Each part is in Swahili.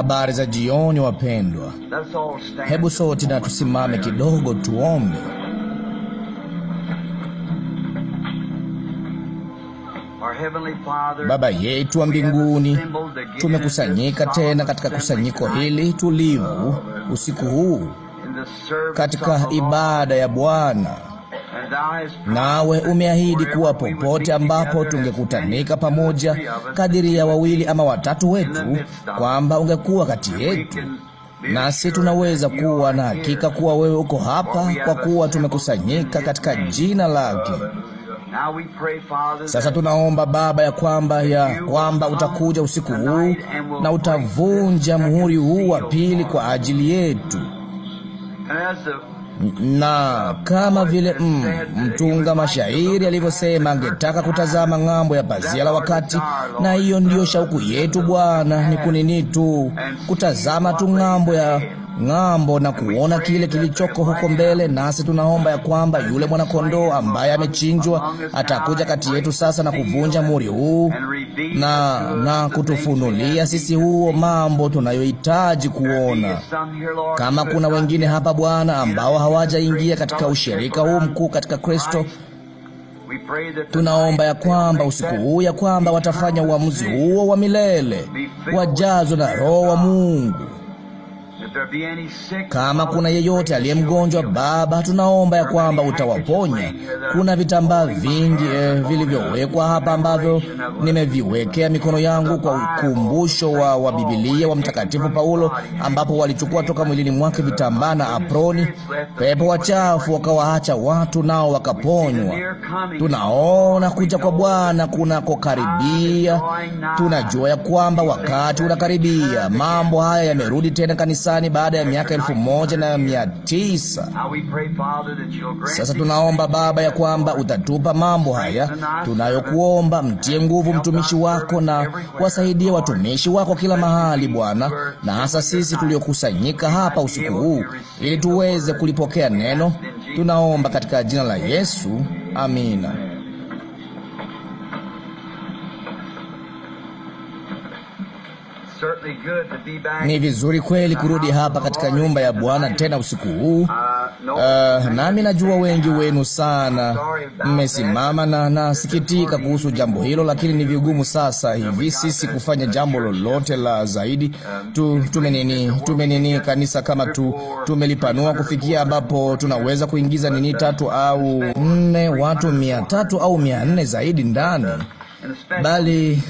Habari za jioni, wapendwa. Hebu sote na tusimame kidogo, tuombe. Baba yetu wa mbinguni, tumekusanyika tena katika kusanyiko hili tulivu usiku huu katika ibada ya Bwana nawe umeahidi kuwa popote ambapo tungekutanika pamoja kadiri ya wawili ama watatu wetu, kwamba ungekuwa kati yetu nasi tunaweza kuwa na hakika kuwa wewe uko hapa, kwa kuwa tumekusanyika katika jina lake. Sasa tunaomba Baba ya kwamba ya kwamba utakuja usiku huu na utavunja muhuri huu wa pili kwa ajili yetu na kama vile mm, mtunga mashairi alivyosema, angetaka kutazama ng'ambo ya pazia la wakati, na hiyo ndiyo shauku yetu Bwana, ni kunini tu kutazama tu ng'ambo ya ng'ambo na kuona kile kilichoko huko mbele. Nasi tunaomba ya kwamba yule mwanakondoo ambaye amechinjwa atakuja kati yetu sasa na kuvunja muri huu na, na kutufunulia sisi huo mambo tunayohitaji kuona. Kama kuna wengine hapa Bwana, ambao hawajaingia katika ushirika huu mkuu katika Kristo, tunaomba ya kwamba usiku huu ya kwamba watafanya uamuzi huo wa milele, wajazwe na Roho wa Mungu. Kama kuna yeyote aliye mgonjwa, Baba, tunaomba ya kwamba utawaponya. Kuna vitambaa vingi eh, vilivyowekwa hapa ambavyo nimeviwekea mikono yangu kwa ukumbusho wa, wa Biblia wa Mtakatifu Paulo, ambapo walichukua toka mwilini mwake vitambaa na aproni. Pepo wachafu wakawaacha watu nao wakaponywa. Tunaona kuja kwa Bwana kunakokaribia. Tunajua ya kwamba wakati unakaribia. Mambo haya yamerudi tena kanisani duniani baada ya miaka elfu moja na mia tisa. Sasa tunaomba Baba ya kwamba utatupa mambo haya tunayokuomba. Mtie nguvu mtumishi wako na wasaidie watumishi wako kila mahali, Bwana, na hasa sisi tuliokusanyika hapa usiku huu ili tuweze kulipokea neno. Tunaomba katika jina la Yesu, amina. Ni vizuri kweli kurudi hapa katika nyumba ya Bwana tena usiku huu. Uh, uh nami najua wengi wenu sana mmesimama na nasikitika kuhusu jambo hilo, lakini ni vigumu sasa hivi sisi kufanya jambo lolote la zaidi. Tu, tumenini tumenini kanisa kama tu tumelipanua kufikia ambapo tunaweza kuingiza nini tatu au nne watu mia tatu au mia nne zaidi ndani bali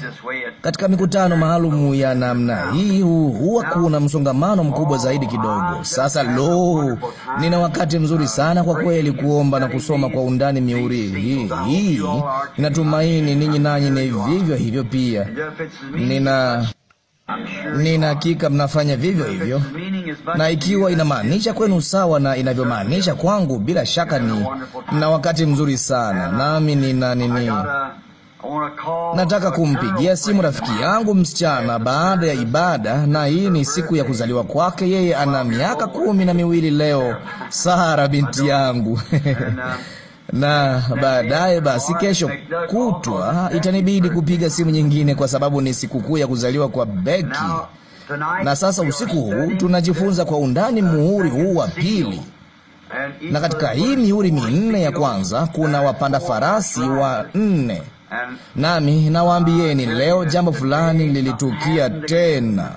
katika mikutano maalum ya namna hii huwa kuna msongamano mkubwa oh, zaidi kidogo. Ah, Sasa lo, nina wakati mzuri sana kwa kweli kuomba na kusoma kwa undani mihuri hii hii. Ninatumaini ninyi nanyi ni vivyo hivyo pia. Nina nina hakika mnafanya vivyo hivyo, na ikiwa inamaanisha kwenu sawa na inavyomaanisha kwangu, bila shaka ni na wakati mzuri sana uh, nami nina nini Nataka kumpigia simu rafiki yangu msichana baada ya ibada, na hii ni siku ya kuzaliwa kwake. Yeye ana miaka kumi na miwili leo, Sara binti yangu na baadaye basi, kesho kutwa itanibidi kupiga simu nyingine, kwa sababu ni sikukuu ya kuzaliwa kwa Beki. Na sasa usiku huu tunajifunza kwa undani muhuri huu wa pili, na katika hii mihuri minne ya kwanza kuna wapanda farasi wa nne. Nami nawaambieni uh, leo uh, jambo fulani uh, lilitukia tena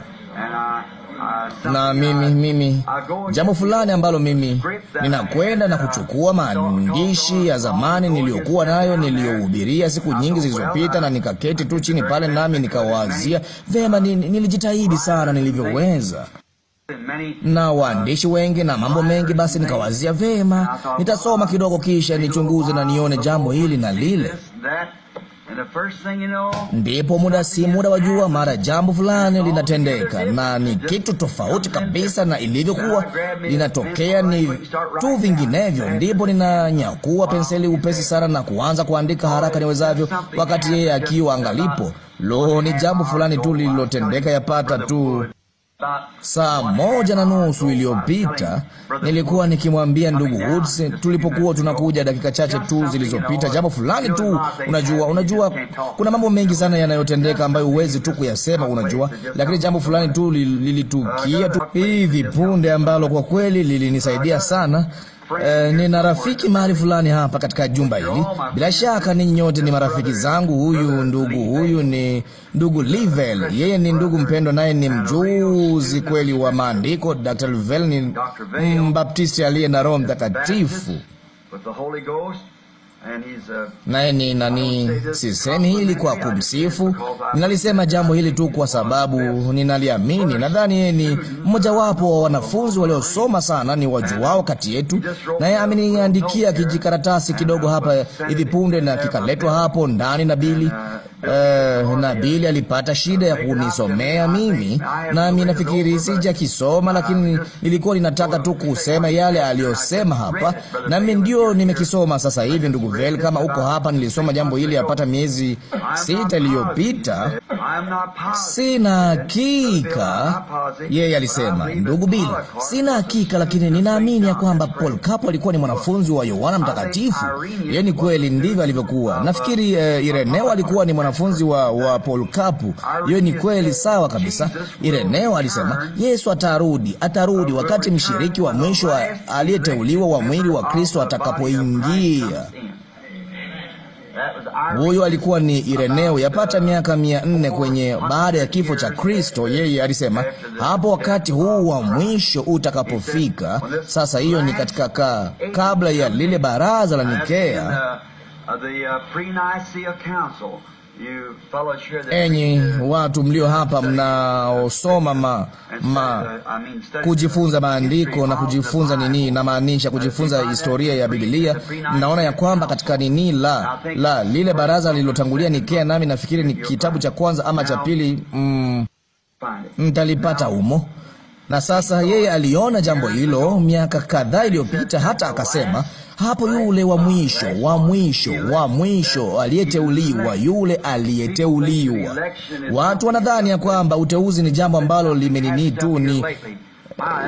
na mimi mimi jambo fulani ambalo mimi ninakwenda na kuchukua maandishi ya zamani niliyokuwa nayo niliyohubiria siku nyingi zilizopita, na nikaketi tu chini pale, nami nikawazia vema, nilijitahidi sana nilivyoweza na waandishi wengi na mambo mengi. Basi nikawazia vema, nitasoma kidogo, kisha nichunguze na nione jambo hili na lile ndipo muda si muda wajua, mara jambo fulani linatendeka na ni kitu tofauti kabisa na ilivyokuwa linatokea. Ni tu vinginevyo, ndipo ninanyakua penseli upesi sana na kuanza kuandika haraka niwezavyo, wakati yeye akiwa angalipo. Lo, ni jambo fulani tu lililotendeka yapata tu Saa moja na nusu iliyopita nilikuwa nikimwambia ndugu Woods, tulipokuwa tunakuja dakika chache tu zilizopita, jambo fulani tu. Unajua, unajua kuna mambo mengi sana yanayotendeka ambayo huwezi tu kuyasema, unajua, lakini jambo fulani tu lilitukia tu hivi punde ambalo kwa kweli lilinisaidia sana. Eh, nina rafiki mahali fulani hapa katika jumba hili. Bila shaka ninyi nyote ni marafiki zangu. Huyu ndugu huyu ni ndugu Livel, yeye ni ndugu mpendwa, naye ni mjuzi kweli wa maandiko. Dr. Livel ni Mbaptisti aliye na Roho Mtakatifu Uh, naye ni nani? Sisemi hili kwa kumsifu, ninalisema jambo hili tu kwa sababu ninaliamini. Nadhani ni mmojawapo wa wanafunzi waliosoma sana, ni wajuao kati yetu, naye ameniandikia kijikaratasi kidogo hapa hivi punde, na kikaletwa hapo ndani na Bili Uh, eh, na Bili alipata shida ya kunisomea mimi, nami nafikiri sijakisoma, lakini nilikuwa ninataka tu kusema yale aliyosema hapa, nami ndio nimekisoma sasa hivi. Ndugu Vel, kama uko hapa, nilisoma jambo hili yapata miezi sita iliyopita. Sina hakika, yeye yeah, alisema. Ndugu Bili, sina hakika, lakini ninaamini ya kwamba Paul Kapo alikuwa ni mwanafunzi wa Yohana Mtakatifu. Yeye ni kweli, ndivyo alivyokuwa. Nafikiri uh, Ireneo alikuwa ni mwanafunzi wanafunzi wa, wa Paul Kapu. Hiyo ni kweli, sawa kabisa. Ireneo alisema Yesu atarudi, atarudi wakati mshiriki wa mwisho aliyeteuliwa wa mwili wa Kristo atakapoingia. Huyo alikuwa ni Ireneo, yapata miaka mia nne kwenye baada ya kifo cha Kristo. Yeye alisema hapo wakati huu wa mwisho utakapofika. Sasa hiyo ni katika ka, kabla ya lile baraza la Nikea uh, Enyi watu mlio hapa mnaosoma ma, ma, kujifunza maandiko na kujifunza nini, namaanisha kujifunza historia ya Biblia, mnaona ya kwamba katika nini la la lile baraza lililotangulia Nikea, nami nafikiri ni kitabu cha kwanza ama cha pili, mm, mtalipata mm, humo na sasa yeye aliona jambo hilo miaka kadhaa iliyopita, hata akasema hapo yule wa mwisho wa mwisho wa mwisho aliyeteuliwa, yule aliyeteuliwa. Watu wanadhani ya kwamba uteuzi ni jambo ambalo limenini tu ni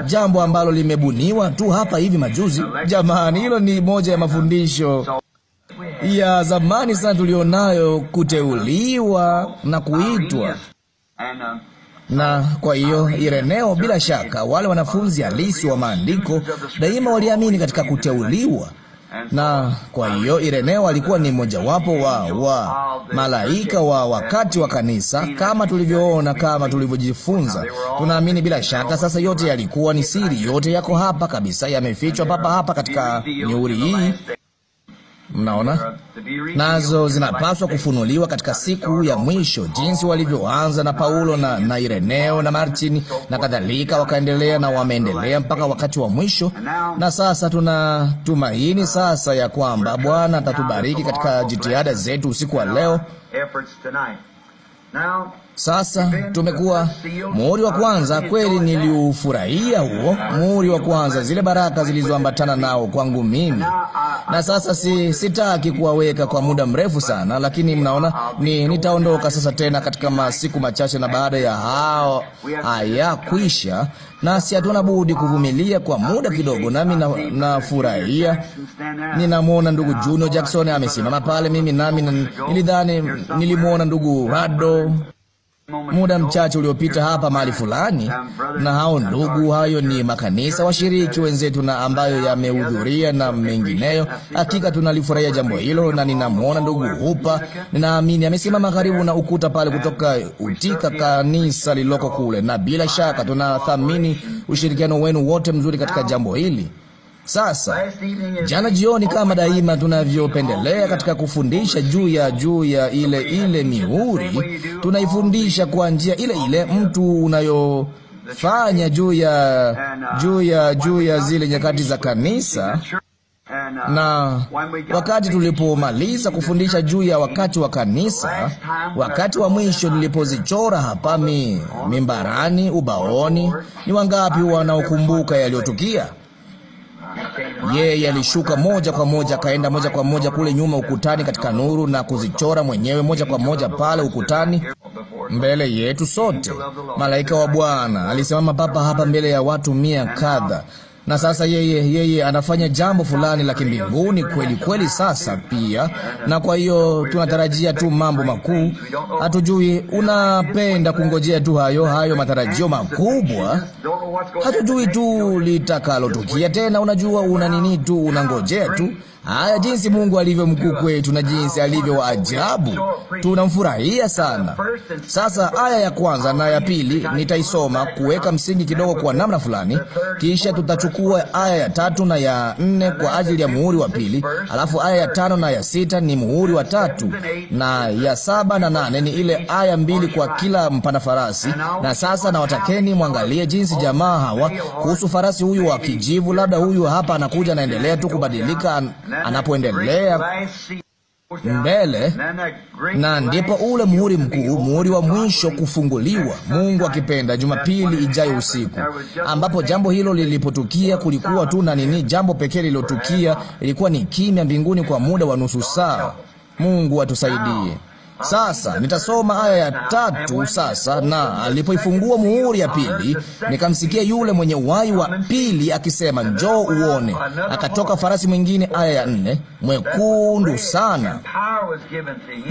jambo ambalo limebuniwa tu hapa hivi majuzi. Jamani, hilo ni moja ya mafundisho ya zamani sana tulionayo, kuteuliwa na kuitwa na kwa hiyo Ireneo, bila shaka, wale wanafunzi halisi wa maandiko daima waliamini katika kuteuliwa na kwa hiyo Ireneo alikuwa ni mmojawapo wa, wa malaika wa wakati wa kanisa, kama tulivyoona, kama tulivyojifunza. Tunaamini bila shaka sasa, yote yalikuwa ni siri, yote yako hapa kabisa, yamefichwa papa hapa katika nyuri hii. Mnaona, nazo zinapaswa kufunuliwa katika siku ya mwisho, jinsi walivyoanza na Paulo na, na Ireneo na Martin na kadhalika, wakaendelea na wameendelea mpaka wakati wa mwisho. Na sasa tuna tumaini sasa ya kwamba Bwana atatubariki katika jitihada zetu usiku wa leo. Sasa tumekuwa muhuri wa kwanza. Kweli niliufurahia huo muhuri wa kwanza, zile baraka zilizoambatana nao kwangu mimi, na sasa si, sitaki kuwaweka kwa muda mrefu sana, lakini mnaona ni nitaondoka sasa tena katika masiku machache, na baada ya hao haya kwisha, nasi hatuna budi kuvumilia kwa muda kidogo. Nami nafurahia na ninamwona ndugu Junior Jackson amesimama pale, mimi nami nilidhani nilimwona ndugu Rado muda mchache uliopita hapa mahali fulani, na hao ndugu, hayo ni makanisa washiriki wenzetu na ambayo yamehudhuria na mengineyo. Hakika tunalifurahia jambo hilo, na ninamwona ndugu Hupa, ninaamini amesimama karibu na ukuta pale kutoka Utika, kanisa liloko kule, na bila shaka tunathamini ushirikiano wenu wote mzuri katika jambo hili. Sasa jana jioni, kama daima tunavyopendelea katika uh, kufundisha juu ya juu ya ile uh, ile mihuri, tunaifundisha kwa njia ile uh, ile mtu unayo fanya juu ya juu ya juu ya zile nyakati za kanisa. Na wakati tulipomaliza kufundisha juu ya wakati wa kanisa, wakati wa mwisho nilipozichora hapa mimbarani, ubaoni, ni wangapi wanaokumbuka yaliyotukia? Yeye alishuka moja kwa moja, akaenda moja kwa moja kule nyuma ukutani, katika nuru na kuzichora mwenyewe moja kwa moja pale ukutani mbele yetu sote. Malaika wa Bwana alisimama papa hapa mbele ya watu mia kadha, na sasa yeye yeye anafanya jambo fulani la kimbinguni kweli kweli sasa pia, na kwa hiyo tunatarajia tu mambo makuu, hatujui. Unapenda kungojea tu hayo hayo matarajio makubwa, hatujui tu litakalotukia tena. Unajua, una nini tu, unangojea tu Haya, jinsi Mungu alivyo mkuu kwetu na jinsi alivyo wa ajabu, tunamfurahia sana. Sasa aya ya kwanza na ya pili nitaisoma kuweka msingi kidogo kwa namna fulani, kisha tutachukua aya ya tatu na ya nne kwa ajili ya muhuri wa pili, alafu aya ya tano na ya sita ni muhuri wa tatu, na ya saba na nane ni ile aya mbili kwa kila mpanda farasi. Na sasa nawatakeni mwangalie jinsi jamaa hawa kuhusu farasi huyu wa kijivu, labda huyu hapa anakuja, anaendelea tu kubadilika anapoendelea mbele na ndipo ule muhuri mkuu, muhuri wa mwisho kufunguliwa, Mungu akipenda, Jumapili ijayo usiku. Ambapo jambo hilo lilipotukia, kulikuwa tu na nini, jambo pekee lililotukia ilikuwa ni kimya mbinguni kwa muda wa nusu saa. Mungu atusaidie. Sasa nitasoma aya ya tatu sasa. Na alipoifungua muhuri ya pili, nikamsikia yule mwenye uhai wa pili akisema, njoo uone. Akatoka farasi mwingine, aya ya nne, mwekundu sana,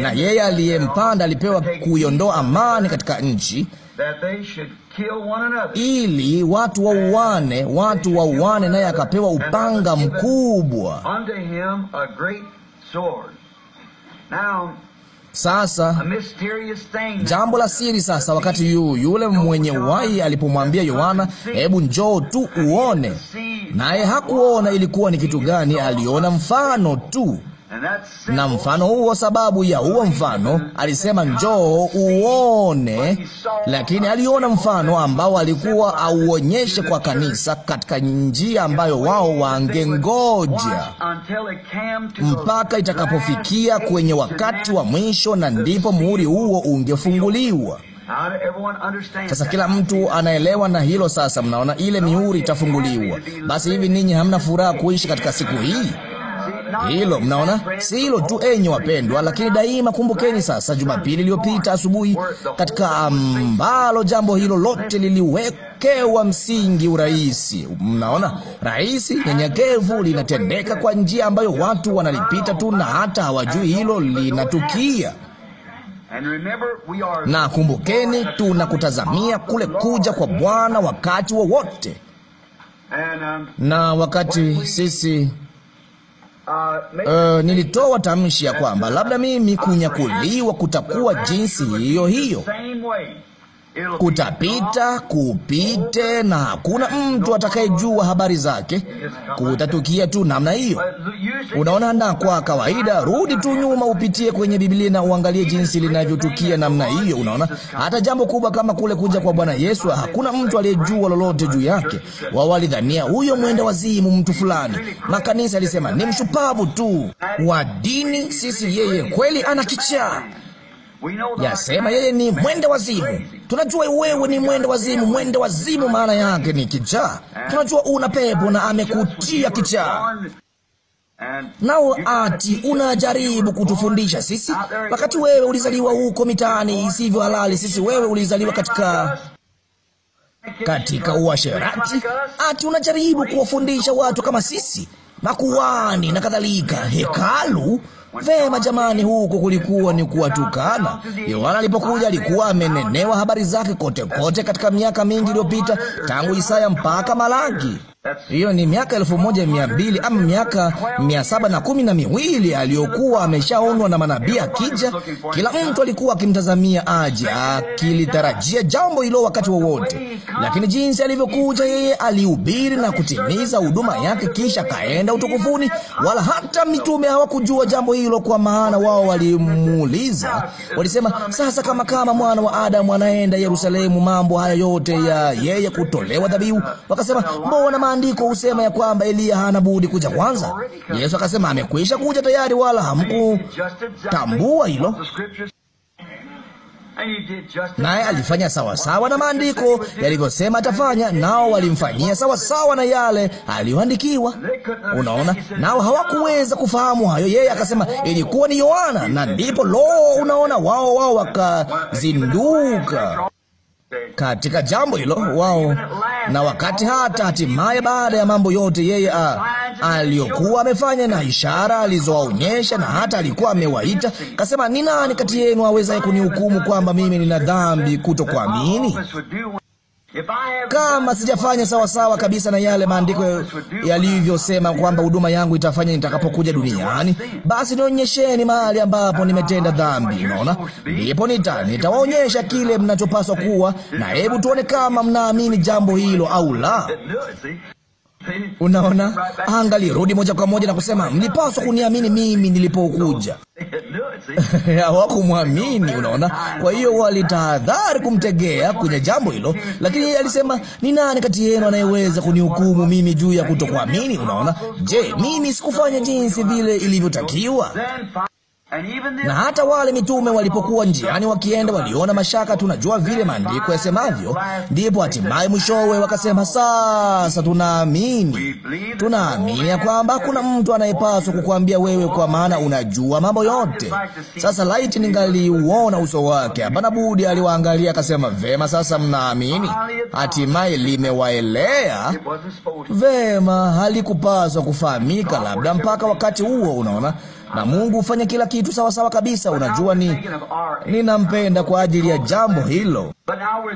na yeye aliyempanda alipewa kuiondoa amani katika nchi ili watu wauane, watu wauane, naye akapewa upanga mkubwa. Sasa jambo la siri sasa, wakati yu yule mwenye wai alipomwambia Yohana, hebu njoo tu uone, naye hakuona ilikuwa ni kitu gani, aliona mfano tu na mfano huo, sababu ya huo mfano alisema njoo uone, lakini aliona mfano ambao alikuwa auonyeshe kwa kanisa katika njia ambayo wao wangengoja mpaka itakapofikia kwenye wakati wa mwisho, na ndipo muhuri huo ungefunguliwa. Sasa kila mtu anaelewa na hilo. Sasa mnaona ile mihuri itafunguliwa. Basi hivi ninyi hamna furaha kuishi katika siku hii? hilo. Mnaona, si hilo tu, enyi wapendwa, lakini daima kumbukeni sasa, Jumapili iliyopita asubuhi, katika ambalo um, jambo hilo lote liliwekewa msingi urahisi. Mnaona, rahisi, nyenyekevu, linatendeka kwa njia ambayo watu wanalipita tu na hata hawajui hilo linatukia na kumbukeni, tunakutazamia kule kuja kwa Bwana wakati wowote wa na wakati sisi Uh, nilitoa tamshi ya kwamba labda mimi kunyakuliwa kutakuwa jinsi hiyo hiyo Kutapita, kupite, na hakuna mtu atakayejua habari zake. Kutatukia tu namna hiyo, unaona. Na kwa kawaida, rudi tu nyuma, upitie kwenye Biblia na uangalie jinsi linavyotukia namna hiyo. Unaona, hata jambo kubwa kama kule kuja kwa Bwana Yesu, hakuna mtu aliyejua lolote juu yake. Wao walidhania huyo mwenda wazimu, mtu fulani. Makanisa alisema ni mshupavu tu wa dini, sisi yeye kweli ana kichaa yasema yeye ni mwende wazimu. Tunajua wewe ni mwende wazimu. Mwende wazimu maana yake ni kichaa. Tunajua una pepo na amekutia kichaa nao ati unajaribu kutufundisha sisi, wakati wewe ulizaliwa huko mitaani isivyo halali. Sisi wewe ulizaliwa katika katika uasherati, ati unajaribu kuwafundisha watu kama sisi, makuani na kadhalika, hekalu Vema jamani, huku kulikuwa ni kuwatukana. Yohana alipokuja alikuwa amenenewa habari zake kote kote katika miaka mingi iliyopita tangu Isaya mpaka Malaki hiyo ni miaka elfu moja mia mbili ama miaka mia saba na kumi na miwili aliyokuwa ameshaonwa na manabii akija. Kila mtu alikuwa akimtazamia aje, akilitarajia jambo hilo wakati wowote, lakini jinsi alivyokuja yeye, alihubiri na kutimiza huduma yake, kisha kaenda utukufuni. Wala hata mitume hawakujua jambo hilo, kwa maana wao walimuuliza, walisema, sasa kama kama mwana wa Adamu anaenda Yerusalemu, mambo haya yote ya yeye kutolewa dhabihu, wakasema mbona maandiko husema ya kwamba Eliya hana budi kuja kwanza. Yesu akasema amekwisha kuja tayari, wala hamkutambua hilo naye alifanya sawasawa na maandiko yalivyosema atafanya, nao walimfanyia sawasawa na yale aliyoandikiwa. Unaona, nao hawakuweza kufahamu hayo. Yeye akasema ilikuwa ni Yohana, na ndipo lo, unaona, wao wao wakazinduka katika jambo hilo wao, na wakati hata hatimaye, baada ya mambo yote yeye aliyokuwa amefanya na ishara alizowaonyesha, na hata alikuwa amewaita, kasema, ni nani kati yenu awezaye kunihukumu kwamba mimi nina dhambi kutokuamini? kama sijafanya sawasawa kabisa na yale maandiko yalivyosema kwamba huduma yangu itafanya nitakapokuja duniani, basi nionyesheni mahali ambapo nimetenda dhambi. Unaona, ndipo nita nitawaonyesha kile mnachopaswa kuwa na. Hebu tuone kama mnaamini jambo hilo au la. Unaona, angalirudi moja kwa moja na kusema mlipaswa kuniamini mimi nilipokuja. Hawakumwamini. Unaona, kwa hiyo walitahadhari kumtegea kwenye jambo hilo, lakini yeye alisema, ni nani kati yenu anayeweza kunihukumu mimi juu ya kutokuamini? Unaona, je, mimi sikufanya jinsi vile ilivyotakiwa? Na hata wale mitume walipokuwa njiani wakienda, waliona mashaka. Tunajua vile maandiko yasemavyo. Ndipo hatimaye mwishowe wakasema, sasa tunaamini, tunaamini ya kwamba kuna mtu anayepaswa kukwambia wewe, kwa maana unajua mambo yote. Sasa laiti ningaliuona uso wake! Hapana budi, aliwaangalia akasema, vema, sasa mnaamini. Hatimaye limewaelea vema. Halikupaswa kufahamika labda mpaka wakati huo, unaona na Mungu hufanya kila kitu sawa sawa kabisa. Unajua, ni ninampenda kwa ajili ya jambo hilo,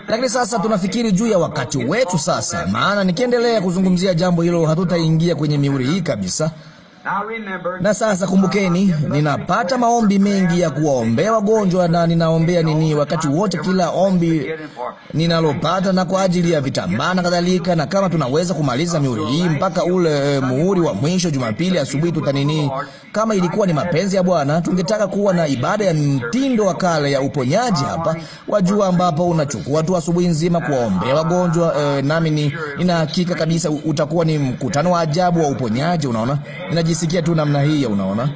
lakini sasa tunafikiri juu ya wakati wetu sasa, maana nikiendelea kuzungumzia jambo hilo hatutaingia kwenye mihuri hii kabisa. Na sasa kumbukeni, ninapata maombi mengi ya kuwaombea wagonjwa, na ninaombea nini wakati wote, kila ombi ninalopata, na kwa ajili ya vitambaa na kadhalika. Na kama tunaweza kumaliza mihuri hii mpaka ule eh, muhuri wa mwisho Jumapili asubuhi, tutanini, kama ilikuwa ni mapenzi ya Bwana, tungetaka kuwa na ibada ya mtindo wa kale ya uponyaji hapa, wajua, ambapo unachukua tu asubuhi nzima kuwaombea wagonjwa e, nami ni nina hakika kabisa utakuwa ni mkutano wa ajabu wa uponyaji. Unaona, ninajisikia tu namna hii, unaona.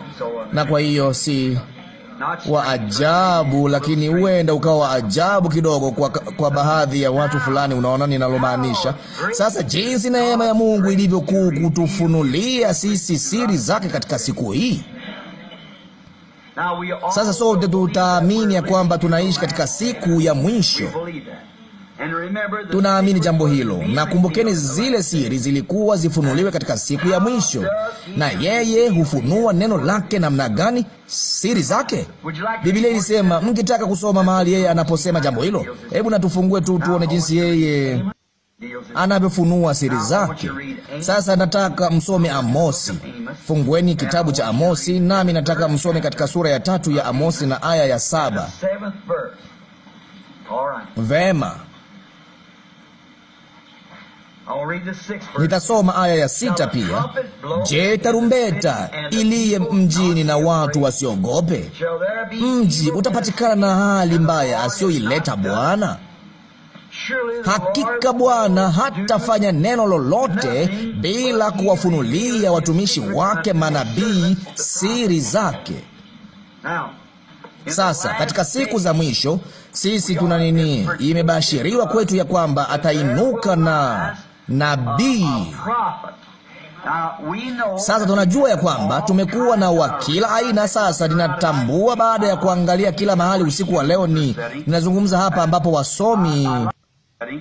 Na kwa hiyo si wa ajabu, lakini huenda ukawa ajabu kidogo kwa, kwa baadhi ya watu fulani. Unaona ninalomaanisha? Sasa jinsi neema ya Mungu ilivyokuu kutufunulia sisi siri zake katika siku hii. Sasa sote tutaamini ya kwamba tunaishi katika siku ya mwisho. Tunaamini jambo hilo, na kumbukeni, zile siri zilikuwa zifunuliwe katika siku ya mwisho, na yeye hufunua neno lake namna gani? Siri zake. Biblia ilisema, mkitaka kusoma mahali yeye anaposema jambo hilo, hebu natufungue tu tuone jinsi yeye anavyofunua siri zake. Sasa nataka msome Amosi. Fungueni kitabu cha Amosi, nami nataka msome katika sura ya tatu ya Amosi na aya ya saba. Vema. Nitasoma aya ya sita pia. Je, tarumbeta iliye mjini na watu wasiogope? Mji utapatikana na hali mbaya asiyoileta Bwana. Hakika Bwana hatafanya neno lolote bila kuwafunulia watumishi wake manabii siri zake. Sasa katika siku za mwisho sisi tuna nini? Imebashiriwa kwetu ya kwamba atainuka na nabii. Sasa tunajua ya kwamba tumekuwa na wa kila aina. Sasa ninatambua baada ya kuangalia kila mahali usiku wa leo, ni ninazungumza hapa ambapo wasomi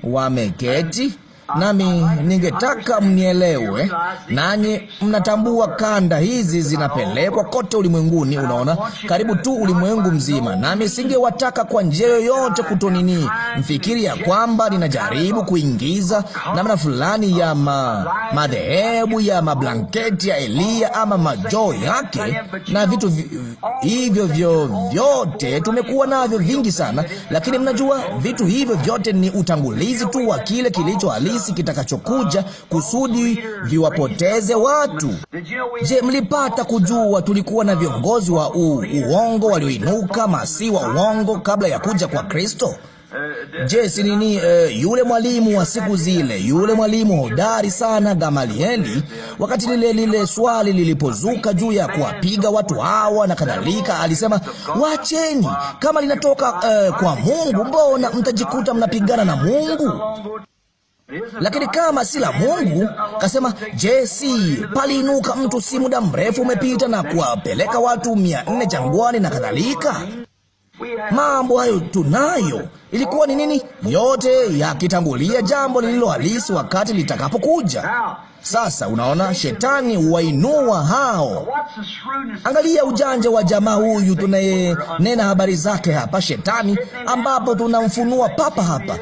wameketi nami ningetaka mnielewe. Nanyi mnatambua kanda hizi zinapelekwa kote ulimwenguni, unaona, karibu tu ulimwengu mzima, nami singewataka kwa njia yoyote kutonini mfikiri ya kwamba ninajaribu kuingiza namna fulani ya ma, madhehebu ya mablanketi ya Eliya ama majoo yake na vitu vi, hivyo vyovyote. Tumekuwa navyo vingi sana, lakini mnajua vitu hivyo vyote ni utangulizi tu wa kile kilicho halisi halisi kitakachokuja kusudi viwapoteze watu. Je, mlipata kujua tulikuwa na viongozi wa u, uongo walioinuka masi wa uongo kabla ya kuja kwa Kristo? Je, si nini uh, yule mwalimu wa siku zile, yule mwalimu hodari sana Gamalieli, wakati lile lile swali lilipozuka juu ya kuwapiga watu hawa na kadhalika, alisema wacheni, kama linatoka uh, kwa Mungu, mbona mtajikuta mnapigana na Mungu? Lakini kama si la Mungu, kasema je, si paliinuka mtu si muda mrefu umepita na kuwapeleka watu mia nne jangwani na kadhalika? Mambo hayo tunayo. Ilikuwa ni nini? Yote yakitangulia jambo lililo halisi wakati litakapokuja. Sasa unaona, shetani wainua hao. Angalia ujanja wa jamaa huyu tunayenena habari zake hapa, shetani, ambapo tunamfunua papa hapa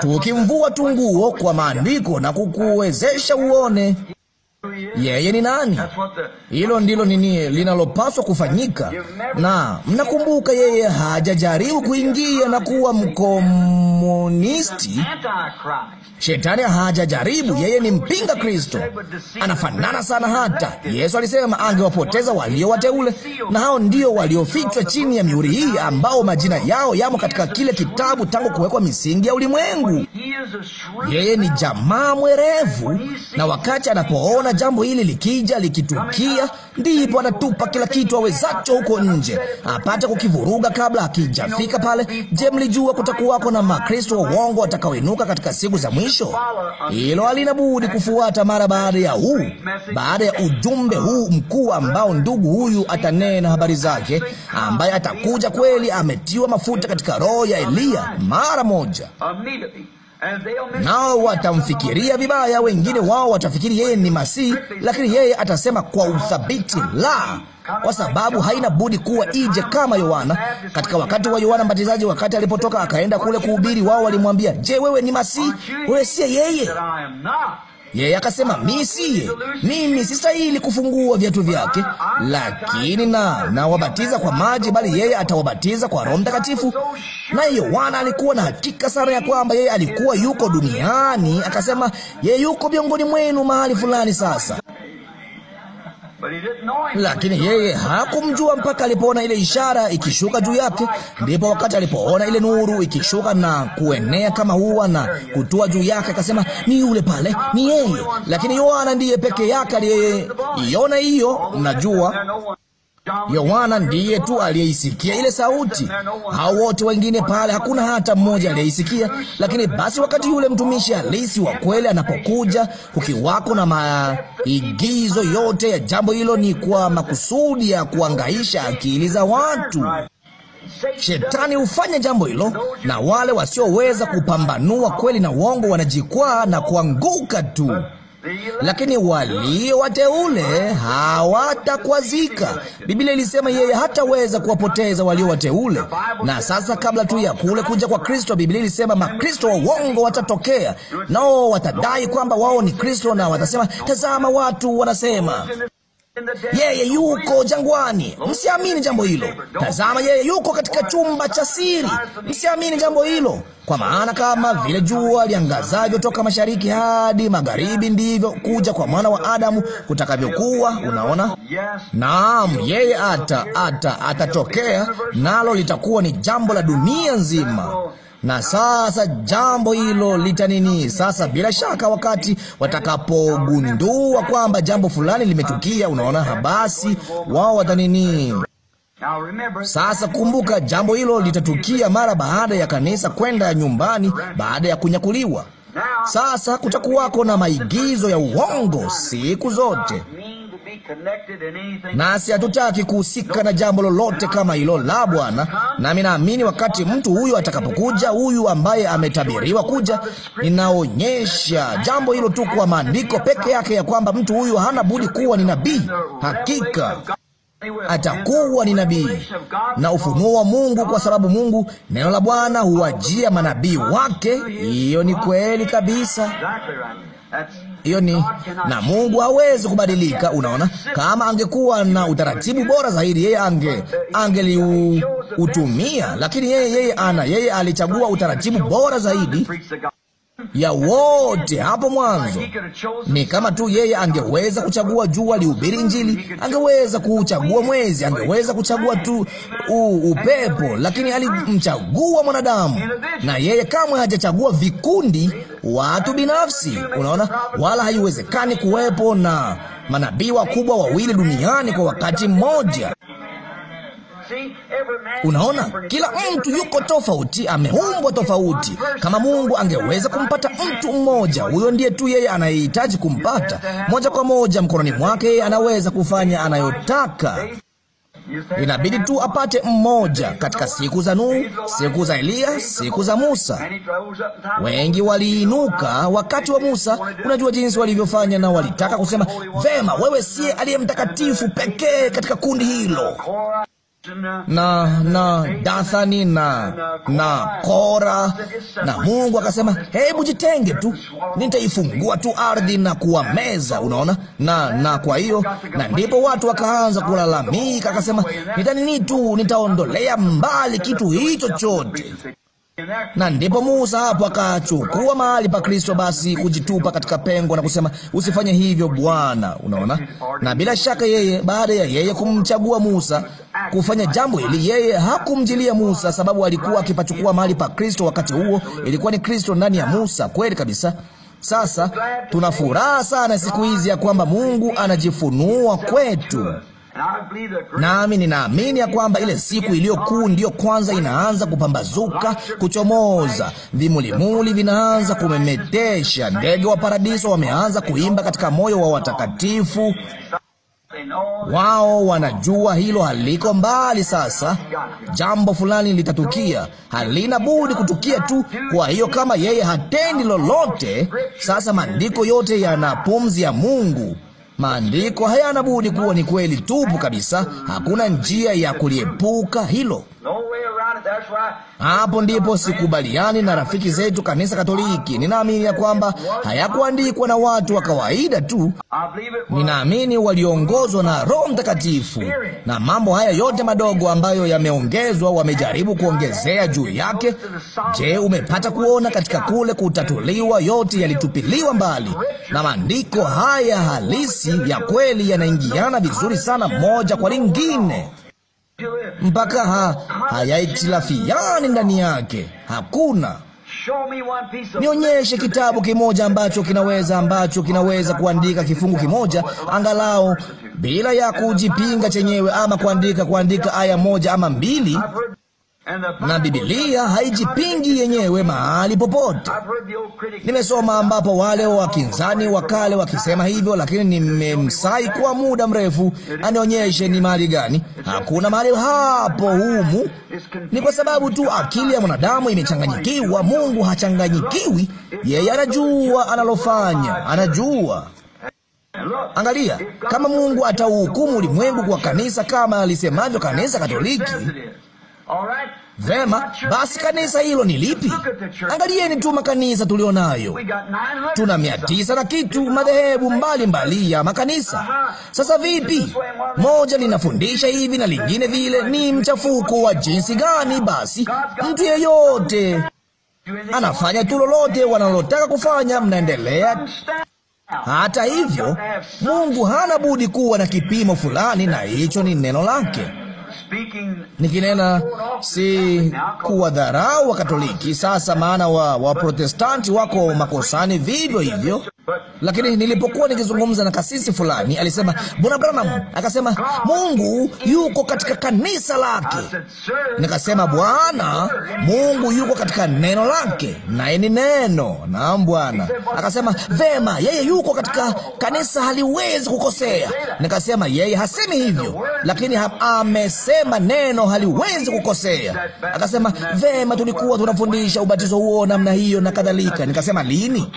tukimvua tu nguo kwa maandiko na kukuwezesha uone yeye ni nani. Hilo ndilo nini linalopaswa kufanyika. Na mnakumbuka yeye hajajaribu kuingia na kuwa mkomunisti. Shetani hajajaribu, yeye ni mpinga Kristo, anafanana sana. Hata Yesu alisema angewapoteza walio wateule, na hao ndio waliofichwa chini ya mihuri hii, ambao majina yao yamo katika kile kitabu tangu kuwekwa misingi ya ulimwengu. Yeye ni jamaa mwerevu, na wakati anapoona jambo hili likija, likitukia, ndipo atatupa kila kitu awezacho huko nje apate kukivuruga kabla akijafika pale. Je, mlijua kutakuwako na Makristo wa uongo watakaoinuka katika siku za mwisho? Hilo halina budi kufuata mara baada ya huu, baada ya ujumbe huu mkuu ambao ndugu huyu atanena habari zake, ambaye atakuja kweli ametiwa mafuta katika roho ya Eliya mara moja nao watamfikiria vibaya. Wengine wao watafikiri yeye ni Masihi, lakini yeye atasema kwa uthabiti la kwa sababu haina budi kuwa ije kama Yohana. Katika wakati wa Yohana Mbatizaji, wakati alipotoka akaenda kule kuhubiri, wao walimwambia, je, wewe ni Masihi? Wewe si yeye? Yeye akasema mimi siye, mimi sistahili kufungua viatu vyake, lakini na nawabatiza kwa maji, bali yeye atawabatiza kwa Roho Mtakatifu. Naye Yohana alikuwa na hakika sana ya kwamba yeye alikuwa yuko duniani, akasema yeye yuko miongoni mwenu mahali fulani sasa lakini yeye hakumjua mpaka alipoona ile ishara ikishuka juu yake. Ndipo wakati alipoona ile nuru ikishuka na kuenea kama huwa na kutua juu yake, akasema ni yule pale, ni yeye. Lakini Yohana ndiye peke yake aliyeiona hiyo, mnajua Yohana ndiye tu aliyeisikia ile sauti. Hao wote wengine pale, hakuna hata mmoja aliyeisikia. Lakini basi, wakati yule mtumishi halisi wa kweli anapokuja, kukiwako na maigizo yote ya jambo hilo, ni kwa makusudi ya kuangaisha akili za watu. Shetani hufanya jambo hilo, na wale wasioweza kupambanua kweli na uongo wanajikwaa na kuanguka tu lakini walio wateule hawatakwazika. Biblia ilisema yeye hataweza kuwapoteza walio wateule. Na sasa, kabla tu ya kule kuja kwa Kristo, Biblia ilisema makristo wa uongo watatokea, nao watadai kwamba wao ni Kristo, na watasema, tazama, watu wanasema yeye yuko jangwani, msiamini jambo hilo. Tazama, yeye yuko katika chumba cha siri, msiamini jambo hilo. Kwa maana kama vile jua liangazavyo toka mashariki hadi magharibi, ndivyo kuja kwa mwana wa Adamu kutakavyokuwa. Unaona? Naam, yeye ata ata atatokea, nalo litakuwa ni jambo la dunia nzima na sasa jambo hilo litanini sasa. Bila shaka, wakati watakapogundua kwamba jambo fulani limetukia, unaona, basi wao watanini sasa kumbuka, jambo hilo litatukia mara baada ya kanisa kwenda nyumbani baada ya kunyakuliwa. Sasa kutakuwako na maigizo ya uongo siku zote nasi hatutaki kuhusika na jambo lolote kama hilo la Bwana. Nami naamini wakati mtu huyu atakapokuja, huyu ambaye ametabiriwa kuja, ninaonyesha jambo hilo tu kwa maandiko peke yake, ya kwamba mtu huyu hana budi kuwa ni nabii. Hakika atakuwa ni nabii na ufunuo wa Mungu, kwa sababu Mungu, neno la Bwana huwajia manabii wake. Hiyo ni kweli kabisa. Hiyo ni na Mungu hawezi kubadilika. Unaona, kama angekuwa na utaratibu bora zaidi, yeye ange angeliutumia, lakini yeye yeye ana yeye alichagua utaratibu bora zaidi ya wote hapo mwanzo. Ni kama tu yeye angeweza kuchagua jua lihubiri Injili, angeweza kuchagua mwezi, angeweza kuchagua tu u, upepo, lakini alimchagua mwanadamu, na yeye kamwe hajachagua vikundi watu binafsi. Unaona, wala haiwezekani kuwepo na manabii wakubwa wawili duniani kwa wakati mmoja. Unaona, kila mtu yuko tofauti, ameumbwa tofauti. Kama Mungu angeweza kumpata mtu mmoja, huyo ndiye tu yeye anayehitaji kumpata moja kwa moja mkononi mwake, yeye anaweza kufanya anayotaka. Inabidi tu apate mmoja katika siku za Nuhu, siku za Eliya, siku za Musa. Wengi waliinuka wakati wa Musa. Unajua jinsi walivyofanya, na walitaka kusema, vema, wewe siye aliye mtakatifu pekee katika kundi hilo na na Dathani na na Kora, na Mungu akasema, hebu jitenge tu, nitaifungua tu ardhi na kuwameza. Unaona, na na kwa hiyo, na ndipo watu wakaanza kulalamika, akasema, nitanini tu, nitaondolea mbali kitu hicho chote. Na ndipo Musa hapo akachukua mahali pa Kristo, basi kujitupa katika pengo na kusema usifanye hivyo Bwana. Unaona, na bila shaka yeye, baada ya yeye kumchagua Musa kufanya jambo hili, yeye hakumjilia Musa, sababu alikuwa akipachukua mahali pa Kristo. Wakati huo ilikuwa ni Kristo ndani ya Musa. Kweli kabisa. Sasa tuna furaha sana siku hizi ya kwamba Mungu anajifunua kwetu nami ninaamini ya kwamba ile siku iliyokuu ndiyo kwanza inaanza kupambazuka, kuchomoza, vimulimuli vinaanza kumemetesha, ndege wa paradiso wameanza kuimba katika moyo wa watakatifu wao wanajua hilo haliko mbali. Sasa jambo fulani litatukia, halina budi kutukia tu. Kwa hiyo kama yeye hatendi lolote, sasa maandiko yote yana pumzi ya Mungu. Maandiko hayana budi kuwa ni kweli tupu kabisa. Hakuna njia ya kuliepuka hilo. Hapo ndipo sikubaliani na rafiki zetu kanisa Katoliki. Ninaamini ya kwamba hayakuandikwa na watu wa kawaida tu, ninaamini waliongozwa na Roho Mtakatifu, na mambo haya yote madogo ambayo yameongezwa wamejaribu kuongezea juu yake. Je, umepata kuona katika kule kutatuliwa, yote yalitupiliwa mbali, na maandiko haya halisi ya kweli yanaingiana vizuri sana moja kwa lingine mpaka ha, hayaitilafiani ndani yake. Hakuna nionyeshe kitabu kimoja ambacho kinaweza ambacho kinaweza kuandika kifungu kimoja angalau bila ya kujipinga chenyewe, ama kuandika kuandika aya moja ama mbili na Bibilia haijipingi yenyewe mahali popote. Nimesoma ambapo wale wakinzani wa kale wakisema hivyo, lakini nimemsai kwa muda mrefu anionyeshe ni mahali gani. Hakuna mahali hapo humu. Ni kwa sababu tu akili ya mwanadamu imechanganyikiwa. Mungu hachanganyikiwi, yeye anajua analofanya, anajua Angalia, kama Mungu atauhukumu ulimwengu kwa kanisa kama alisemavyo kanisa Katoliki, Vema basi, kanisa hilo ni lipi? Angalieni tu makanisa tulionayo, tuna mia tisa na kitu madhehebu mbalimbali ya makanisa. Uh-huh. Sasa vipi, moja linafundisha hivi na lingine vile? Ni mchafuko wa jinsi gani? Basi mtu yeyote anafanya tu lolote wanalotaka kufanya, mnaendelea hata hivyo. Mungu hana budi kuwa na kipimo fulani, na hicho ni neno lake nikinena si kuwadharau katoliki sasa, maana wa Waprotestanti wako makosani vivyo hivyo, lakini nilipokuwa nikizungumza na kasisi fulani, alisema bwana Branham, akasema Mungu yuko katika kanisa lake. Nikasema Bwana, Mungu yuko katika neno lake, naye ni neno. Naam Bwana. Akasema vema, yeye yuko katika kanisa, haliwezi kukosea. Nikasema yeye hasemi hivyo, lakini ha amesema neno haliwezi kukosea. Akasema vema, tulikuwa tunafundisha ubatizo huo namna hiyo na kadhalika. Nikasema lini?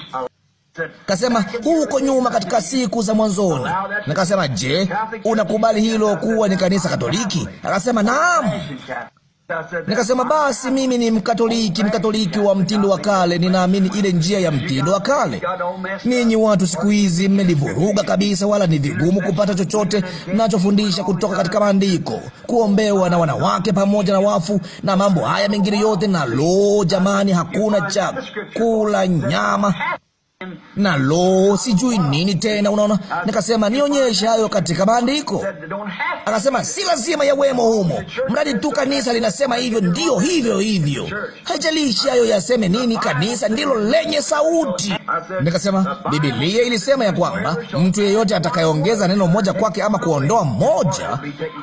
Kasema huko nyuma katika siku za mwanzoni. Nikasema, je, unakubali hilo kuwa ni kanisa Katoliki? Akasema naam. Nikasema basi mimi ni Mkatoliki, Mkatoliki wa mtindo wa kale. Ninaamini ile njia ya mtindo wa kale. Ninyi watu siku hizi mmelivuruga kabisa, wala ni vigumu kupata chochote mnachofundisha kutoka katika Maandiko, kuombewa na wanawake pamoja na wafu na mambo haya mengine yote. Na lo, jamani, hakuna chakula, nyama na lo sijui nini tena. Unaona, nikasema nionyeshe hayo katika maandiko. Akasema si lazima yawemo humo, mradi tu kanisa linasema hivyo, ndio hivyo hivyo, haijalishi hayo yaseme nini, kanisa ndilo lenye sauti. Nikasema Biblia ilisema ya kwamba mtu yeyote atakayeongeza neno moja kwake ama kuondoa moja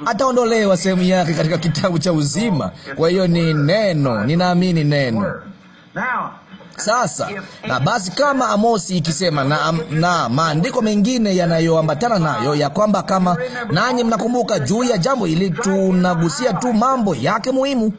ataondolewa sehemu yake katika kitabu cha uzima. Kwa hiyo ni neno, ninaamini neno. Sasa na basi, kama Amosi ikisema na, na maandiko mengine yanayoambatana nayo ya kwamba kama nanyi mnakumbuka juu ya jambo hili, tunagusia tu mambo yake muhimu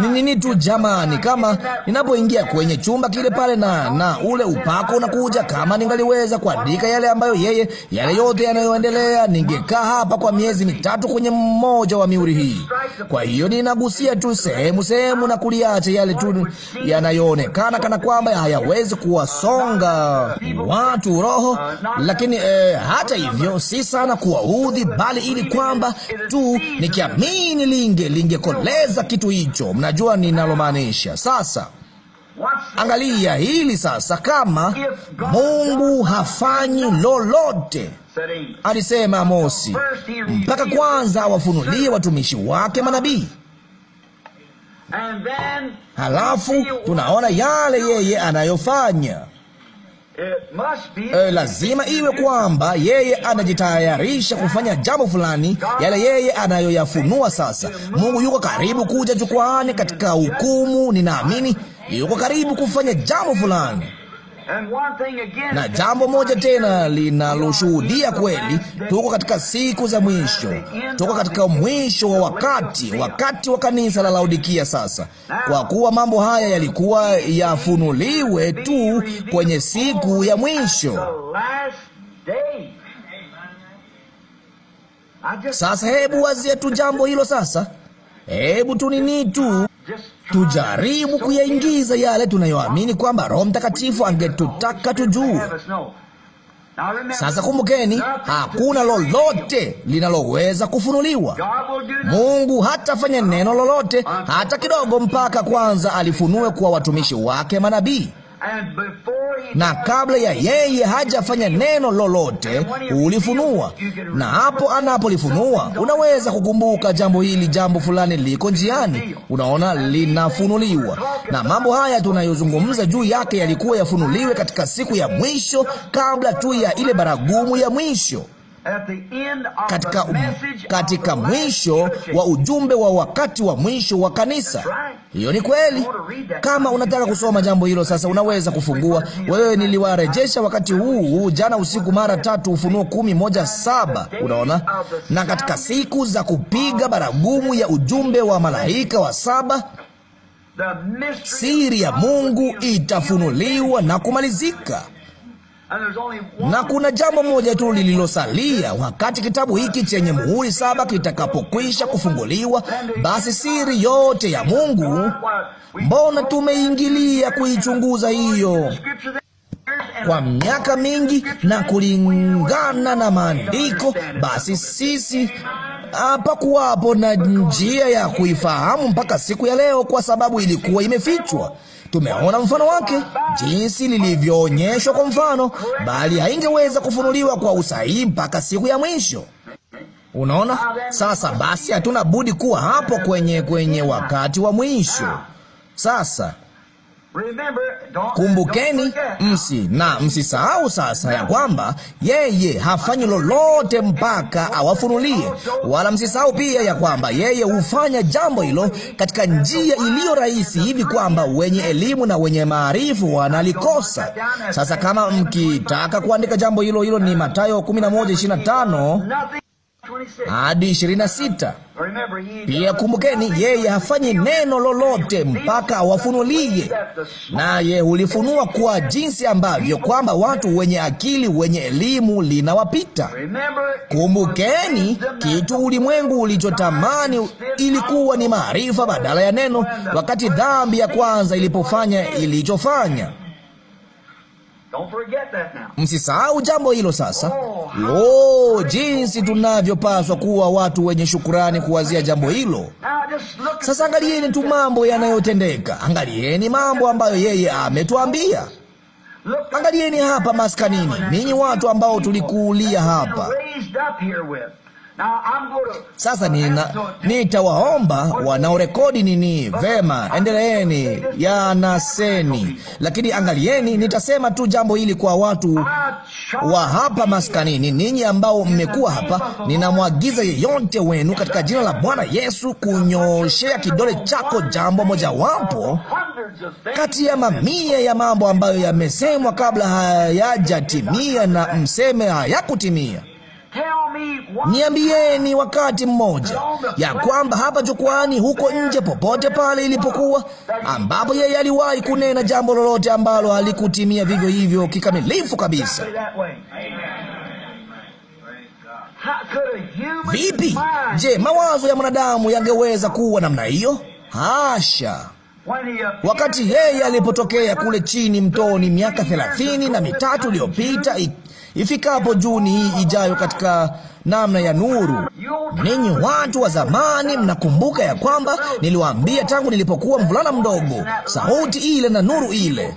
ni nini tu jamani. Kama ninapoingia kwenye chumba kile pale na, na ule upako unakuja, kama ningaliweza kuandika yale ambayo yeye, yale yote yanayoendelea, ningekaa hapa kwa miezi mitatu kwenye mmoja wa miuri hii. Kwa hiyo ninagusia tu sehemu sehemu na kuliacha yale tu yanayoonekana kana kwamba hayawezi kuwasonga watu roho, lakini eh, hata hivyo si sana kuwaudhi, bali ili kwamba tu nikiamini linge lingekoleza kitu hicho. Mnajua ninalomaanisha. Sasa angalia hili sasa, kama Mungu hafanyi lolote alisema Amosi, mpaka kwanza awafunulie watumishi wake manabii. Halafu tunaona yale yeye anayofanya. Uh, lazima iwe kwamba yeye anajitayarisha kufanya jambo fulani, yale yeye anayoyafunua sasa. Mungu yuko karibu kuja jukwaani katika hukumu, ninaamini yuko karibu kufanya jambo fulani. Na jambo moja tena linaloshuhudia kweli, tuko katika siku za mwisho, tuko katika mwisho wa wakati, wakati wa kanisa la Laodikia. Sasa kwa kuwa mambo haya yalikuwa yafunuliwe tu kwenye siku ya mwisho. Sasa hebu wazie tu jambo hilo sasa, hebu tu nini tu tujaribu kuyaingiza yale tunayoamini kwamba Roho Mtakatifu angetutaka tujue. Sasa kumbukeni, hakuna lolote linaloweza kufunuliwa. Mungu hatafanya neno lolote hata kidogo mpaka kwanza alifunue kwa watumishi wake manabii na kabla ya yeye hajafanya neno lolote ulifunua, na hapo anapolifunua unaweza kukumbuka jambo hili, jambo fulani liko njiani, unaona, linafunuliwa. Na mambo haya tunayozungumza juu yake yalikuwa yafunuliwe katika siku ya mwisho, kabla tu ya ile baragumu ya mwisho katika, katika mwisho wa ujumbe wa wakati wa mwisho wa kanisa. Hiyo ni kweli. Kama unataka kusoma jambo hilo sasa, unaweza kufungua wewe. Niliwarejesha wakati huu jana usiku mara tatu, Ufunuo kumi moja saba. Unaona, na katika siku za kupiga baragumu ya ujumbe wa malaika wa saba siri ya Mungu itafunuliwa na kumalizika. Na kuna jambo moja tu lililosalia. Wakati kitabu hiki chenye muhuri saba kitakapokwisha kufunguliwa, basi siri yote ya Mungu, mbona tumeingilia kuichunguza hiyo kwa miaka mingi na kulingana na maandiko, basi sisi kuwapo na njia ya kuifahamu mpaka siku ya leo, kwa sababu ilikuwa imefichwa. Tumeona mfano wake, jinsi lilivyoonyeshwa kwa mfano, bali haingeweza kufunuliwa kwa usahihi mpaka siku ya mwisho. Unaona sasa, basi hatuna budi kuwa hapo kwenye kwenye wakati wa mwisho. Sasa Kumbukeni, msi na msisahau sasa ya kwamba yeye hafanyi lolote mpaka awafunulie, wala msisahau pia ya kwamba yeye hufanya jambo hilo katika njia iliyo rahisi, hivi kwamba wenye elimu na wenye maarifu wanalikosa. Sasa kama mkitaka kuandika jambo hilo hilo, ni Mathayo 11:25 hadi ishirini na sita. Pia kumbukeni, yeye hafanyi neno lolote mpaka awafunulie, naye hulifunua kwa jinsi ambavyo kwamba watu wenye akili, wenye elimu linawapita. Kumbukeni, kitu ulimwengu ulichotamani ilikuwa ni maarifa badala ya neno, wakati dhambi ya kwanza ilipofanya ilichofanya. Msisahau jambo hilo sasa. Oh, Lo, jinsi tunavyopaswa kuwa watu wenye shukurani kuwazia jambo hilo. Sasa angalieni tu mambo yanayotendeka, angalieni mambo ambayo yeye ametuambia. Angalieni hapa maskanini, ninyi watu ambao tulikuulia hapa sasa nina nitawaomba wanaorekodi nini, vema, endeleeni yanaseni, lakini angalieni, nitasema tu jambo hili kwa watu wa hapa maskanini, ninyi ambao mmekuwa hapa, ninamwagiza yeyote wenu katika jina la Bwana Yesu kunyoshea kidole chako jambo mojawapo kati ya mamia ya mambo ambayo yamesemwa kabla hayajatimia, na mseme hayakutimia. Niambieni wakati mmoja ya kwamba hapa jukwani, huko nje, popote pale ilipokuwa ambapo yeye aliwahi kunena jambo lolote ambalo halikutimia vivyo hivyo kikamilifu kabisa. Vipi? Je, mawazo ya mwanadamu yangeweza kuwa namna hiyo? Hasha! Wakati yeye alipotokea kule chini mtoni miaka thelathini na mitatu iliyopita, ifikapo Juni ijayo katika namna ya nuru. Ninyi watu wa zamani, mnakumbuka ya kwamba niliwaambia tangu nilipokuwa mvulana mdogo, sauti ile na nuru ile,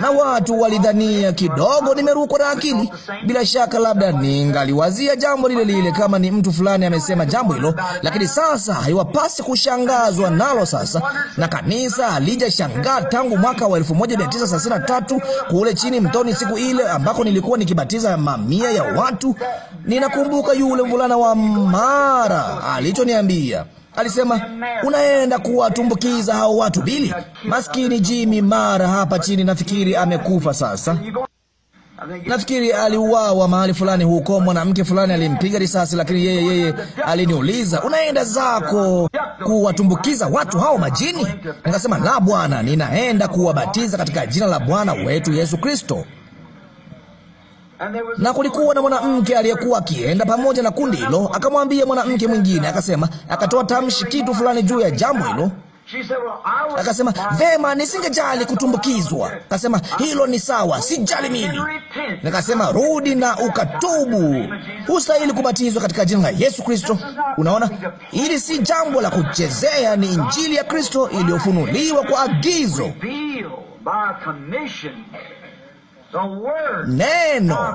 na watu walidhania kidogo nimerukwa na akili. Bila shaka, labda ningaliwazia jambo lile lile kama ni mtu fulani amesema jambo hilo, lakini sasa haiwapasi kushangazwa nalo sasa, na kanisa halijashangaa tangu mwaka wa 1933 kule chini mtoni, siku ile ambako nilikuwa nikibatiza mamia ya watu. Ninakumbuka yule mvulana wa Mara alichoniambia. Alisema unaenda kuwatumbukiza hao watu Bili. Maskini Jimmy Mara hapa chini, nafikiri amekufa sasa. Nafikiri aliuawa mahali fulani huko. Mwanamke fulani alimpiga risasi, lakini yeye yeye aliniuliza unaenda zako kuwatumbukiza watu hao majini? Nikasema la, Bwana, ninaenda kuwabatiza katika jina la Bwana wetu Yesu Kristo. Na kulikuwa na mwanamke aliyekuwa akienda pamoja na kundi hilo, akamwambia mwanamke mwingine, akasema, akatoa tamshi kitu fulani juu ya jambo hilo. Akasema, vema, nisingejali kutumbukizwa. Akasema, hilo ni sawa, sijali mimi. Nikasema, rudi na ukatubu, hustahili kubatizwa katika jina la Yesu Kristo. Unaona, hili si jambo la kuchezea, ni Injili ya Kristo iliyofunuliwa kwa agizo. Neno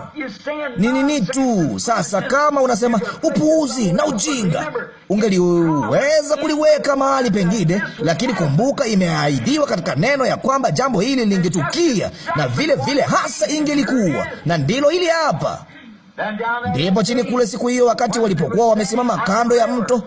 ni nini tu? Sasa kama unasema upuuzi na ujinga, ungeliweza kuliweka mahali pengine, lakini kumbuka, imeahidiwa katika neno ya kwamba jambo hili lingetukia na vile vile hasa ingelikuwa, na ndilo hili hapa. Ndipo chini kule siku hiyo, wakati walipokuwa wamesimama kando ya mto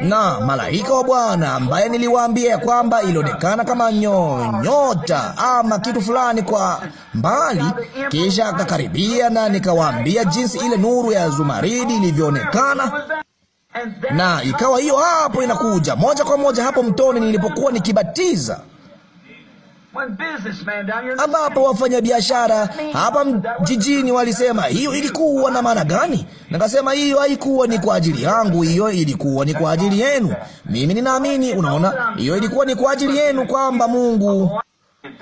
na malaika wa Bwana ambaye niliwaambia kwamba ilionekana kama nyota ama kitu fulani kwa mbali, kisha akakaribia, na nikawaambia jinsi ile nuru ya zumaridi ilivyoonekana na ikawa hiyo hapo inakuja moja kwa moja hapo mtoni nilipokuwa nikibatiza ambapo wafanyabiashara hapa jijini walisema hiyo ilikuwa na maana gani? Nikasema hiyo haikuwa ni kwa ajili yangu, hiyo ilikuwa ni kwa ajili yenu. Mimi ninaamini, unaona, hiyo ilikuwa ni kwa ajili yenu kwamba Mungu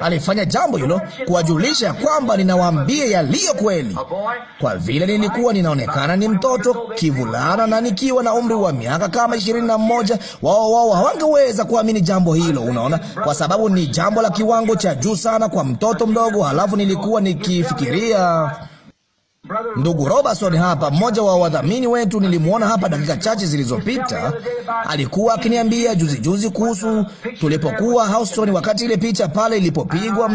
alifanya jambo hilo kuwajulisha kwamba ninawaambia yaliyo kweli. Kwa vile nilikuwa ninaonekana ni mtoto kivulana, na nikiwa na umri wa miaka kama ishirini na mmoja, wao wao hawangeweza kuamini jambo hilo, unaona, kwa sababu ni jambo la kiwango cha juu sana kwa mtoto mdogo. Halafu nilikuwa nikifikiria Ndugu Robertson hapa, mmoja wa wadhamini wetu, nilimwona hapa dakika chache zilizopita. Alikuwa akiniambia juzi juzi kuhusu tulipokuwa Houston, wakati ile picha pale ilipopigwa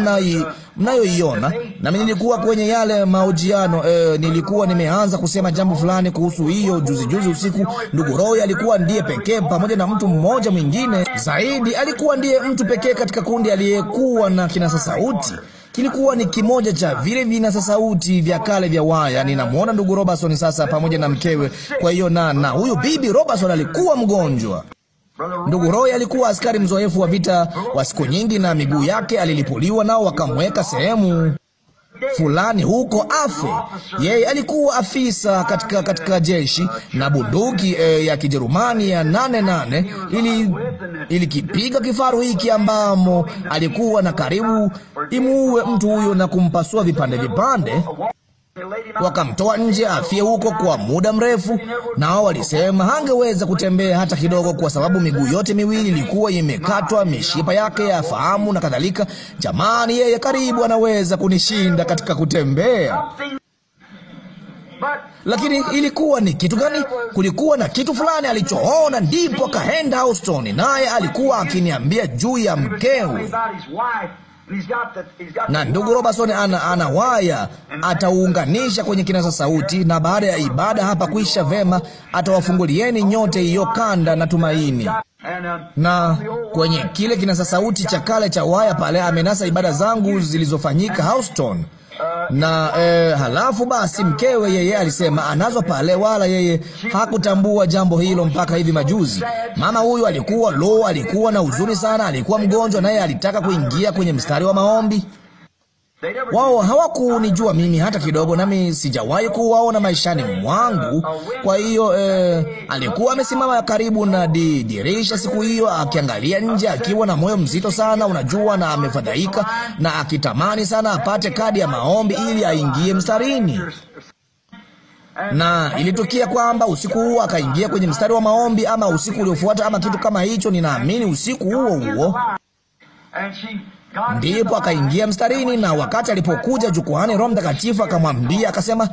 mnayoiona, nami nilikuwa kwenye yale mahojiano e, nilikuwa nimeanza kusema jambo fulani kuhusu hiyo juzi juzi usiku. Ndugu Roy alikuwa ndiye pekee, pamoja na mtu mmoja mwingine zaidi, alikuwa ndiye mtu pekee katika kundi aliyekuwa na kinasa sauti kilikuwa ni kimoja cha vile vinasa sauti vya kale vya waya. Ninamwona ndugu Robertson sasa pamoja na mkewe. Kwa hiyo na na huyu bibi Robertson alikuwa mgonjwa. Ndugu Roy alikuwa askari mzoefu wa vita wa siku nyingi, na miguu yake alilipuliwa, nao wakamweka sehemu fulani huko afe. Yeye alikuwa afisa katika, katika jeshi na bunduki e, ya Kijerumani ya nane nane ili ilikipiga kifaru hiki ambamo alikuwa na karibu imuue mtu huyo na kumpasua vipande vipande wakamtoa nje afie huko kwa muda mrefu. Nao walisema hangeweza kutembea hata kidogo, kwa sababu miguu yote miwili ilikuwa imekatwa, mishipa yake ya fahamu na kadhalika. Jamani, yeye karibu anaweza kunishinda katika kutembea. Lakini ilikuwa ni kitu gani? Kulikuwa na kitu fulani alichoona, ndipo akaenda Houston, naye alikuwa akiniambia juu ya mkewe na ndugu Robertson ana, ana waya atauunganisha kwenye kinasa sauti, na baada ya ibada hapa kuisha vema, atawafungulieni nyote hiyo kanda na tumaini. Na kwenye kile kinasa sauti cha kale cha waya pale amenasa ibada zangu zilizofanyika Houston. Uh, na eh, halafu basi mkewe yeye alisema anazo pale, wala yeye hakutambua jambo hilo mpaka hivi majuzi. Mama huyu alikuwa lo, alikuwa na huzuni sana, alikuwa mgonjwa, naye alitaka kuingia kwenye mstari wa maombi. Wao hawakunijua mimi hata kidogo, nami sijawahi kuwaona maishani mwangu. Kwa hiyo eh, alikuwa amesimama karibu na dirisha siku hiyo akiangalia nje, akiwa na moyo mzito sana, unajua, na amefadhaika na akitamani sana apate kadi ya maombi ili aingie mstarini na ilitukia kwamba usiku huo akaingia kwenye mstari wa maombi, ama usiku uliofuata, ama kitu kama hicho, ninaamini usiku huo huo. Ndipo akaingia mstarini, na wakati alipokuja jukwani, Roho Mtakatifu akamwambia akasema,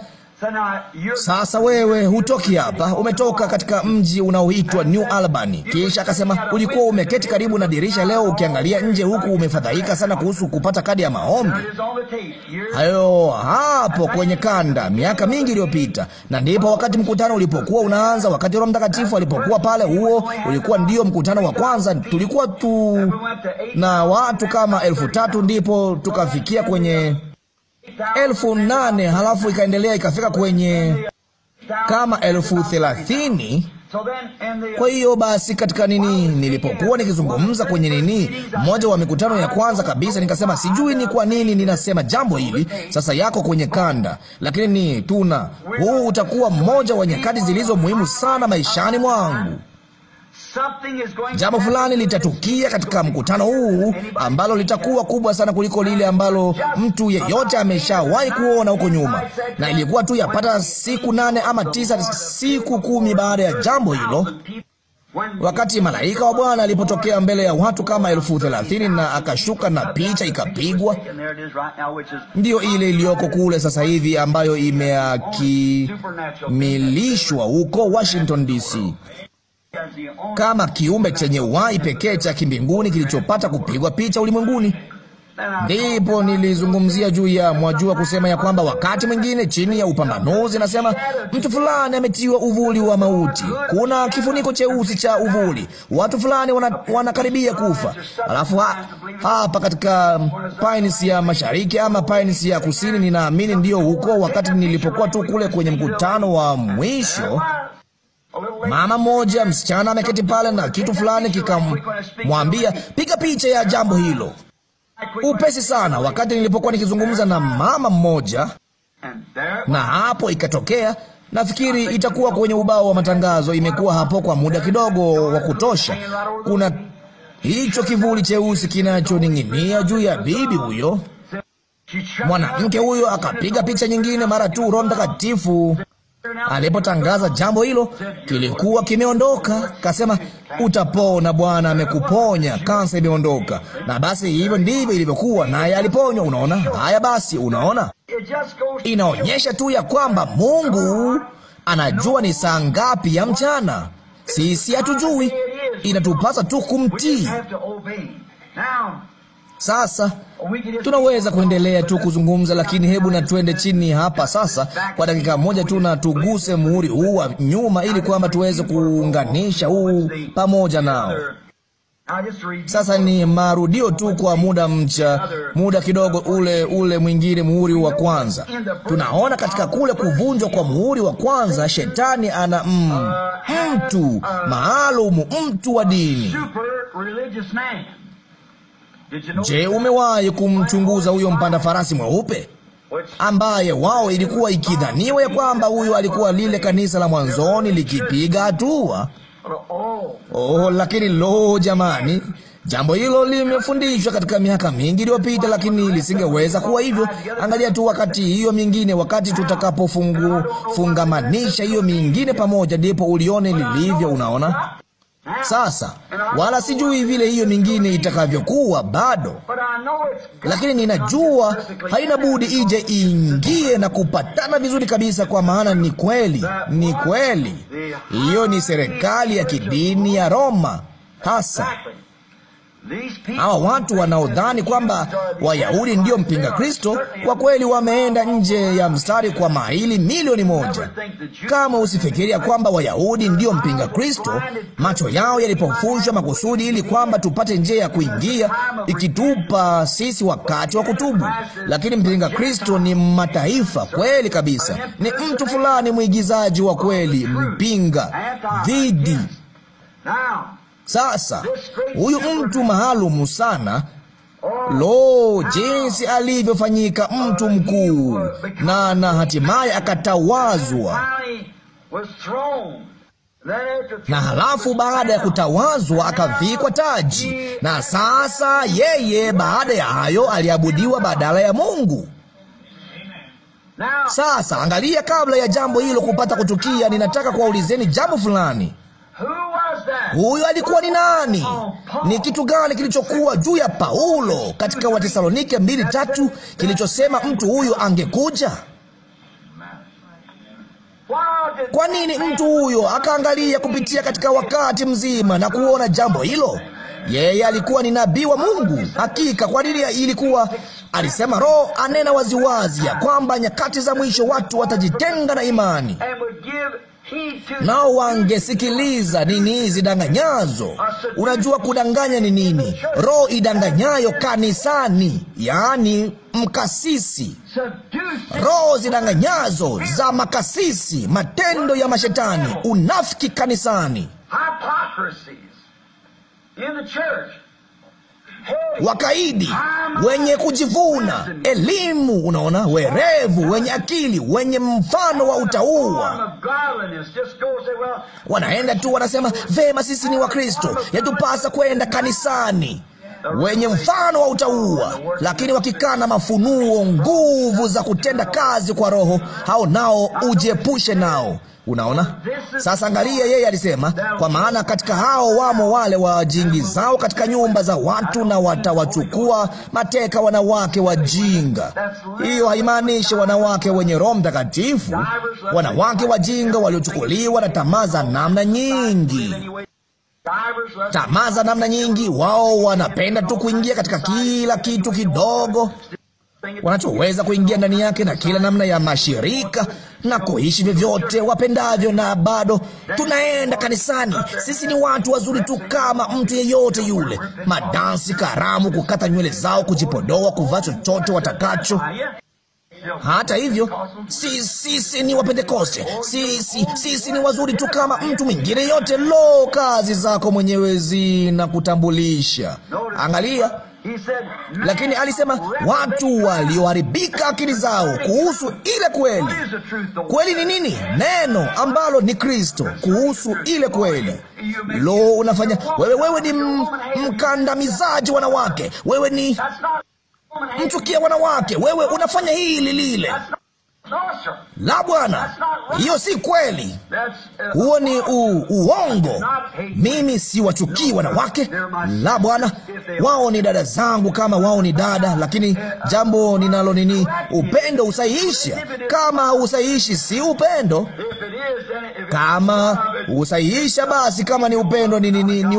sasa wewe hutoki hapa, umetoka katika mji unaoitwa New Albany. Kisha akasema ulikuwa umeketi karibu na dirisha leo ukiangalia nje, huku umefadhaika sana kuhusu kupata kadi ya maombi. Hayo hapo kwenye kanda, miaka mingi iliyopita. Na ndipo wakati mkutano ulipokuwa unaanza, wakati Roho Mtakatifu alipokuwa pale, huo ulikuwa ndio mkutano wa kwanza. Tulikuwa tu na watu kama elfu tatu, ndipo tukafikia kwenye elfu nane halafu ikaendelea ikafika kwenye kama elfu thelathini. Kwa hiyo basi, katika nini, nilipokuwa nikizungumza kwenye nini, mmoja wa mikutano ya kwanza kabisa, nikasema sijui ni kwa nini ninasema jambo hili sasa, yako kwenye kanda, lakini ni tuna huu utakuwa mmoja wa nyakati zilizo muhimu sana maishani mwangu. Jambo fulani litatukia katika mkutano huu ambalo litakuwa kubwa sana kuliko lile ambalo mtu yeyote ameshawahi kuona huko nyuma, na ilikuwa tu yapata siku nane ama tisa, siku kumi baada ya jambo hilo wakati malaika wa Bwana alipotokea mbele ya watu kama elfu thelathini na akashuka na picha ikapigwa, ndiyo ile iliyoko kule sasa hivi ambayo imeakimilishwa huko Washington DC kama kiumbe chenye uhai pekee cha kimbinguni kilichopata kupigwa picha ulimwenguni. Ndipo nilizungumzia juu ya mwajua kusema ya kwamba wakati mwingine chini ya upambanuzi, nasema mtu fulani ametiwa uvuli wa mauti, kuna kifuniko cheusi cha uvuli, watu fulani wanakaribia wana kufa. Alafu ha, hapa katika Pines ya mashariki ama Pines ya kusini, ninaamini ndio huko, wakati nilipokuwa tu kule kwenye mkutano wa mwisho Mama mmoja msichana ameketi pale na kitu fulani kikamwambia, piga picha ya jambo hilo upesi sana, wakati nilipokuwa nikizungumza na mama mmoja, na hapo ikatokea. Nafikiri itakuwa kwenye ubao wa matangazo. Imekuwa hapo kwa muda kidogo wa kutosha. Kuna hicho kivuli cheusi kinachoning'inia juu ya bibi huyo. Mwanamke huyo akapiga picha nyingine. Mara tu Roho Mtakatifu Alipotangaza jambo hilo, kilikuwa kimeondoka. Kasema, utapona, Bwana amekuponya, kansa imeondoka. Na basi hivyo ndivyo ilivyokuwa, naye aliponywa. Unaona haya? Basi unaona, inaonyesha tu ya kwamba Mungu anajua ni saa ngapi ya mchana. Sisi hatujui, inatupasa tu kumtii. Sasa tunaweza kuendelea tu kuzungumza, lakini hebu na tuende chini hapa sasa kwa dakika moja tu, na tuguse muhuri huu wa nyuma, ili kwamba tuweze kuunganisha huu pamoja nao. Sasa ni marudio tu kwa muda mcha muda kidogo, ule ule mwingine, muhuri wa kwanza. Tunaona katika kule kuvunjwa kwa muhuri wa kwanza, shetani ana mm, mtu maalumu, mtu wa dini Je, umewahi kumchunguza huyo mpanda farasi mweupe ambaye wao ilikuwa ikidhaniwa ya kwamba huyo alikuwa lile kanisa la mwanzoni likipiga hatua? Oh, lakini lo, jamani, jambo hilo limefundishwa katika miaka mingi iliyopita, lakini lisingeweza kuwa hivyo. Angalia tu wakati hiyo mingine, wakati tutakapofungamanisha hiyo mingine pamoja, ndipo ulione lilivyo. Unaona? sasa, wala sijui vile hiyo mingine itakavyokuwa bado, lakini ninajua haina budi ije ingie na kupatana vizuri kabisa, kwa maana ni kweli, ni kweli, hiyo ni serikali ya kidini ya Roma hasa hawa watu wanaodhani kwamba Wayahudi ndiyo mpinga Kristo kwa kweli wameenda nje ya mstari kwa maili milioni moja. Kama usifikiria kwamba Wayahudi ndiyo mpinga Kristo, macho yao yalipofushwa makusudi, ili kwamba tupate njia ya kuingia, ikitupa sisi wakati wa kutubu. Lakini mpinga Kristo ni mataifa kweli kabisa, ni mtu fulani mwigizaji wa kweli, mpinga dhidi sasa huyu mtu maalumu sana Lo, jinsi alivyofanyika mtu uh, mkuu na na hatimaye akatawazwa. Na halafu baada ya kutawazwa akavikwa taji, na sasa yeye baada ya hayo aliabudiwa badala ya Mungu. Sasa angalia, kabla ya jambo hilo kupata kutukia, ninataka kuwaulizeni jambo fulani. Huyo alikuwa ni nani? Ni kitu gani kilichokuwa juu ya Paulo katika Watesalonike mbili tatu kilichosema mtu huyu angekuja? Kwa nini mtu huyo akaangalia kupitia katika wakati mzima na kuona jambo hilo? Yeye alikuwa ni nabii wa Mungu hakika. Kwa nini ilikuwa? Alisema Roho anena waziwazi ya kwamba nyakati za mwisho watu watajitenga na imani nao wangesikiliza nini zidanganyazo. Unajua kudanganya ni nini? Roho idanganyayo kanisani, yaani mkasisi, roho zidanganyazo za makasisi, matendo ya mashetani, unafiki kanisani wakaidi, wenye kujivuna, elimu, unaona, werevu, wenye akili, wenye mfano wa utaua. Wanaenda tu wanasema, vema, sisi ni Wakristo, yatupasa kwenda kanisani wenye mfano wa utauwa, lakini wakikana mafunuo, nguvu za kutenda kazi kwa Roho, hao nao ujiepushe nao. Unaona sasa, angalia, yeye alisema, kwa maana katika hao wamo wale wajingizao katika nyumba za watu na watawachukua mateka wanawake wajinga. Hiyo haimaanishi wanawake wenye Roho Mtakatifu, wanawake wajinga waliochukuliwa na tamaa za namna nyingi tamaa za namna nyingi. Wao wanapenda tu kuingia katika kila kitu kidogo wanachoweza kuingia ndani yake na kila namna ya mashirika na kuishi vyovyote wapendavyo, na bado tunaenda kanisani. Sisi ni watu wazuri tu kama mtu yeyote yule. Madansi, karamu, kukata nywele zao, kujipodoa, kuvaa chochote watakacho. Hata hivyo sisi si, si, ni Wapentekoste, sisi si, si, ni wazuri tu kama mtu mwingine yote. Lo, kazi zako mwenyewe zinakutambulisha. Angalia, lakini alisema watu walioharibika akili zao kuhusu ile kweli. Kweli ni nini? Neno ambalo ni Kristo, kuhusu ile kweli. Lo, unafanya wewe, wewe ni mkandamizaji wanawake, wewe ni mchukia wanawake, wewe unafanya hili lile. La bwana, hiyo si kweli, huo ni uongo. Mimi siwachukii wanawake, la bwana, wao ni dada zangu kama wao ni dada, lakini jambo ninalo nini, upendo usaiisha. Kama usaiishi si upendo, kama usaiisha basi, kama ni upendo ni, ni, ni, ni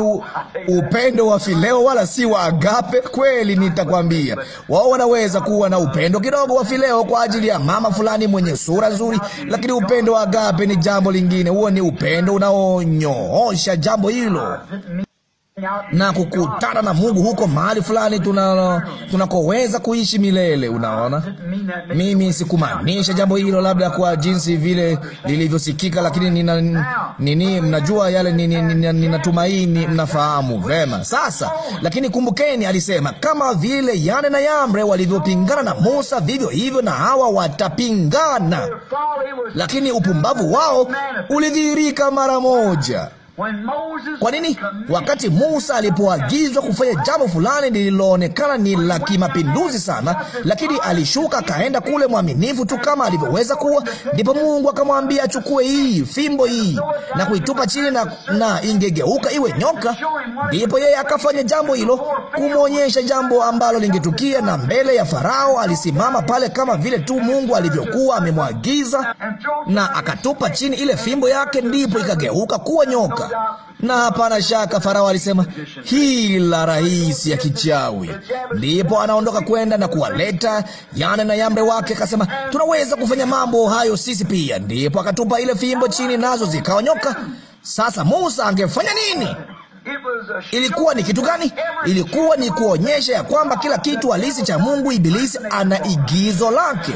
upendo wa fileo wala si wa agape. Kweli nitakwambia, wao wanaweza kuwa na upendo kidogo wa fileo kwa ajili ya mama fulani maskani mwenye sura nzuri, lakini upendo wa agape ni jambo lingine. Huo ni upendo unaonyoosha jambo hilo na kukutana na Mungu huko mahali fulani tunakoweza tuna kuishi milele. Unaona, mimi sikumaanisha jambo hilo labda kwa jinsi vile lilivyosikika, lakini nina nini, mnajua yale ninatumaini, nina, mnafahamu vema sasa. Lakini kumbukeni, alisema kama vile Yane na Yambre walivyopingana na Musa, vivyo hivyo na hawa watapingana, lakini upumbavu wao ulidhihirika mara moja. Kwa nini wakati Musa alipoagizwa kufanya jambo fulani lililoonekana ni la kimapinduzi sana, lakini alishuka akaenda kule mwaminifu tu kama alivyoweza kuwa, ndipo Mungu akamwambia achukue hii fimbo hii na kuitupa chini na, na ingegeuka iwe nyoka. Ndipo yeye akafanya jambo hilo, kumwonyesha jambo ambalo lingetukia, na mbele ya Farao alisimama pale kama vile tu Mungu alivyokuwa amemwagiza, na akatupa chini ile fimbo yake, ndipo ikageuka kuwa nyoka kuondoka. Na hapana shaka Farao alisema hila rahisi ya kichawi. Ndipo anaondoka kwenda na kuwaleta Yane na Yambre wake, akasema tunaweza kufanya mambo hayo sisi pia. Ndipo akatupa ile fimbo chini, nazo zikaonyoka. Sasa Musa angefanya nini? Ilikuwa ni kitu gani? Ilikuwa ni kuonyesha ya kwamba kila kitu halisi cha Mungu, Ibilisi ana igizo lake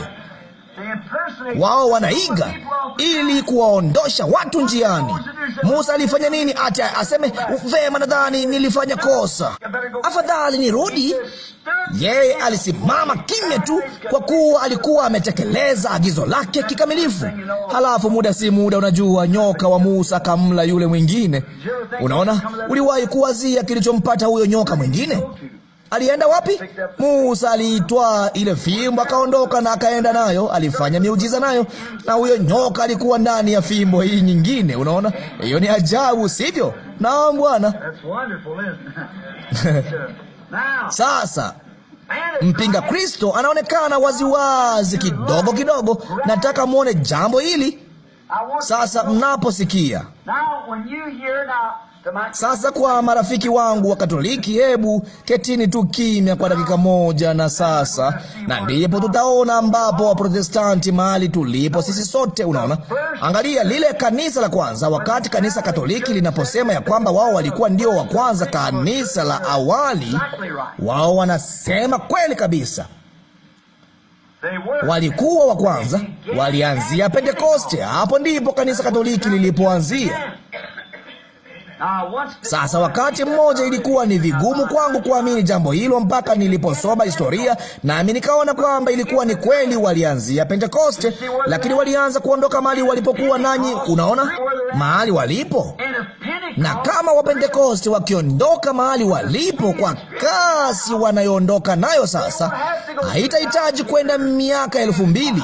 wao wanaiga ili kuwaondosha watu njiani. Musa alifanya nini? Acha aseme vema, nadhani nilifanya kosa, afadhali nirudi. Yeye alisimama kimya tu, kwa kuwa alikuwa ametekeleza agizo lake kikamilifu. Halafu muda si muda, unajua, nyoka wa Musa kamla yule mwingine. Unaona, uliwahi kuwazia kilichompata huyo nyoka mwingine? alienda wapi? Musa aliitwaa ile fimbo akaondoka na akaenda nayo, alifanya miujiza nayo, na huyo nyoka alikuwa ndani ya fimbo hii nyingine. Unaona, hiyo ni ajabu, sivyo? Naam, Bwana. Sasa mpinga Kristo anaonekana waziwazi kidogo kidogo. Nataka mwone jambo hili sasa mnaposikia sasa kwa marafiki wangu wa Katoliki, hebu ketini tu kimya kwa dakika moja, na sasa na ndipo tutaona ambapo Waprotestanti mahali tulipo sisi sote. Unaona, angalia lile kanisa la kwanza. Wakati kanisa Katoliki linaposema ya kwamba wao walikuwa ndio wa kwanza, kanisa la awali, wao wanasema kweli kabisa walikuwa wa kwanza, walianzia Pentekoste. Hapo ndipo kanisa Katoliki lilipoanzia. Sasa wakati mmoja ilikuwa ni vigumu kwangu kuamini jambo hilo mpaka niliposoma historia, nami nikaona kwamba ilikuwa ni kweli. Walianzia Pentekoste, lakini walianza kuondoka mahali walipokuwa, nanyi unaona mahali walipo. Na kama Wapentekoste wakiondoka mahali walipo kwa kasi wanayoondoka nayo sasa, haitahitaji kwenda miaka elfu mbili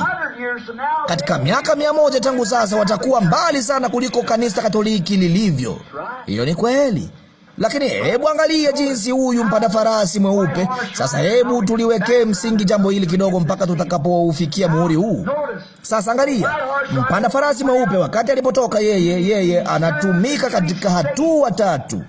katika miaka mia moja tangu sasa, watakuwa mbali sana kuliko kanisa Katoliki lilivyo. Hiyo ni kweli. Lakini hebu angalia jinsi huyu mpanda farasi mweupe sasa. Hebu tuliwekee msingi jambo hili kidogo, mpaka tutakapoufikia muhuri huu. Sasa angalia mpanda farasi mweupe, wakati alipotoka yeye, yeye anatumika katika hatua tatu.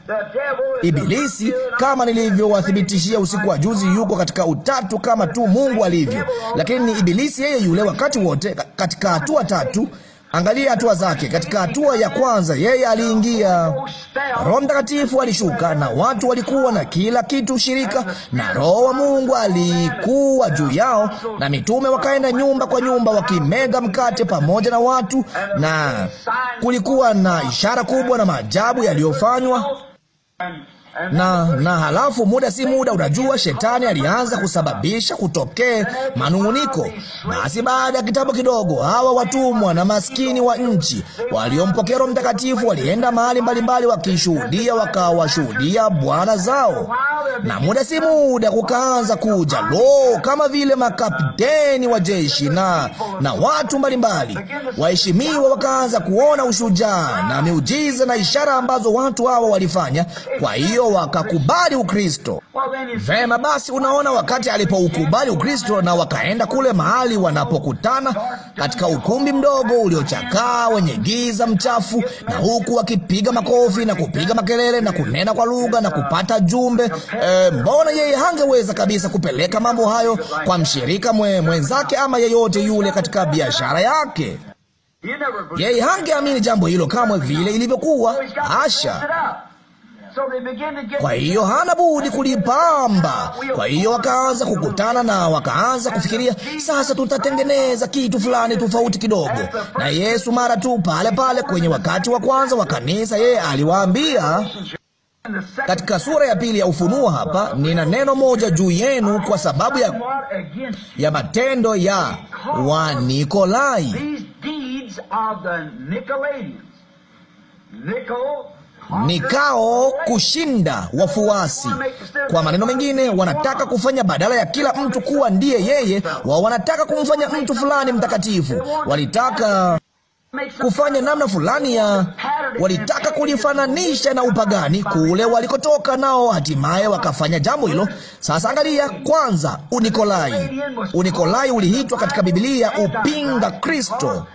Ibilisi, kama nilivyowathibitishia usiku wa juzi, yuko katika utatu kama tu Mungu alivyo, lakini ni ibilisi yeye yule wakati wote katika hatua tatu. Angalia hatua zake. Katika hatua ya kwanza, yeye aliingia, Roho Mtakatifu alishuka na watu walikuwa na kila kitu, shirika na Roho wa Mungu alikuwa juu yao, na mitume wakaenda nyumba kwa nyumba wakimega mkate pamoja na watu, na kulikuwa na ishara kubwa na maajabu yaliyofanywa na, na halafu muda si muda, unajua shetani alianza kusababisha kutokee manung'uniko. Basi baada ya kitabu kidogo, hawa watumwa na maskini wa nchi waliompokea Roho Mtakatifu walienda mahali mbalimbali, wakishuhudia, wakawashuhudia bwana zao, na muda si muda kukaanza kuja lo, kama vile makapteni wa jeshi na, na watu mbalimbali waheshimiwa wakaanza kuona ushujaa na miujiza na ishara ambazo watu hawa walifanya. Kwa hiyo hiyo wakakubali Ukristo. Vema basi, unaona, wakati alipoukubali Ukristo na wakaenda kule mahali wanapokutana katika ukumbi mdogo uliochakaa wenye giza mchafu, na huku wakipiga makofi na kupiga makelele na kunena kwa lugha na kupata jumbe e, mbona yeye hangeweza kabisa kupeleka mambo hayo kwa mshirika mwe, mwenzake ama yeyote yule katika biashara yake? Yeye hangeamini jambo hilo kamwe, vile ilivyokuwa. Asha kwa hiyo hana budi kulipamba. Kwa hiyo wakaanza kukutana na wakaanza kufikiria, sasa tutatengeneza kitu fulani tofauti kidogo. Na Yesu mara tu pale pale kwenye wakati wa kwanza wa kanisa, yeye aliwaambia katika sura ya pili ya Ufunuo, hapa nina neno moja juu yenu kwa sababu ya, ya matendo ya Wanikolai nikao kushinda wafuasi. Kwa maneno mengine, wanataka kufanya badala ya kila mtu kuwa ndiye yeye, wao wanataka kumfanya mtu fulani mtakatifu. Walitaka kufanya namna fulani ya, walitaka kulifananisha na upagani kule walikotoka, nao hatimaye wakafanya jambo hilo. Sasa angalia kwanza, Unikolai. Unikolai uliitwa katika Biblia upinga Kristo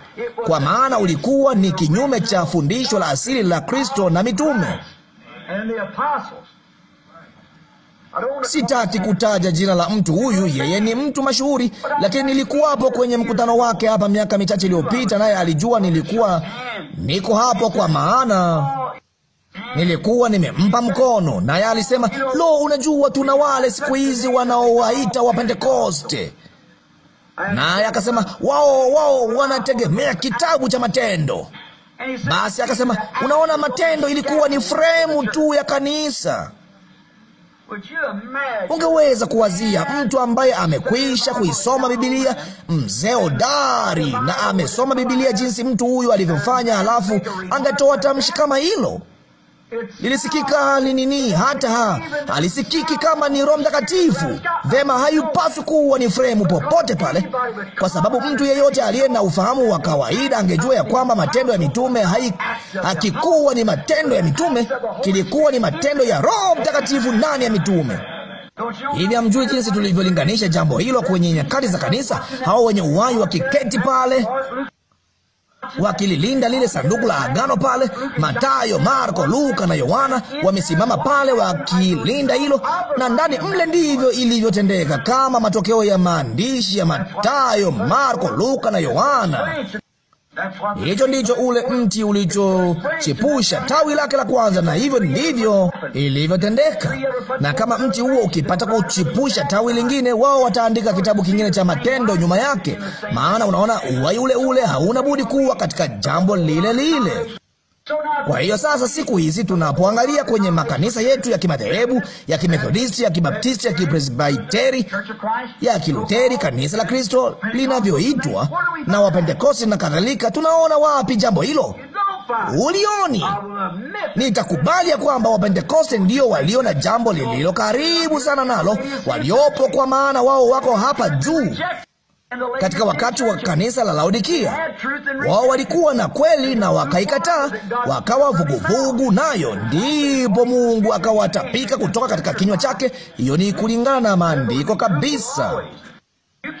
kwa maana ulikuwa ni kinyume cha fundisho la asili la Kristo na mitume. Sitaki kutaja jina la mtu huyu, yeye ni mtu mashuhuri, lakini nilikuwapo kwenye mkutano wake hapa miaka michache iliyopita, naye alijua nilikuwa niko hapo, kwa maana nilikuwa nimempa mkono, naye alisema, lo, unajua tuna wale siku hizi wanaowaita Wapentekoste. Naye akasema wao wao wanategemea kitabu cha Matendo. Basi akasema unaona, Matendo ilikuwa ni fremu tu ya kanisa. Ungeweza kuwazia mtu ambaye amekwisha kuisoma Bibilia, mzee odari na amesoma Bibilia jinsi mtu huyu alivyofanya, halafu angetoa tamshi kama hilo lilisikika ni nini, hata ha, alisikiki kama ni Roho Mtakatifu. Vema, haipaswi kuwa ni fremu popote pale, kwa sababu mtu yeyote aliye na ufahamu wa kawaida angejua ya kwamba matendo ya mitume hakikuwa ni matendo ya mitume, kilikuwa ni matendo ya Roho Mtakatifu ndani ya mitume. Hivi hamjui jinsi tulivyolinganisha jambo hilo kwenye nyakati za kanisa, hao wenye uwai wakiketi pale wakililinda lile sanduku la agano pale. Matayo, Marko, Luka na Yohana wamesimama pale wakilinda hilo, na ndani mle ndivyo ilivyotendeka, kama matokeo ya maandishi ya Matayo, Marko, Luka na Yohana. Hicho ndicho ule mti ulichochipusha tawi lake la kwanza, na hivyo ndivyo ilivyotendeka. Na kama mti huo ukipata kuchipusha tawi lingine, wao wataandika kitabu kingine cha matendo nyuma yake, maana unaona, uwai ule ule hauna budi kuwa katika jambo lile lile. Kwa hiyo sasa, siku hizi tunapoangalia kwenye makanisa yetu ya kimadhehebu, ya kimethodisti, ya kibaptisti, ya kipresbiteri, ya kiluteri, kanisa la Kristo linavyoitwa na wapentekosti na kadhalika, tunaona wapi jambo hilo? Ulioni. Nitakubali ya kwamba wapentekoste ndio walio na jambo lililo karibu sana nalo waliopo, kwa maana wao wako hapa juu, katika wakati wa kanisa la Laodikia. Wao walikuwa na kweli na wakaikataa, wakawa vuguvugu, nayo ndipo Mungu akawatapika kutoka katika kinywa chake. Hiyo ni kulingana na maandiko kabisa.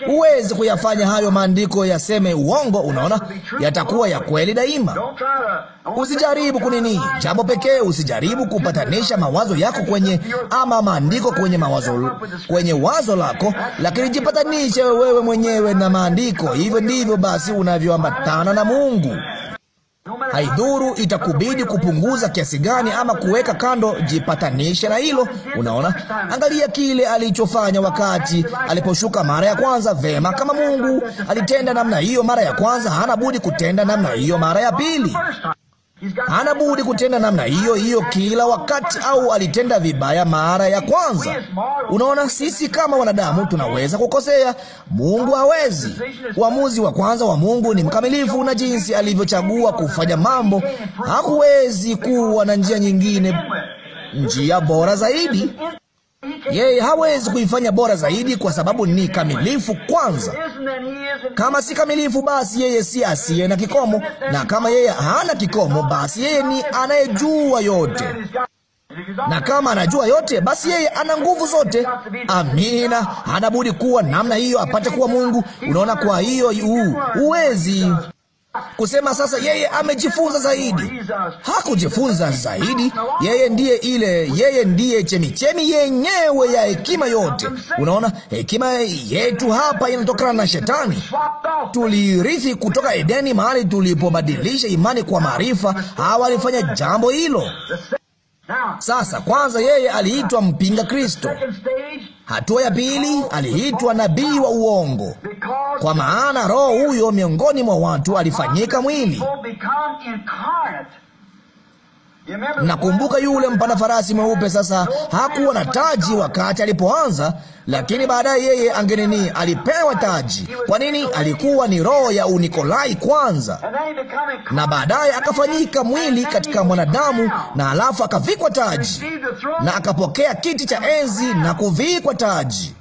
Huwezi kuyafanya hayo maandiko yaseme uongo. Unaona, yatakuwa ya kweli daima. Usijaribu kunini. Jambo pekee, usijaribu kupatanisha mawazo yako kwenye ama maandiko kwenye mawazo kwenye wazo lako, lakini jipatanishe wewe mwenyewe na maandiko. Hivyo ndivyo basi unavyoambatana na Mungu haidhuru itakubidi kupunguza kiasi gani ama kuweka kando, jipatanishe na hilo. Unaona, angalia kile alichofanya wakati aliposhuka mara ya kwanza. Vema, kama Mungu alitenda namna hiyo mara ya kwanza, hana budi kutenda namna hiyo mara ya pili hana budi kutenda namna hiyo hiyo kila wakati, au alitenda vibaya mara ya kwanza. Unaona, sisi kama wanadamu tunaweza kukosea, Mungu hawezi. Uamuzi wa kwanza wa Mungu ni mkamilifu, na jinsi alivyochagua kufanya mambo, hakuwezi kuwa na njia nyingine, njia bora zaidi. Yeye hawezi kuifanya bora zaidi, kwa sababu ni kamilifu kwanza. Kama si kamilifu, basi yeye si asiye na kikomo, na kama yeye hana kikomo, basi yeye ni anayejua yote na kama anajua yote basi yeye ana nguvu zote. Amina, hanabudi kuwa namna hiyo apate kuwa Mungu. Unaona, kwa hiyo huu huwezi kusema sasa yeye amejifunza zaidi. Hakujifunza zaidi, yeye ndiye ile, yeye ndiye chemichemi yenyewe ya hekima yote. Unaona, hekima yetu hapa inatokana na Shetani. Tulirithi kutoka Edeni, mahali tulipobadilisha imani kwa maarifa. Hawa alifanya jambo hilo. Sasa kwanza, yeye aliitwa mpinga Kristo. Hatua ya pili, aliitwa nabii wa uongo, kwa maana roho huyo miongoni mwa watu alifanyika mwili. Nakumbuka yule mpanda farasi mweupe, sasa hakuwa na taji wakati alipoanza, lakini baadaye yeye angenini, alipewa taji. Kwa nini? Alikuwa ni roho ya Unikolai kwanza, na baadaye akafanyika mwili katika mwanadamu, na alafu akavikwa taji na akapokea kiti cha enzi na kuvikwa taji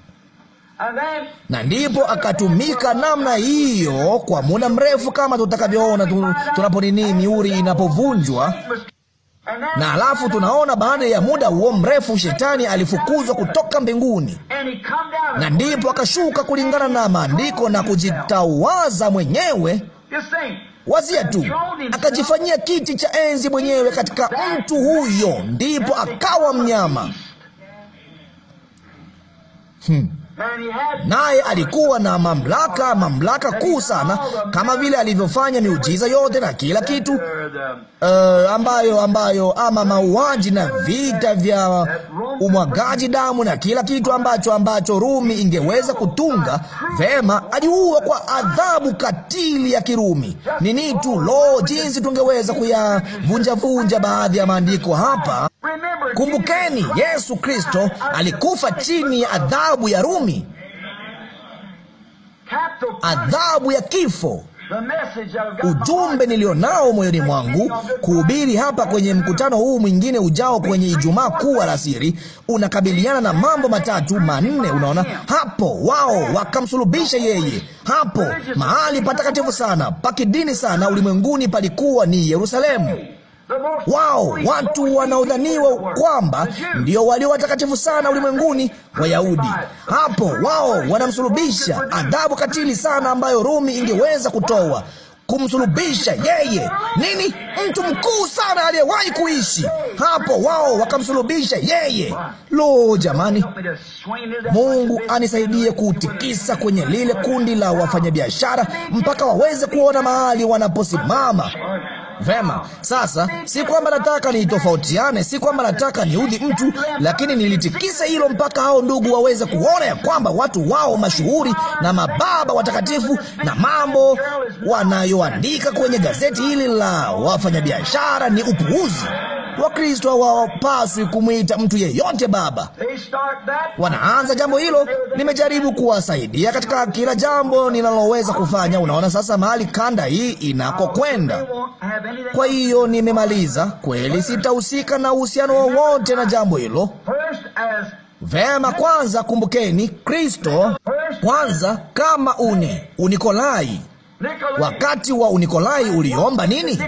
na ndipo akatumika namna hiyo kwa muda mrefu, kama tutakavyoona tunaponini miuri inapovunjwa na alafu tunaona baada ya muda huo mrefu shetani alifukuzwa kutoka mbinguni, na ndipo akashuka kulingana na maandiko na kujitawaza mwenyewe. Wazia tu, akajifanyia kiti cha enzi mwenyewe katika mtu huyo, ndipo akawa mnyama. Hmm naye alikuwa na mamlaka, mamlaka kuu sana, kama vile alivyofanya miujiza yote na kila kitu uh, ambayo ambayo ama mauaji na vita vya umwagaji damu na kila kitu ambacho ambacho Rumi ingeweza kutunga vema, aliua kwa adhabu katili ya Kirumi. Nini tu, lo, jinsi tungeweza kuyavunjavunja baadhi ya maandiko hapa Kumbukeni, Yesu Kristo alikufa chini ya adhabu ya Rumi, adhabu ya kifo. Ujumbe nilionao moyoni mwangu kuhubiri hapa kwenye mkutano huu mwingine ujao kwenye Ijumaa Kuu alasiri unakabiliana na mambo matatu manne. Unaona hapo, wao wakamsulubisha yeye hapo, mahali patakatifu sana pakidini sana ulimwenguni palikuwa ni Yerusalemu wao watu wanaodhaniwa kwamba ndio walio watakatifu sana ulimwenguni, Wayahudi. Hapo wao wanamsulubisha, adhabu katili sana ambayo Rumi ingeweza kutoa kumsulubisha yeye nini, mtu mkuu sana aliyewahi kuishi. Hapo wao wakamsulubisha yeye. Lo, jamani, Mungu anisaidie kutikisa kwenye lile kundi la wafanyabiashara mpaka waweze kuona mahali wanaposimama. Vema. Sasa si kwamba nataka tofautiane si kwamba nataka niudhi mtu, lakini nilitikisa hilo mpaka hao ndugu waweze kuona ya kwamba watu wao mashuhuri na mababa watakatifu na mambo wanayoandika kwenye gazeti hili la wafanyabiashara ni upuuzi. Wakristo hawapaswi kumwita mtu yeyote baba. Wanaanza jambo hilo. Nimejaribu kuwasaidia katika kila jambo ninaloweza kufanya. Unaona sasa mahali kanda hii inakokwenda. Kwa hiyo nimemaliza kweli, sitahusika na uhusiano wowote na jambo hilo. Vema, kwanza kumbukeni Kristo kwanza kama une Unikolai. Wakati wa Unikolai uliomba nini?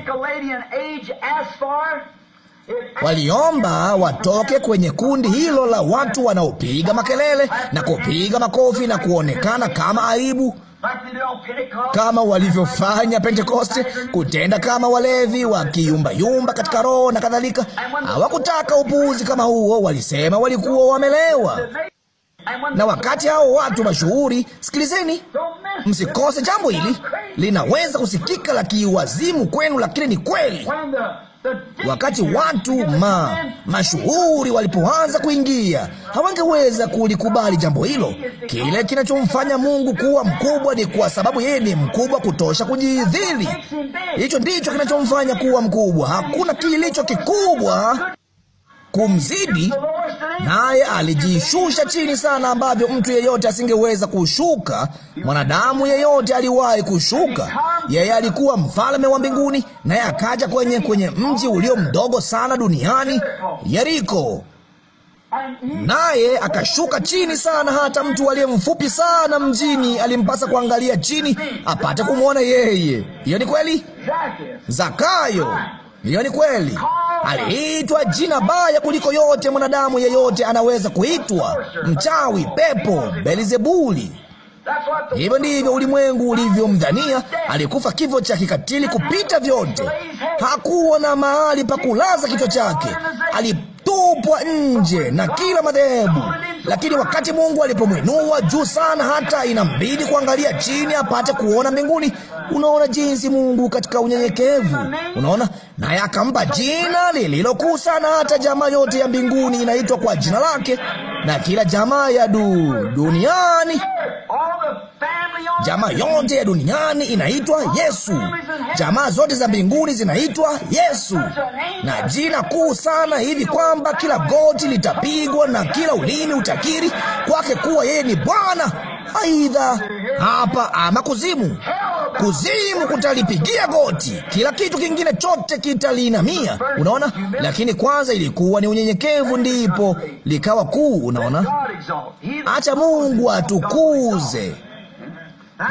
Waliomba watoke kwenye kundi hilo la watu wanaopiga makelele na kupiga makofi na kuonekana kama aibu kama walivyofanya Pentekoste, kutenda kama walevi, wakiyumbayumba katika roho na kadhalika. Hawakutaka upuuzi kama huo, walisema walikuwa wamelewa. Na wakati hao watu mashuhuri, sikilizeni, msikose jambo hili, linaweza kusikika la kiwazimu kwenu, lakini ni kweli. Wakati watu ma mashuhuri walipoanza kuingia, hawangeweza kulikubali jambo hilo. Kile kinachomfanya Mungu kuwa mkubwa ni kwa sababu yeye ni mkubwa kutosha kujidhili. Hicho ndicho kinachomfanya kuwa mkubwa. Hakuna kilicho kikubwa kumzidi, naye alijishusha chini sana, ambavyo mtu yeyote asingeweza kushuka. Mwanadamu yeyote aliwahi kushuka. Yeye alikuwa mfalme wa mbinguni, naye akaja kwenye kwenye mji ulio mdogo sana duniani, Yeriko, naye akashuka chini sana. Hata mtu aliye mfupi sana mjini alimpasa kuangalia chini apate kumwona yeye. Hiyo ni kweli, Zakayo. Hiyo ni kweli aliitwa jina baya kuliko yote mwanadamu yeyote anaweza kuitwa: mchawi, pepo, Belzebuli. Hivyo ndivyo ulimwengu ulivyomdhania. Alikufa kifo cha kikatili kupita vyote. Hakuwa na mahali pa kulaza kichwa chake. Alip kutupwa nje na kila madhehebu. Lakini wakati Mungu alipomwinua juu sana, hata inambidi kuangalia chini apate kuona mbinguni. Unaona jinsi Mungu katika unyenyekevu, unaona naye akampa jina lililokuu sana, hata jamaa yote ya mbinguni inaitwa kwa jina lake, na kila jamaa ya du duniani Jamaa yote ya duniani inaitwa Yesu, jamaa zote za mbinguni zinaitwa Yesu, na jina kuu sana hivi kwamba kila goti litapigwa na kila ulimi utakiri kwake kuwa yeye ni Bwana, aidha hapa ama kuzimu. Kuzimu kutalipigia goti, kila kitu kingine chote kitaliinamia. Unaona, lakini kwanza ilikuwa ni unyenyekevu, ndipo likawa kuu. Unaona, acha Mungu atukuze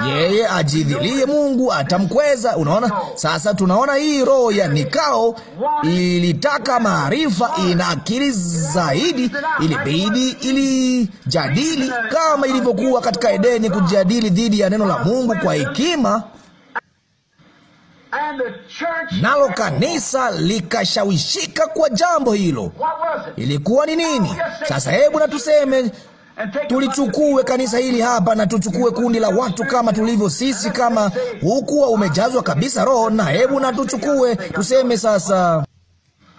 yeye ajidhilie Mungu atamkweza. Unaona, sasa tunaona hii roho ya nikao ilitaka maarifa, ina akili zaidi, ilibidi ilijadili kama ilivyokuwa katika Edeni, kujadili dhidi ya neno la Mungu kwa hekima nalo kanisa likashawishika kwa jambo hilo. Ilikuwa ni nini sasa? Hebu na tuseme tulichukue kanisa hili hapa na tuchukue kundi la watu kama tulivyo sisi, kama hukuwa umejazwa kabisa Roho, na hebu na tuchukue tuseme sasa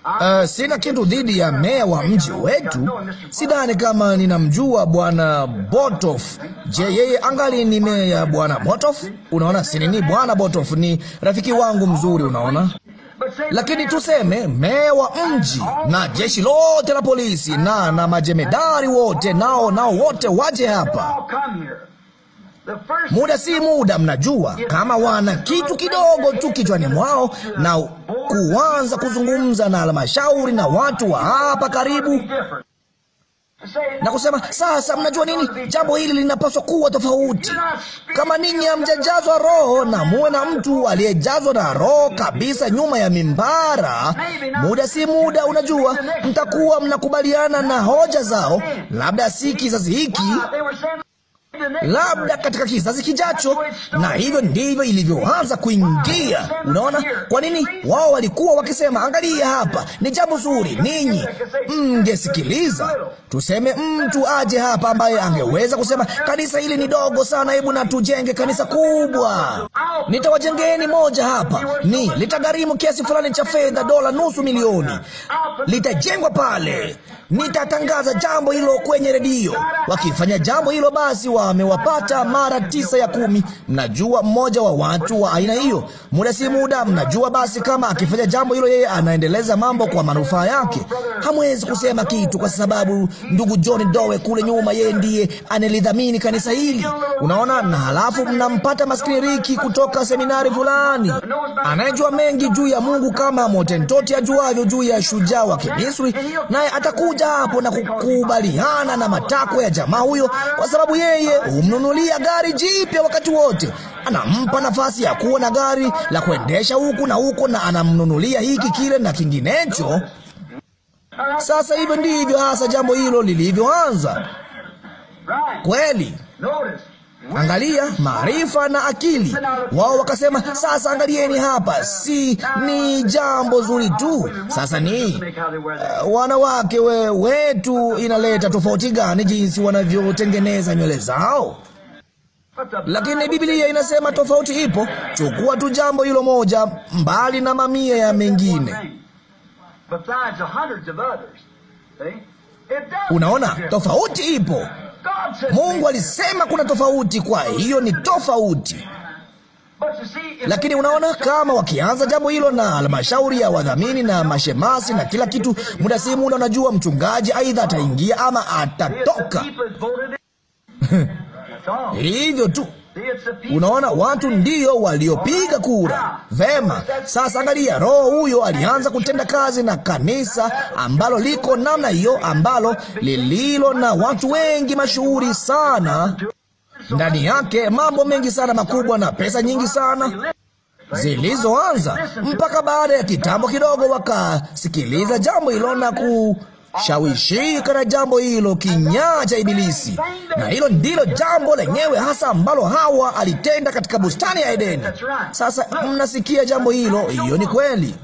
Uh, sina kitu dhidi ya meya wa mji wetu. Sidhani kama ninamjua Bwana Botof. Je, yeye angali ni meya Bwana Botof? Unaona, si nini, Bwana Botof ni rafiki wangu mzuri, unaona. Lakini tuseme meya wa mji na jeshi lote la polisi na na majemedari wote, nao nao wote waje hapa. Muda si muda, mnajua kama wana kitu kidogo tu kichwani mwao, na kuanza kuzungumza na halmashauri na watu wa hapa karibu na kusema sasa, mnajua nini, jambo hili linapaswa kuwa tofauti. Kama ninyi hamjajazwa Roho na muwe na mtu aliyejazwa na Roho kabisa nyuma ya mimbara, muda si muda, unajua mtakuwa mnakubaliana na hoja zao, labda si kizazi hiki labda katika kizazi kijacho. Na hivyo ndivyo ilivyoanza kuingia. Unaona kwa nini wao walikuwa wakisema, angalia hapa ni jambo zuri, ninyi mngesikiliza. Tuseme mtu aje hapa ambaye angeweza kusema, kanisa hili ni dogo sana, hebu na tujenge kanisa kubwa. Nitawajengeni moja hapa, ni litagharimu kiasi fulani cha fedha, dola nusu milioni, litajengwa pale nitatangaza jambo hilo kwenye redio. Wakifanya jambo hilo, basi wamewapata mara tisa ya kumi. Mnajua mmoja wa watu wa aina hiyo, muda si muda, mnajua basi, kama akifanya jambo hilo, yeye anaendeleza mambo kwa manufaa yake. Hamwezi kusema kitu, kwa sababu ndugu John Doe kule nyuma, yeye ndiye anelidhamini kanisa hili, unaona. Na halafu mnampata maskini Riki kutoka seminari fulani, anayejua mengi juu ya Mungu kama Motentoti ajuavyo juu ya shujaa wa Kimisri, naye atakuja mojawapo na kukubaliana na matakwa ya jamaa huyo, kwa sababu yeye humnunulia gari jipya wakati wote, anampa nafasi ya kuwa na gari la kuendesha huku na huko, na anamnunulia hiki kile na kinginecho. Sasa hivyo ndivyo hasa jambo hilo lilivyoanza kweli. Angalia maarifa na akili. Wao wakasema sasa, angalieni hapa, si ni jambo zuri tu. Sasa ni uh, wanawake we, wetu inaleta tofauti gani jinsi wanavyotengeneza nywele zao? Lakini Biblia inasema tofauti ipo. Chukua tu jambo hilo moja, mbali na mamia ya mengine. Unaona, tofauti ipo. Mungu alisema kuna tofauti, kwa hiyo ni tofauti. Lakini unaona, kama wakianza jambo hilo na halmashauri ya wadhamini na mashemasi na kila kitu, muda si muda, unajua mchungaji aidha ataingia ama atatoka. Hivyo tu Unaona, watu ndiyo waliopiga kura. Vema, sasa angalia, roho huyo alianza kutenda kazi na kanisa ambalo liko namna hiyo, ambalo lililo na watu wengi mashuhuri sana ndani yake, mambo mengi sana makubwa na pesa nyingi sana zilizoanza mpaka baada ya kitambo kidogo wakasikiliza jambo hilo na ku shawishika na jambo hilo, kinyaa cha Ibilisi. Na hilo ndilo jambo lenyewe hasa ambalo Hawa alitenda katika bustani ya Edeni. Sasa mnasikia jambo hilo, hiyo ni kweli.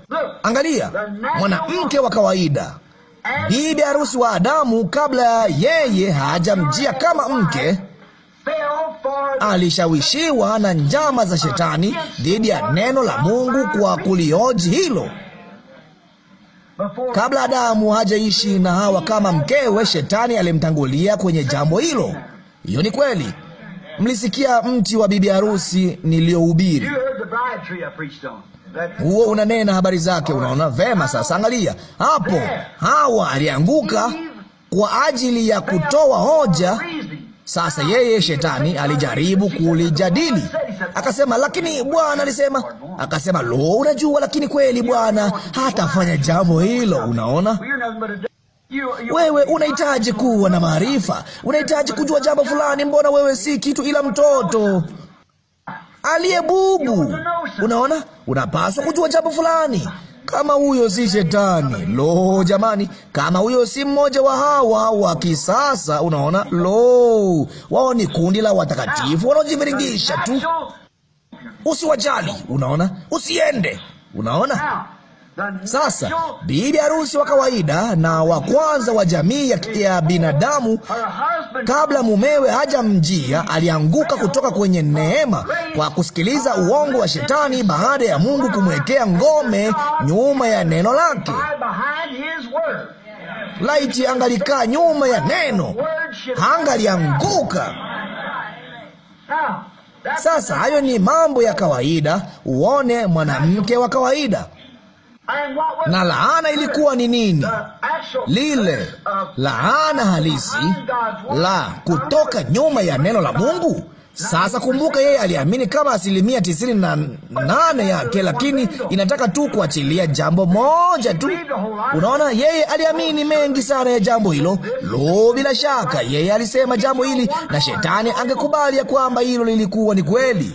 Angalia mwanamke wa kawaida, bibi harusi wa Adamu, kabla yeye hajamjia kama mke alishawishiwa na njama za shetani dhidi ya neno la Mungu kwa kulioji hilo. Kabla Adamu hajaishi na Hawa kama mkewe, shetani alimtangulia kwenye jambo hilo. Hiyo ni kweli. Mlisikia mti wa bibi harusi niliyohubiri huo unanena habari zake. Unaona vema. Sasa angalia hapo, Hawa alianguka kwa ajili ya kutoa hoja. Sasa yeye shetani alijaribu kulijadili, akasema, lakini Bwana alisema. Akasema, lo, unajua, lakini kweli Bwana hatafanya jambo hilo. Unaona, wewe unahitaji kuwa na maarifa, unahitaji kujua jambo fulani. Mbona wewe si kitu ila mtoto aliye bubu? Unaona, unapaswa kujua jambo fulani. Kama huyo si shetani, lo jamani! Kama huyo si mmoja wa hawa wa kisasa, unaona, lo, wao ni kundi la watakatifu wanaojiviringisha tu. Usiwajali, unaona, usiende, unaona. Sasa bibi harusi wa kawaida na wa kwanza wa jamii ya, ya binadamu kabla mumewe hajamjia alianguka kutoka kwenye neema kwa kusikiliza uongo wa Shetani, baada ya Mungu kumwekea ngome nyuma ya neno lake. Laiti angalikaa nyuma ya neno, hangalianguka. Sasa hayo ni mambo ya kawaida, uone mwanamke wa kawaida. Na laana ilikuwa ni nini? Lile laana halisi la kutoka nyuma ya neno la Mungu. Sasa kumbuka, yeye aliamini kama asilimia tisini na nane ya lakini inataka tu kuachilia jambo moja tu. Unaona, yeye aliamini mengi sana ya jambo hilo. Lo, bila shaka yeye alisema jambo hili, na shetani angekubali ya kwamba hilo lilikuwa ni kweli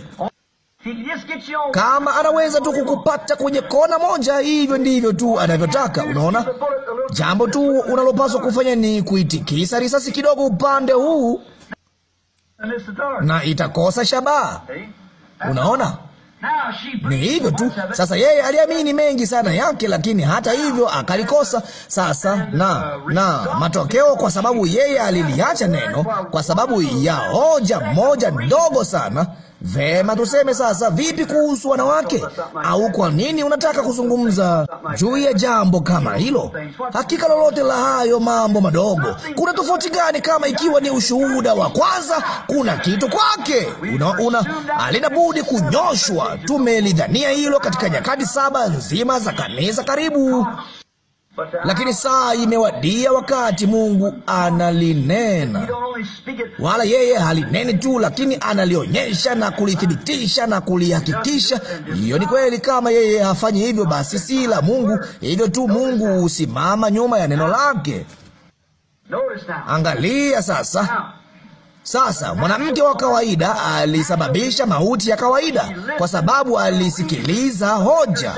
kama anaweza tu kukupata kwenye kona moja, hivyo ndivyo tu anavyotaka. Unaona, jambo tu unalopaswa kufanya ni kuitikisa risasi kidogo upande huu na itakosa shabaha. Unaona, ni hivyo tu. Sasa yeye aliamini mengi sana yake, lakini hata hivyo akalikosa. Sasa na na matokeo, kwa sababu yeye aliliacha neno, kwa sababu ya hoja moja ndogo sana Vema, tuseme sasa, vipi kuhusu wanawake? Au kwa nini unataka kuzungumza juu ya jambo kama hilo? Hakika lolote la hayo mambo madogo, kuna tofauti gani kama ikiwa ni ushuhuda wa kwanza? Kuna kitu kwake, una alina budi kunyoshwa. Tumelidhania hilo katika nyakati saba nzima za kanisa karibu lakini saa imewadia wakati Mungu analinena, wala yeye halineni tu, lakini analionyesha na kulithibitisha na kulihakikisha. Hiyo ni kweli. Kama yeye hafanyi hivyo, basi si la Mungu. Hivyo tu, Mungu husimama nyuma ya neno lake. Angalia sasa. Sasa mwanamke wa kawaida alisababisha mauti ya kawaida kwa sababu alisikiliza hoja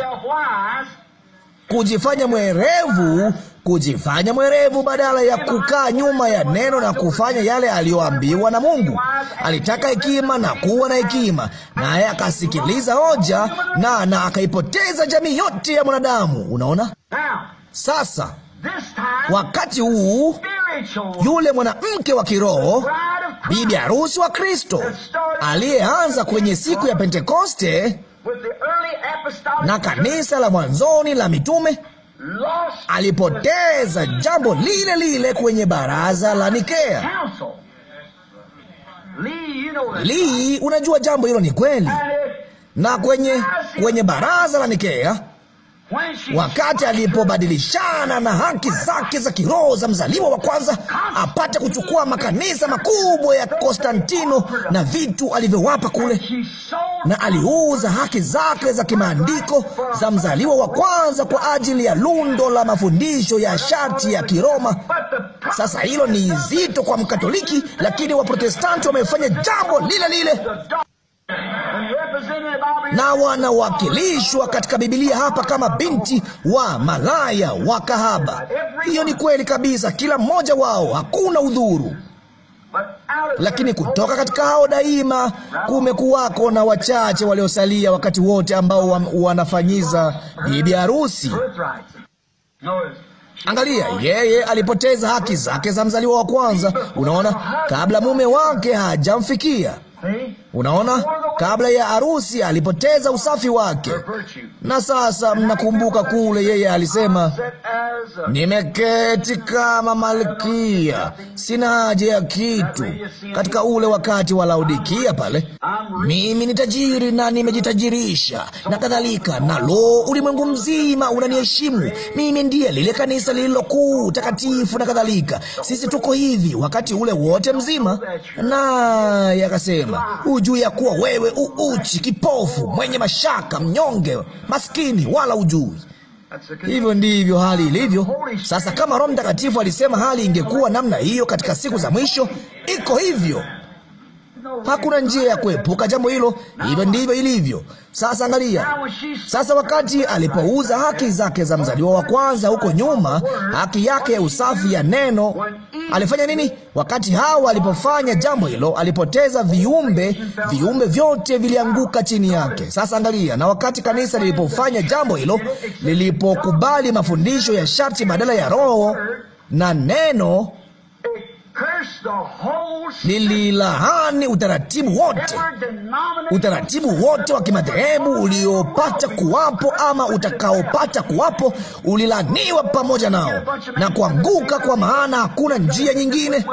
kujifanya mwerevu, kujifanya mwerevu badala ya kukaa nyuma ya neno na kufanya yale aliyoambiwa na Mungu. Alitaka hekima na kuwa na hekima, naye akasikiliza hoja na na akaipoteza jamii yote ya mwanadamu. Unaona sasa, wakati huu yule mwanamke wa kiroho, bibi harusi wa Kristo aliyeanza kwenye siku ya Pentekoste na kanisa la mwanzoni la mitume alipoteza jambo lile lile kwenye baraza la Nikea. Lii, unajua jambo hilo ni kweli, na kwenye kwenye baraza la Nikea wakati alipobadilishana na haki zake za kiroho za mzaliwa wa kwanza apate kuchukua makanisa makubwa ya Konstantino na vitu alivyowapa kule, na aliuza haki zake za kimaandiko za mzaliwa wa kwanza kwa ajili ya lundo la mafundisho ya sharti ya Kiroma. Sasa hilo ni zito kwa Mkatoliki, lakini Waprotestanti wamefanya jambo lile lile na wanawakilishwa katika Bibilia hapa kama binti wa malaya wa kahaba. Hiyo ni kweli kabisa, kila mmoja wao, hakuna udhuru. Lakini kutoka katika hao daima kumekuwako na wachache waliosalia wakati wote ambao wanafanyiza bibi harusi. Angalia, yeye alipoteza haki zake za mzaliwa wa kwanza. Unaona, kabla mume wake hajamfikia Unaona, kabla ya harusi alipoteza usafi wake, na sasa mnakumbuka kule yeye alisema, nimeketi kama malkia, sina haja ya kitu. Katika ule wakati wa Laodikia pale, mimi ni tajiri na nimejitajirisha na kadhalika, na lo, ulimwengu mzima unaniheshimu mimi, ndiye lile kanisa lililokuu takatifu na kadhalika. Sisi tuko hivi wakati ule wote mzima, naye akasema juu ya kuwa wewe uuchi, kipofu, mwenye mashaka, mnyonge, maskini, wala ujui. Hivyo ndivyo hali ilivyo sasa. Kama Roho Mtakatifu alisema hali ingekuwa namna hiyo katika siku za mwisho, iko hivyo. Hakuna njia ya kuepuka jambo hilo, hivyo ndivyo ilivyo. Sasa angalia sasa, wakati alipouza haki zake za mzaliwa wa kwanza huko nyuma, haki yake ya usafi ya neno, alifanya nini? Wakati Hawa alipofanya jambo hilo, alipoteza viumbe, viumbe vyote vilianguka chini yake. Sasa angalia, na wakati kanisa lilipofanya jambo hilo, lilipokubali mafundisho ya sharti badala ya roho na neno Nililahani utaratibu wote, utaratibu wote wa kimadhehebu uliopata kuwapo ama utakaopata kuwapo, ulilaniwa pamoja nao na kuanguka, kwa maana hakuna njia nyingine.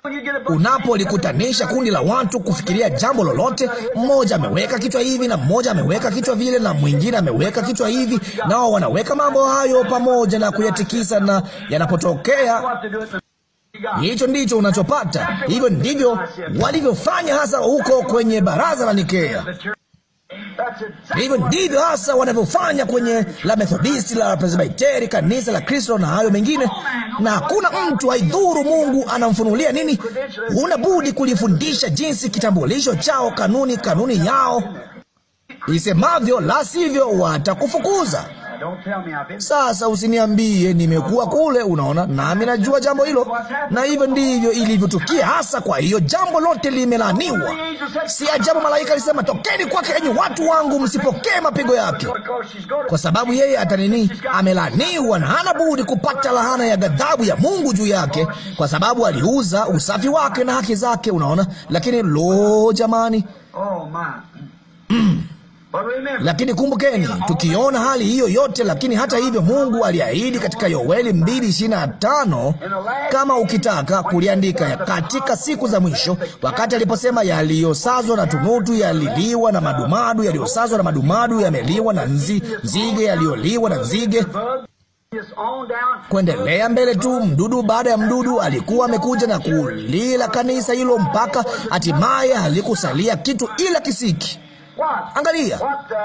Unapolikutanisha kundi la watu kufikiria jambo lolote, mmoja ameweka kichwa hivi na mmoja ameweka kichwa vile na mwingine ameweka kichwa hivi, nao wanaweka mambo hayo pamoja na kuyatikisa, na yanapotokea Hicho ndicho unachopata. Hivyo ndivyo walivyofanya hasa huko kwenye baraza la Nikea. Hivyo ndivyo hasa wanavyofanya kwenye la Methodisti, la Presbiteri, kanisa la Kristo na hayo mengine. Na hakuna mtu, haidhuru Mungu anamfunulia nini, una budi kulifundisha jinsi kitambulisho chao, kanuni, kanuni yao isemavyo, la sivyo watakufukuza. Sasa usiniambie nimekuwa kule, unaona, nami najua jambo hilo, na hivyo ndivyo ilivyotukia hasa. Kwa hiyo jambo lote limelaniwa. Si ajabu malaika alisema, tokeni kwake, enyi watu wangu, msipokee mapigo yake, kwa sababu yeye atanini, amelaniwa na hana budi kupata lahana ya ghadhabu ya Mungu juu yake, kwa sababu aliuza usafi wake na haki zake, unaona. Lakini lo, jamani, oh, mm. Lakini kumbukeni, tukiona hali hiyo yote lakini hata hivyo Mungu aliahidi katika Yoeli 2:25 kama ukitaka kuliandika, katika siku za mwisho, wakati aliposema yaliyosazwa na tunutu yaliliwa na madumadu, yaliyosazwa na madumadu yameliwa na nzi, nzige yaliyoliwa na nzige kuendelea mbele tu, mdudu baada ya mdudu alikuwa amekuja na kulila kanisa hilo mpaka hatimaye halikusalia kitu ila kisiki. Angalia,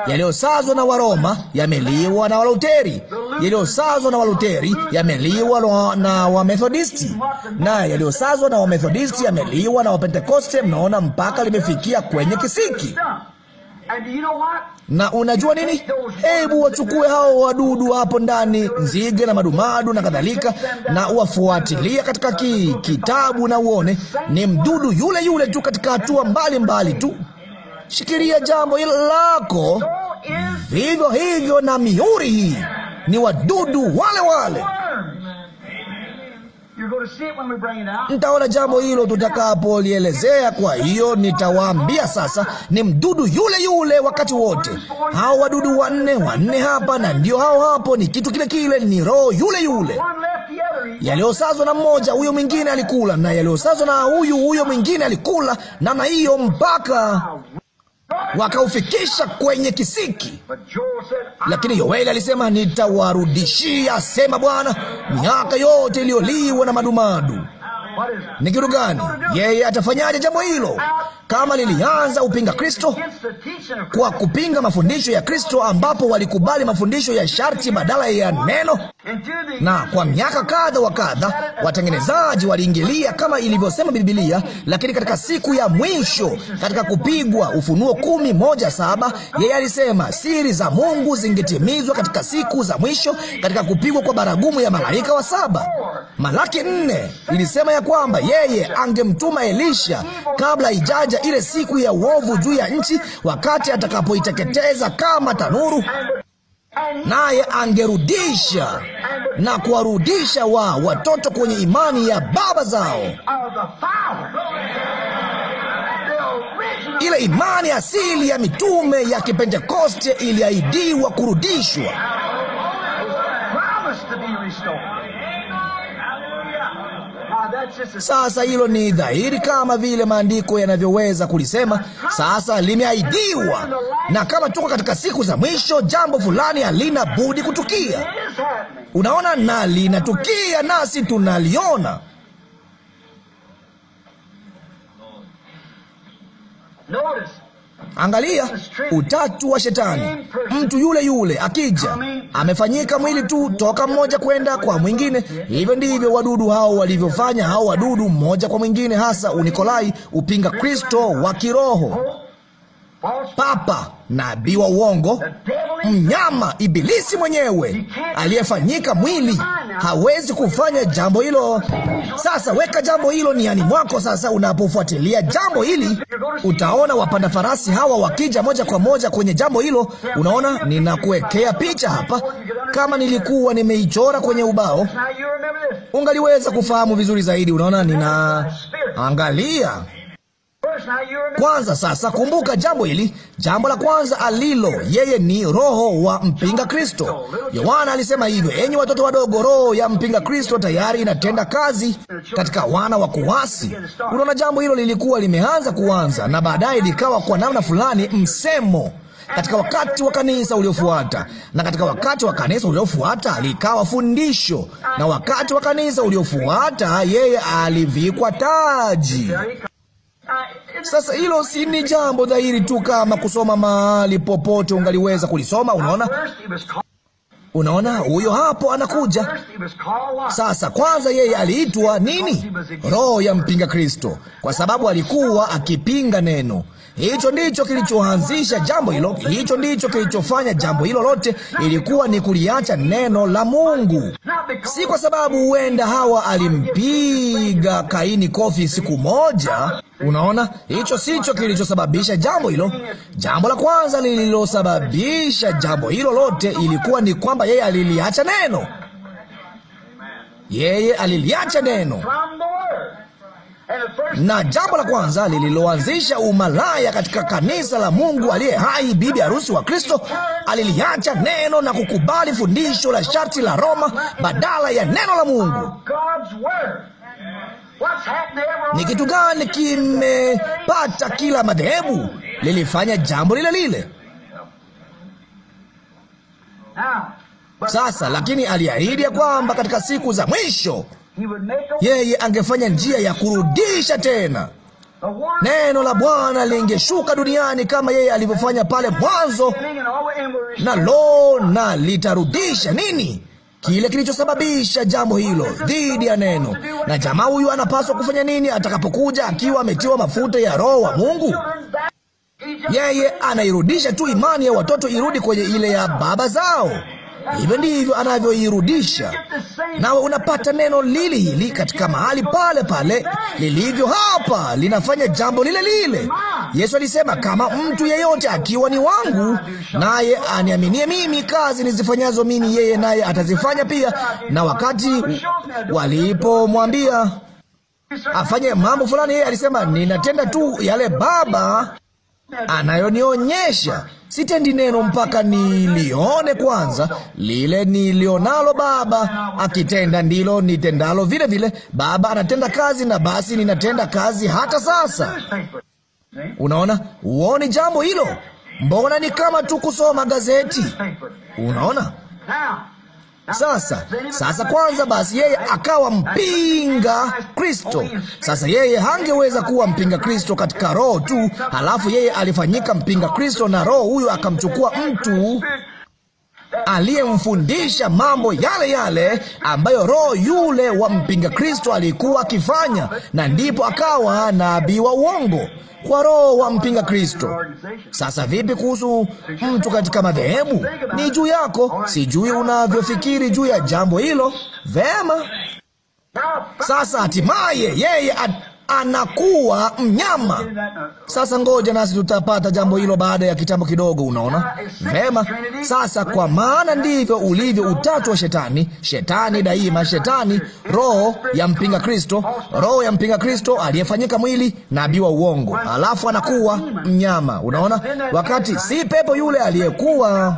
yaliyosazwa na Waroma yameliwa na Waluteri, yaliyosazwa na Waluteri yameliwa na Wamethodisti, na yaliyosazwa na Wamethodisti yameliwa na Wapentekoste. Mnaona, mpaka limefikia kwenye kisiki. Na unajua nini? Hebu wachukue hao wadudu hapo ndani, nzige na madumadu na kadhalika, na uwafuatilia katika ki, kitabu na uone ni mdudu yule yule tu katika hatua mbalimbali tu shikilia jambo lako vivyo hivyo, na mihuri hii ni wadudu wale wale. Mtaona jambo hilo tutakapolielezea. Kwa hiyo nitawaambia sasa, ni mdudu yule yule wakati wote. Hao wadudu wanne wanne hapa na ndio hao hapo, ni kitu kile kile, ni roho yule yule. Yaliyosazwa na mmoja, huyo mwingine alikula, na yaliyosazwa na huyu, huyo mwingine alikula namna hiyo mpaka wakaufikisha kwenye kisiki. Lakini Yoeli alisema, nitawarudishia, asema Bwana, miaka yote iliyoliwa na madumadu ni kitu gani? Yeye atafanyaje jambo hilo? Kama lilianza upinga Kristo kwa kupinga mafundisho ya Kristo, ambapo walikubali mafundisho ya sharti badala ya neno, na kwa miaka kadha wa kadha watengenezaji waliingilia kama ilivyosema Biblia, lakini katika siku ya mwisho, katika kupigwa Ufunuo kumi moja saba, yeye alisema siri za Mungu zingetimizwa katika siku za mwisho, katika kupigwa kwa baragumu ya malaika wa saba. Malaki nne ilisema ya kwamba yeye angemtuma Elisha kabla ijaja ile siku ya uovu juu ya nchi, wakati atakapoiteketeza kama tanuru, naye angerudisha na kuwarudisha wa watoto kwenye imani ya baba zao, ile imani asili ya mitume ya Kipentekoste iliahidiwa kurudishwa. Sasa hilo ni dhahiri kama vile maandiko yanavyoweza kulisema. Sasa limeahidiwa, na kama tuko katika siku za mwisho, jambo fulani halina budi kutukia. Unaona, na linatukia nasi tunaliona. Notice. Angalia utatu wa Shetani, mtu yule yule akija, amefanyika mwili tu, toka mmoja kwenda kwa mwingine. Hivyo ndivyo wadudu hao walivyofanya, hao wadudu mmoja kwa mwingine, hasa Unikolai, upinga Kristo wa kiroho, papa, nabii wa uongo, mnyama, Ibilisi mwenyewe aliyefanyika mwili hawezi kufanya jambo hilo. Sasa weka jambo hilo niani mwako. Sasa unapofuatilia jambo hili, utaona wapanda farasi hawa wakija moja kwa moja kwenye jambo hilo. Unaona, ninakuwekea picha hapa kama nilikuwa nimeichora kwenye ubao, ungaliweza kufahamu vizuri zaidi. Unaona, ninaangalia kwanza sasa, kumbuka jambo hili. Jambo la kwanza alilo yeye ni roho wa mpinga Kristo. Yohana alisema hivyo, enyi watoto wadogo, roho ya mpinga Kristo tayari inatenda kazi katika wana wa kuasi. Unaona, jambo hilo lilikuwa limeanza kuanza na baadaye likawa kwa namna fulani msemo katika wakati wa kanisa uliofuata, na katika wakati wa kanisa uliofuata likawa fundisho, na wakati wa kanisa uliofuata yeye alivikwa taji. Sasa hilo si ni jambo dhahiri tu kama kusoma mahali popote ungaliweza kulisoma. Unaona, unaona, huyo hapo anakuja sasa. Kwanza yeye aliitwa nini? Roho ya mpinga Kristo, kwa sababu alikuwa akipinga neno Hicho ndicho kilichoanzisha jambo hilo, hicho ndicho kilichofanya jambo hilo lote. Ilikuwa ni kuliacha neno la Mungu. Si kwa sababu huenda Hawa alimpiga Kaini kofi siku moja. Unaona, hicho sicho kilichosababisha jambo hilo. Jambo la kwanza lililosababisha jambo hilo lote ilikuwa ni kwamba yeye aliliacha neno, yeye aliliacha neno na jambo la kwanza lililoanzisha umalaya katika kanisa la Mungu aliye hai, bibi harusi wa Kristo, aliliacha neno na kukubali fundisho la sharti la Roma badala ya neno la Mungu. Ni kitu gani kimepata kila madhehebu? Lilifanya jambo lile lile. Sasa lakini aliahidi ya kwamba katika siku za mwisho yeye angefanya njia ya kurudisha tena. Neno la Bwana lingeshuka duniani kama yeye alivyofanya pale mwanzo, na lo, na litarudisha nini kile kilichosababisha jambo hilo dhidi ya neno. Na jamaa huyu anapaswa kufanya nini atakapokuja akiwa ametiwa mafuta ya Roho wa Mungu? Yeye anairudisha tu imani ya watoto irudi kwenye ile ya baba zao. Hivyo ndivyo anavyoirudisha, nawe unapata neno lili hili katika mahali pale pale lilivyo hapa, linafanya jambo lile lile. Yesu alisema, kama mtu yeyote akiwa ni wangu naye aniaminie mimi, kazi nizifanyazo mimi yeye naye atazifanya pia. Na wakati walipomwambia afanye mambo fulani, yeye alisema, ninatenda tu yale Baba anayonionyesha. Sitendi neno mpaka nilione kwanza. Lile nilionalo Baba akitenda ndilo nitendalo vile vile. Baba anatenda kazi, na basi ninatenda kazi hata sasa. Unaona, uoni jambo hilo? Mbona ni kama tu kusoma gazeti? Unaona. Sasa sasa, kwanza basi, yeye akawa mpinga Kristo. Sasa yeye hangeweza kuwa mpinga Kristo katika roho tu, halafu yeye alifanyika mpinga Kristo na roho huyo akamchukua mtu aliyemfundisha mambo yale yale ambayo roho yule wa mpinga Kristo alikuwa akifanya, na ndipo akawa nabii wa uongo kwa roho wa mpinga Kristo. Sasa vipi kuhusu mtu katika madhehebu? Ni juu yako. Sijui unavyofikiri juu ya jambo hilo. Vema. Sasa hatimaye yeye at anakuwa mnyama. Sasa ngoja nasi tutapata jambo hilo baada ya kitambo kidogo. Unaona vema? Sasa kwa maana ndivyo ulivyo utatu wa Shetani. Shetani daima, Shetani roho ya mpinga Kristo, roho ya mpinga Kristo aliyefanyika mwili, nabii wa uongo, alafu anakuwa mnyama. Unaona, wakati si pepo yule aliyekuwa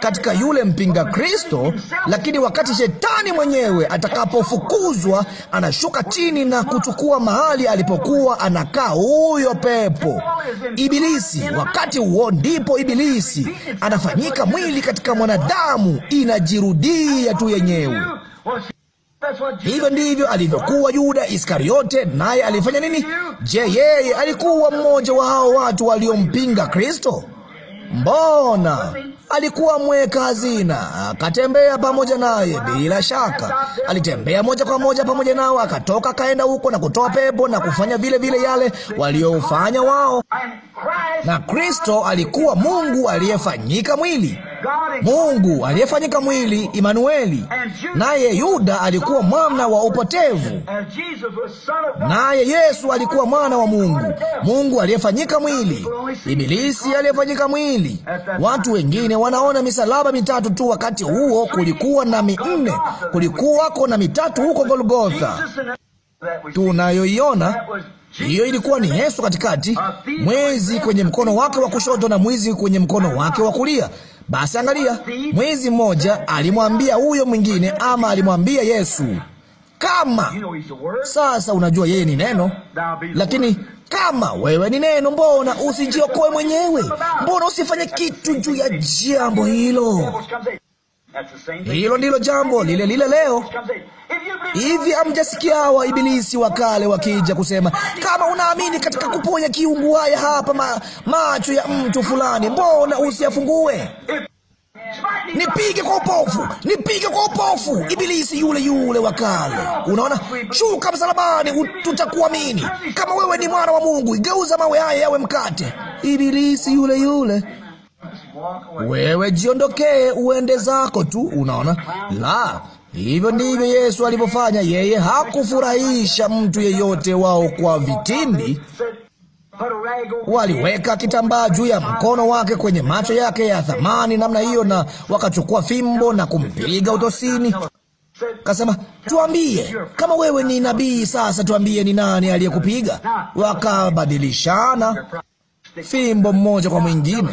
katika yule mpinga Kristo, lakini wakati shetani mwenyewe atakapofukuzwa anashuka chini na kuchukua mahali alipokuwa anakaa huyo pepo Ibilisi. Wakati huo ndipo Ibilisi anafanyika mwili katika mwanadamu, inajirudia tu yenyewe. Hivyo ndivyo alivyokuwa Yuda Iskariote. Naye alifanya nini? Je, yeye alikuwa mmoja wa hao watu waliompinga Kristo? Mbona alikuwa mweka hazina, akatembea pamoja naye. Bila shaka alitembea moja kwa moja pamoja nao, akatoka akaenda huko na kutoa pepo na kufanya vile vile yale waliofanya wao, na Kristo alikuwa Mungu aliyefanyika mwili. Mungu aliyefanyika mwili, Imanueli. Naye Yuda alikuwa mwana wa upotevu, naye Yesu alikuwa mwana wa Mungu. Mungu aliyefanyika mwili, Ibilisi aliyefanyika mwili. Watu wengine wanaona misalaba mitatu tu, wakati huo kulikuwa na minne, kulikuwako na mitatu huko Golgotha tunayoiona hiyo ilikuwa ni Yesu katikati, mwizi kwenye mkono wake wa kushoto na mwizi kwenye mkono wake wa kulia. Basi angalia, mwizi mmoja alimwambia huyo mwingine, ama alimwambia Yesu kama sasa, unajua yeye ni neno, lakini kama wewe ni neno, mbona usijiokoe mwenyewe? Mbona usifanye kitu juu ya jambo hilo? Hilo ndilo jambo lile lile leo Hivi amjasikia wa ibilisi wa kale wakija kusema, kama unaamini katika kuponya kiungu, haya hapa ma, macho ya mtu fulani, mbona usiyafungue? Nipige kwa upofu, nipige kwa upofu. Ibilisi yule yule wa kale. Unaona, shuka msalabani, tutakuamini. Kama wewe ni mwana wa Mungu, igeuza mawe haya yawe mkate. Ibilisi yule yule wewe, jiondokee uende zako tu. Unaona, la Hivyo ndivyo Yesu alivyofanya. Yeye hakufurahisha mtu yeyote wao kwa vitimbi. Waliweka kitambaa juu ya mkono wake kwenye macho yake ya thamani namna hiyo, na wakachukua fimbo na kumpiga utosini. Kasema, tuambie kama wewe ni nabii, sasa tuambie ni nani aliyekupiga. Wakabadilishana fimbo mmoja kwa mwingine.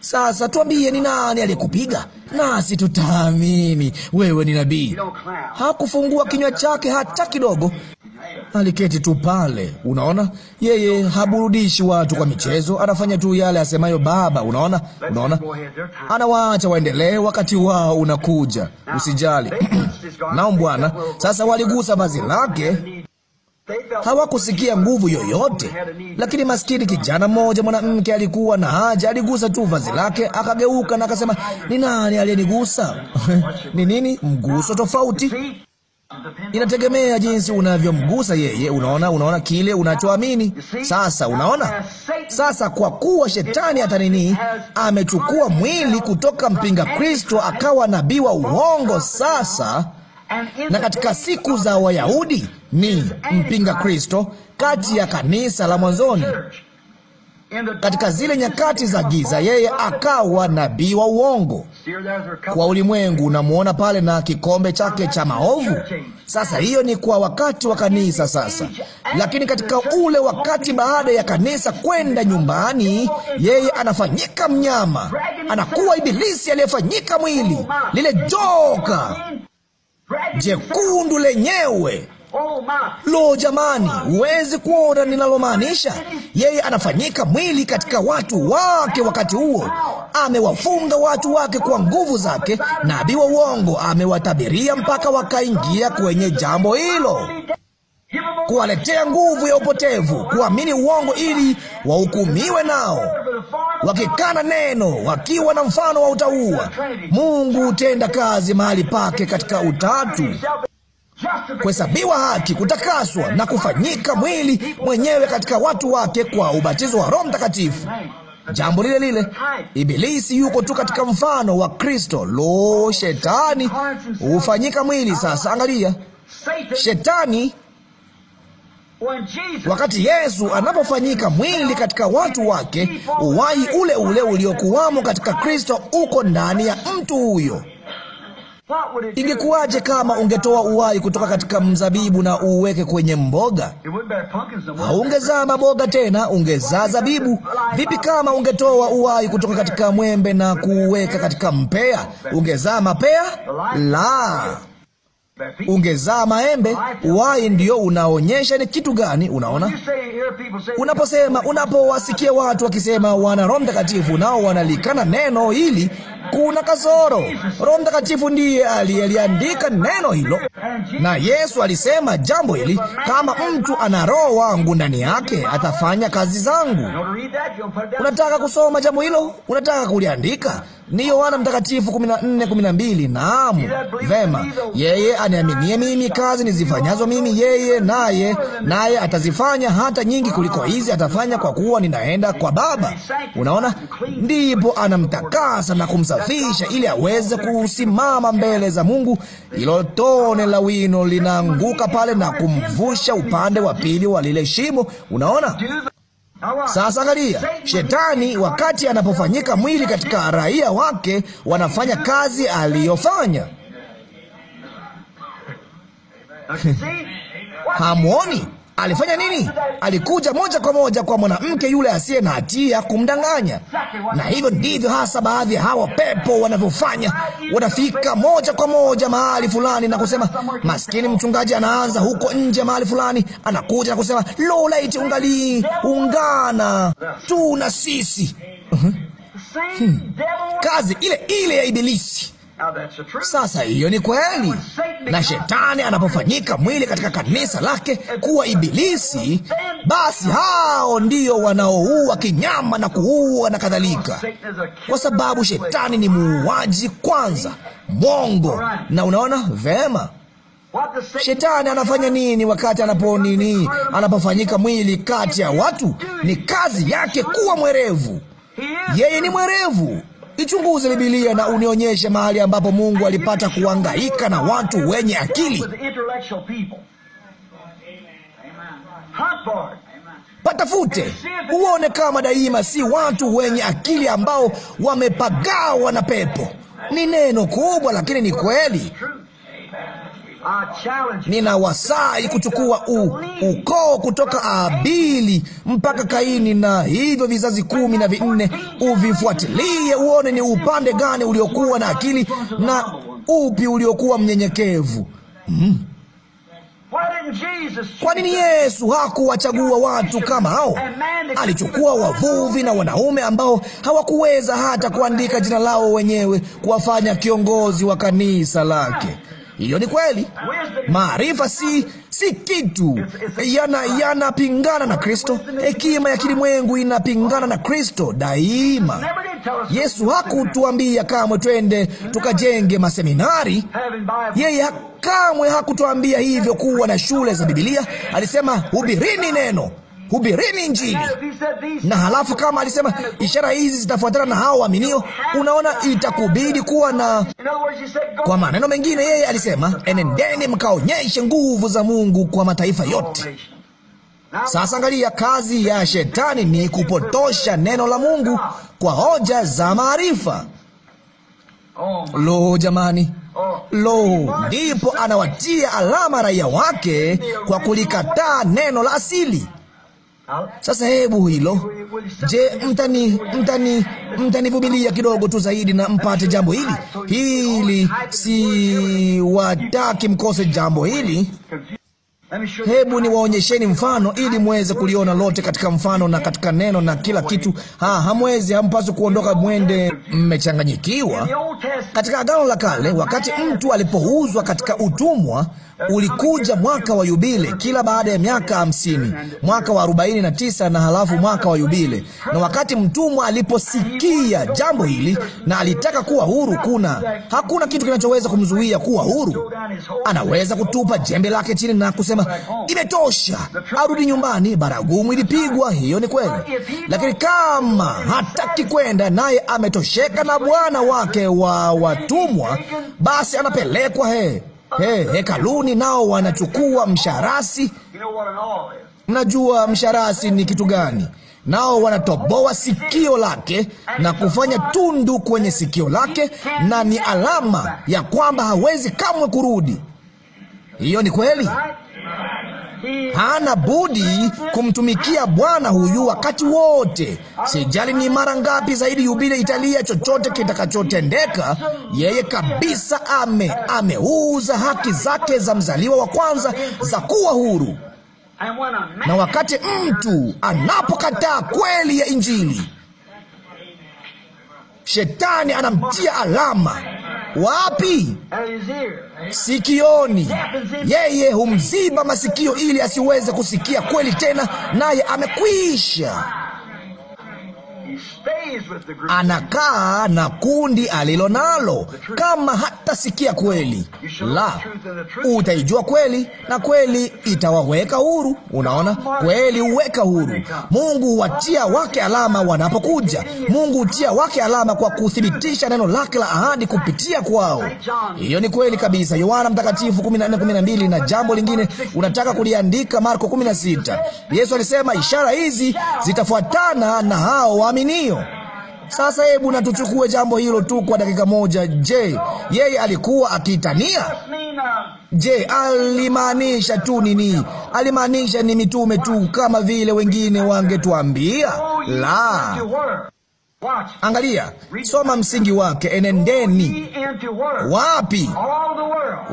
Sasa tuambie, ni nani aliyekupiga? Nasi tutaamini wewe ni nabii. Hakufungua kinywa chake hata kidogo, aliketi tu pale. Unaona, yeye haburudishi watu kwa michezo, anafanya tu yale asemayo Baba. Unaona, unaona, anawaacha waendelee, wakati wao unakuja. Usijali. nao Bwana. Sasa waligusa vazi lake hawakusikia nguvu yoyote. Lakini maskini kijana mmoja mwanamke alikuwa na haja, aligusa tu vazi lake, akageuka na akasema, ni nani aliyenigusa? Ni nini mguso? Tofauti inategemea jinsi unavyomgusa yeye. Unaona, unaona kile unachoamini sasa. Unaona sasa, kwa kuwa shetani hata nini amechukua mwili kutoka mpinga Kristo, akawa nabii wa uongo sasa na katika siku za Wayahudi ni mpinga Kristo kati ya kanisa la mwanzoni. Katika zile nyakati za giza, yeye akawa nabii wa uongo kwa ulimwengu. Unamwona pale na kikombe chake cha maovu. Sasa hiyo ni kwa wakati wa kanisa sasa, lakini katika ule wakati baada ya kanisa kwenda nyumbani, yeye anafanyika mnyama, anakuwa ibilisi aliyefanyika mwili, lile joka jekundu lenyewe Lo, jamani, huwezi kuona ninalomaanisha? Yeye anafanyika mwili katika watu wake. Wakati huo amewafunga watu wake kwa nguvu zake. Nabii wa uongo amewatabiria mpaka wakaingia kwenye jambo hilo, kuwaletea nguvu ya upotevu, kuamini uongo ili wahukumiwe nao wakikana neno, wakiwa na mfano wa utauwa. Mungu hutenda kazi mahali pake katika utatu kuhesabiwa haki, kutakaswa na kufanyika mwili mwenyewe katika watu wake kwa ubatizo wa Roho Mtakatifu. Jambo lile lile, Ibilisi yuko tu katika mfano wa Kristo. Lo, shetani hufanyika mwili. Sasa angalia, shetani wakati Yesu anapofanyika mwili katika watu wake, uwai ule ule uliokuwamo katika Kristo uko ndani ya mtu huyo. Ingekuwaje kama ungetoa uwai kutoka katika mzabibu na uweke kwenye mboga? Haungezaa maboga tena, ungezaa zabibu. Vipi kama ungetoa uwai kutoka katika mwembe na kuuweka katika mpea? Ungezaa mapea? La ungezaa maembe. Uwai ndio unaonyesha ni kitu gani. Unaona, unaposema unapowasikia watu wakisema wana Roho Mtakatifu nao wanalikana neno hili, kuna kasoro. Roho Mtakatifu ndiye aliyeliandika neno hilo, na Yesu alisema jambo hili, kama mtu ana roho wangu ndani yake atafanya kazi zangu. Unataka kusoma jambo hilo? Unataka kuliandika? Ni Yohana Mtakatifu 14:12. Naam, vema. Yeye aniaminie mimi, kazi nizifanyazo mimi yeye naye naye atazifanya, hata nyingi kuliko hizi atafanya, kwa kuwa ninaenda kwa Baba. Unaona, ndipo anamtakasa na kumsafisha ili aweze kusimama mbele za Mungu. Hilo tone la wino linaanguka pale na kumvusha upande wa pili wa lile shimo. Unaona sasa angalia, shetani wakati anapofanyika mwili katika raia wake, wanafanya kazi aliyofanya. Hamwoni? Alifanya nini? Alikuja moja kwa moja kwa mwanamke yule asiye na hatia kumdanganya. Na hivyo ndivyo hasa baadhi ya hawa pepo wanavyofanya. Wanafika moja kwa moja mahali fulani na kusema, maskini mchungaji anaanza huko nje mahali fulani, anakuja na kusema, lo, laiti ungali ungana tu na sisi. Mhm. Hmm. Kazi ile ile ya Ibilisi. Sasa hiyo ni kweli, na shetani anapofanyika mwili katika kanisa lake kuwa Ibilisi, basi hao ndio wanaoua kinyama na kuua na kadhalika, kwa sababu shetani ni muuaji kwanza, mwongo. Na unaona vema Shetani anafanya nini wakati anapo nini, anapofanyika mwili kati ya watu? Ni kazi yake kuwa mwerevu. Yeye ni mwerevu. Ichunguze Bibilia na unionyeshe mahali ambapo Mungu alipata kuangaika na watu wenye akili. Patafute uone kama daima si watu wenye akili ambao wamepagawa na pepo. Ni neno kubwa, lakini ni kweli nina wasai kuchukua u, ukoo kutoka Abili mpaka Kaini na hivyo vizazi kumi na vinne, uvifuatilie uone ni upande gani uliokuwa na akili na upi uliokuwa mnyenyekevu. Mm. Kwa nini Yesu hakuwachagua watu kama hao? Alichukua wavuvi na wanaume ambao hawakuweza hata kuandika jina lao wenyewe, kuwafanya kiongozi wa kanisa lake. Hiyo ni kweli. Maarifa si si kitu, yana yanapingana na Kristo. Hekima ya kilimwengu inapingana na Kristo daima. Yesu hakutuambia kamwe twende tukajenge maseminari. Yeye kamwe hakutuambia hivyo, kuwa na shule za Biblia. Alisema hubirini neno hubirini Injili. Na halafu kama alisema ishara hizi zitafuatana na hao waaminio, unaona, itakubidi kuwa na. Kwa maneno mengine, yeye alisema enendeni mkaonyeshe nguvu za Mungu kwa mataifa yote. Sasa angalia, kazi ya shetani ni kupotosha neno la Mungu kwa hoja za maarifa. Oh, Lo, jamani! Oh. Lo, ndipo anawatia alama raia wake kwa kulikataa neno la asili. Sasa hebu hilo je, mtani mtani mtanivumilia kidogo tu zaidi na mpate jambo hili hili, siwataki mkose jambo hili. Hebu niwaonyesheni mfano ili mweze kuliona lote katika mfano na katika neno na kila kitu. Ha, hamwezi hampaswi kuondoka mwende mmechanganyikiwa. Katika Agano la Kale, wakati mtu alipouzwa katika utumwa, Ulikuja mwaka wa yubile, kila baada ya miaka hamsini, mwaka wa arobaini na tisa na halafu mwaka wa yubile. Na wakati mtumwa aliposikia jambo hili na alitaka kuwa huru, kuna hakuna kitu kinachoweza kumzuia kuwa huru. Anaweza kutupa jembe lake chini na kusema imetosha, arudi nyumbani. Baragumu ilipigwa, hiyo ni kweli, lakini kama hataki kwenda naye ametosheka na bwana wake wa watumwa, basi anapelekwa hee hey, hekaluni, nao wanachukua msharasi. Mnajua msharasi ni kitu gani? Nao wanatoboa sikio lake na kufanya tundu kwenye sikio lake, na ni alama ya kwamba hawezi kamwe kurudi. Hiyo ni kweli hana budi kumtumikia Bwana huyu wakati wote. Sijali ni mara ngapi zaidi yubile italia, chochote kitakachotendeka, yeye kabisa ame ameuza haki zake za mzaliwa wa kwanza za kuwa huru. Na wakati mtu anapokataa kweli ya Injili, shetani anamtia alama wapi? sikioni. Yeye humziba masikio ili asiweze kusikia kweli tena, naye amekwisha anakaa na kundi alilo nalo. Kama hatasikia kweli, la utaijua kweli, na kweli itawaweka huru. Unaona, kweli uweka huru. Mungu huwatia wake alama wanapokuja. Mungu hutia wake alama kwa kuthibitisha neno lake la ahadi kupitia kwao. Hiyo ni kweli kabisa. Yohana Mtakatifu 14:12. Na jambo lingine unataka kuliandika, Marko 16. Yesu alisema ishara hizi zitafuatana na hao waaminio. Sasa hebu na tuchukue jambo hilo tu kwa dakika moja. Je, yeye alikuwa akitania? Je, alimaanisha tu nini? Alimaanisha ni mitume tu kama vile wengine wangetuambia? La. Angalia, soma msingi wake. Enendeni wapi?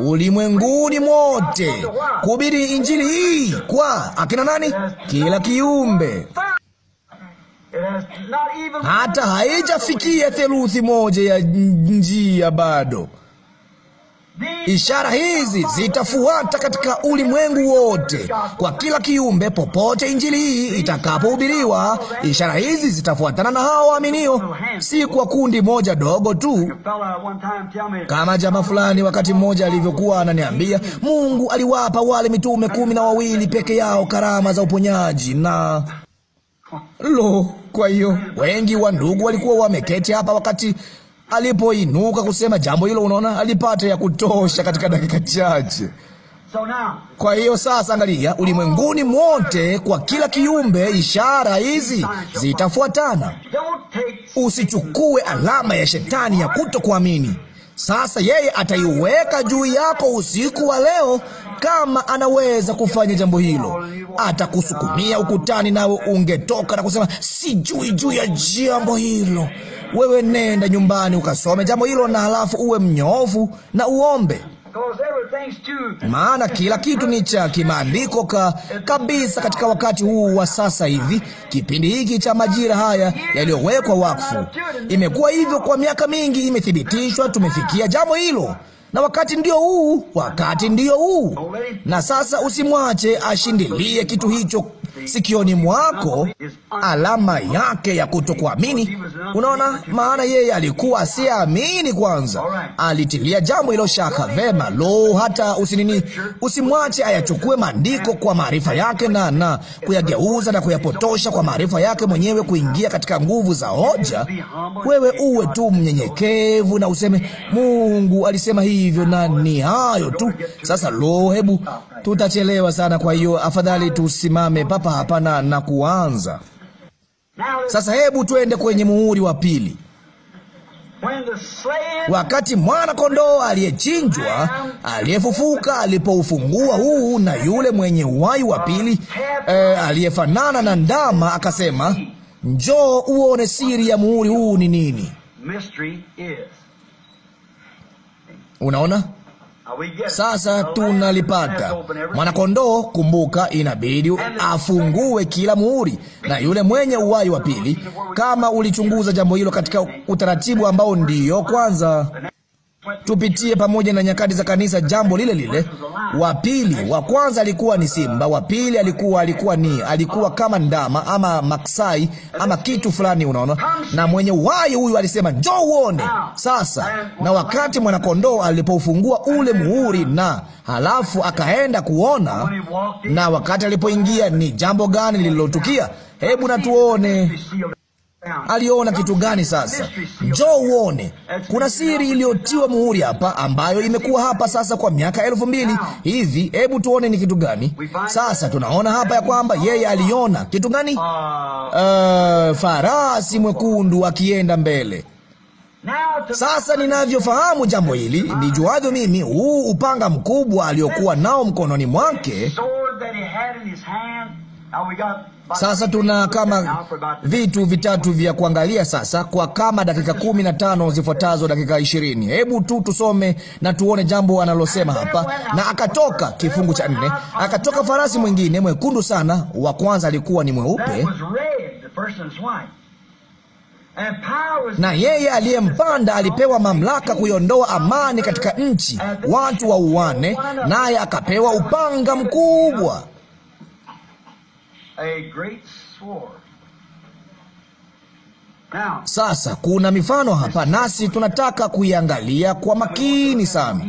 Ulimwenguni mote, kuhubiri injili hii kwa akina nani? Kila kiumbe hata haijafikia theluthi moja ya njia bado. Ishara hizi zitafuata katika ulimwengu wote, kwa kila kiumbe, popote injili hii itakapohubiriwa. Ishara hizi zitafuatana na hao waaminio, si kwa kundi moja dogo tu. Kama jamaa fulani wakati mmoja alivyokuwa ananiambia, Mungu aliwapa wale mitume kumi na wawili peke yao karama za uponyaji na Lo, kwa hiyo wengi wa ndugu walikuwa wameketi hapa wakati alipoinuka kusema jambo hilo. Unaona, alipata ya kutosha katika dakika chache. Kwa hiyo sasa, angalia, ulimwenguni mwote kwa kila kiumbe, ishara hizi zitafuatana. Usichukue alama ya shetani ya kutokuamini. Sasa yeye ataiweka juu yako usiku wa leo, kama anaweza kufanya jambo hilo. Atakusukumia ukutani, nawe ungetoka na kusema sijui juu ya jambo hilo. Wewe nenda nyumbani ukasome jambo hilo, na halafu uwe mnyofu na uombe maana kila kitu ni cha kimaandiko ka, kabisa katika wakati huu wa sasa hivi, kipindi hiki cha majira haya yaliyowekwa wakfu. Imekuwa hivyo kwa miaka mingi, imethibitishwa. Tumefikia jambo hilo na wakati ndio huu, wakati ndio huu. Na sasa usimwache ashindilie kitu hicho sikioni mwako, alama yake ya kutokuamini. Unaona, maana yeye alikuwa asiamini kwanza, alitilia jambo hilo shaka. Vema, lo, hata usinini, usimwache ayachukue maandiko kwa maarifa yake na na kuyageuza na kuyapotosha kwa maarifa yake mwenyewe, kuingia katika nguvu za hoja. Wewe uwe tu mnyenyekevu na useme, Mungu alisema hii hivyo, na ni hayo tu. Sasa lo, hebu tutachelewa sana, kwa hiyo afadhali tusimame papa hapa na, na kuanza sasa. Hebu twende kwenye muhuri wa pili. Wakati mwana kondoo aliyechinjwa aliyefufuka alipoufungua huu na yule mwenye uhai wa pili e, aliyefanana na ndama akasema, njoo uone siri ya muhuri huu ni nini. Unaona, sasa tunalipata mwanakondoo. Kumbuka, inabidi afungue kila muhuri, na yule mwenye uhai wa pili. Kama ulichunguza jambo hilo katika utaratibu ambao ndiyo kwanza tupitie pamoja na nyakati za kanisa jambo lile lile. Wa pili, wa kwanza alikuwa ni simba, wa pili alikuwa alikuwa ni alikuwa kama ndama ama maksai ama kitu fulani, unaona. Na mwenye uhai huyu alisema njoo uone sasa. Na wakati mwanakondoo alipofungua ule muhuri, na halafu akaenda kuona, na wakati alipoingia, ni jambo gani lililotukia? Hebu natuone aliona kitu gani? Sasa njoo uone, kuna siri iliyotiwa muhuri hapa, ambayo imekuwa hapa sasa kwa miaka elfu mbili hivi. Hebu tuone ni kitu gani sasa. Tunaona hapa ya kwamba yeye aliona kitu gani? Uh, uh farasi mwekundu akienda mbele. Sasa ninavyofahamu jambo hili, nijuavyo mimi, huu upanga mkubwa aliokuwa nao mkononi mwake sasa tuna kama vitu vitatu vya kuangalia sasa kwa kama dakika kumi na tano zifuatazo, dakika ishirini. Hebu tu tusome na tuone jambo analosema hapa. Na akatoka, kifungu cha nne, akatoka farasi mwingine mwekundu sana. Wa kwanza alikuwa ni mweupe na yeye aliyempanda alipewa mamlaka kuiondoa amani katika nchi, watu wauane, naye akapewa upanga mkubwa. Sasa kuna mifano hapa, nasi tunataka kuiangalia kwa makini sana.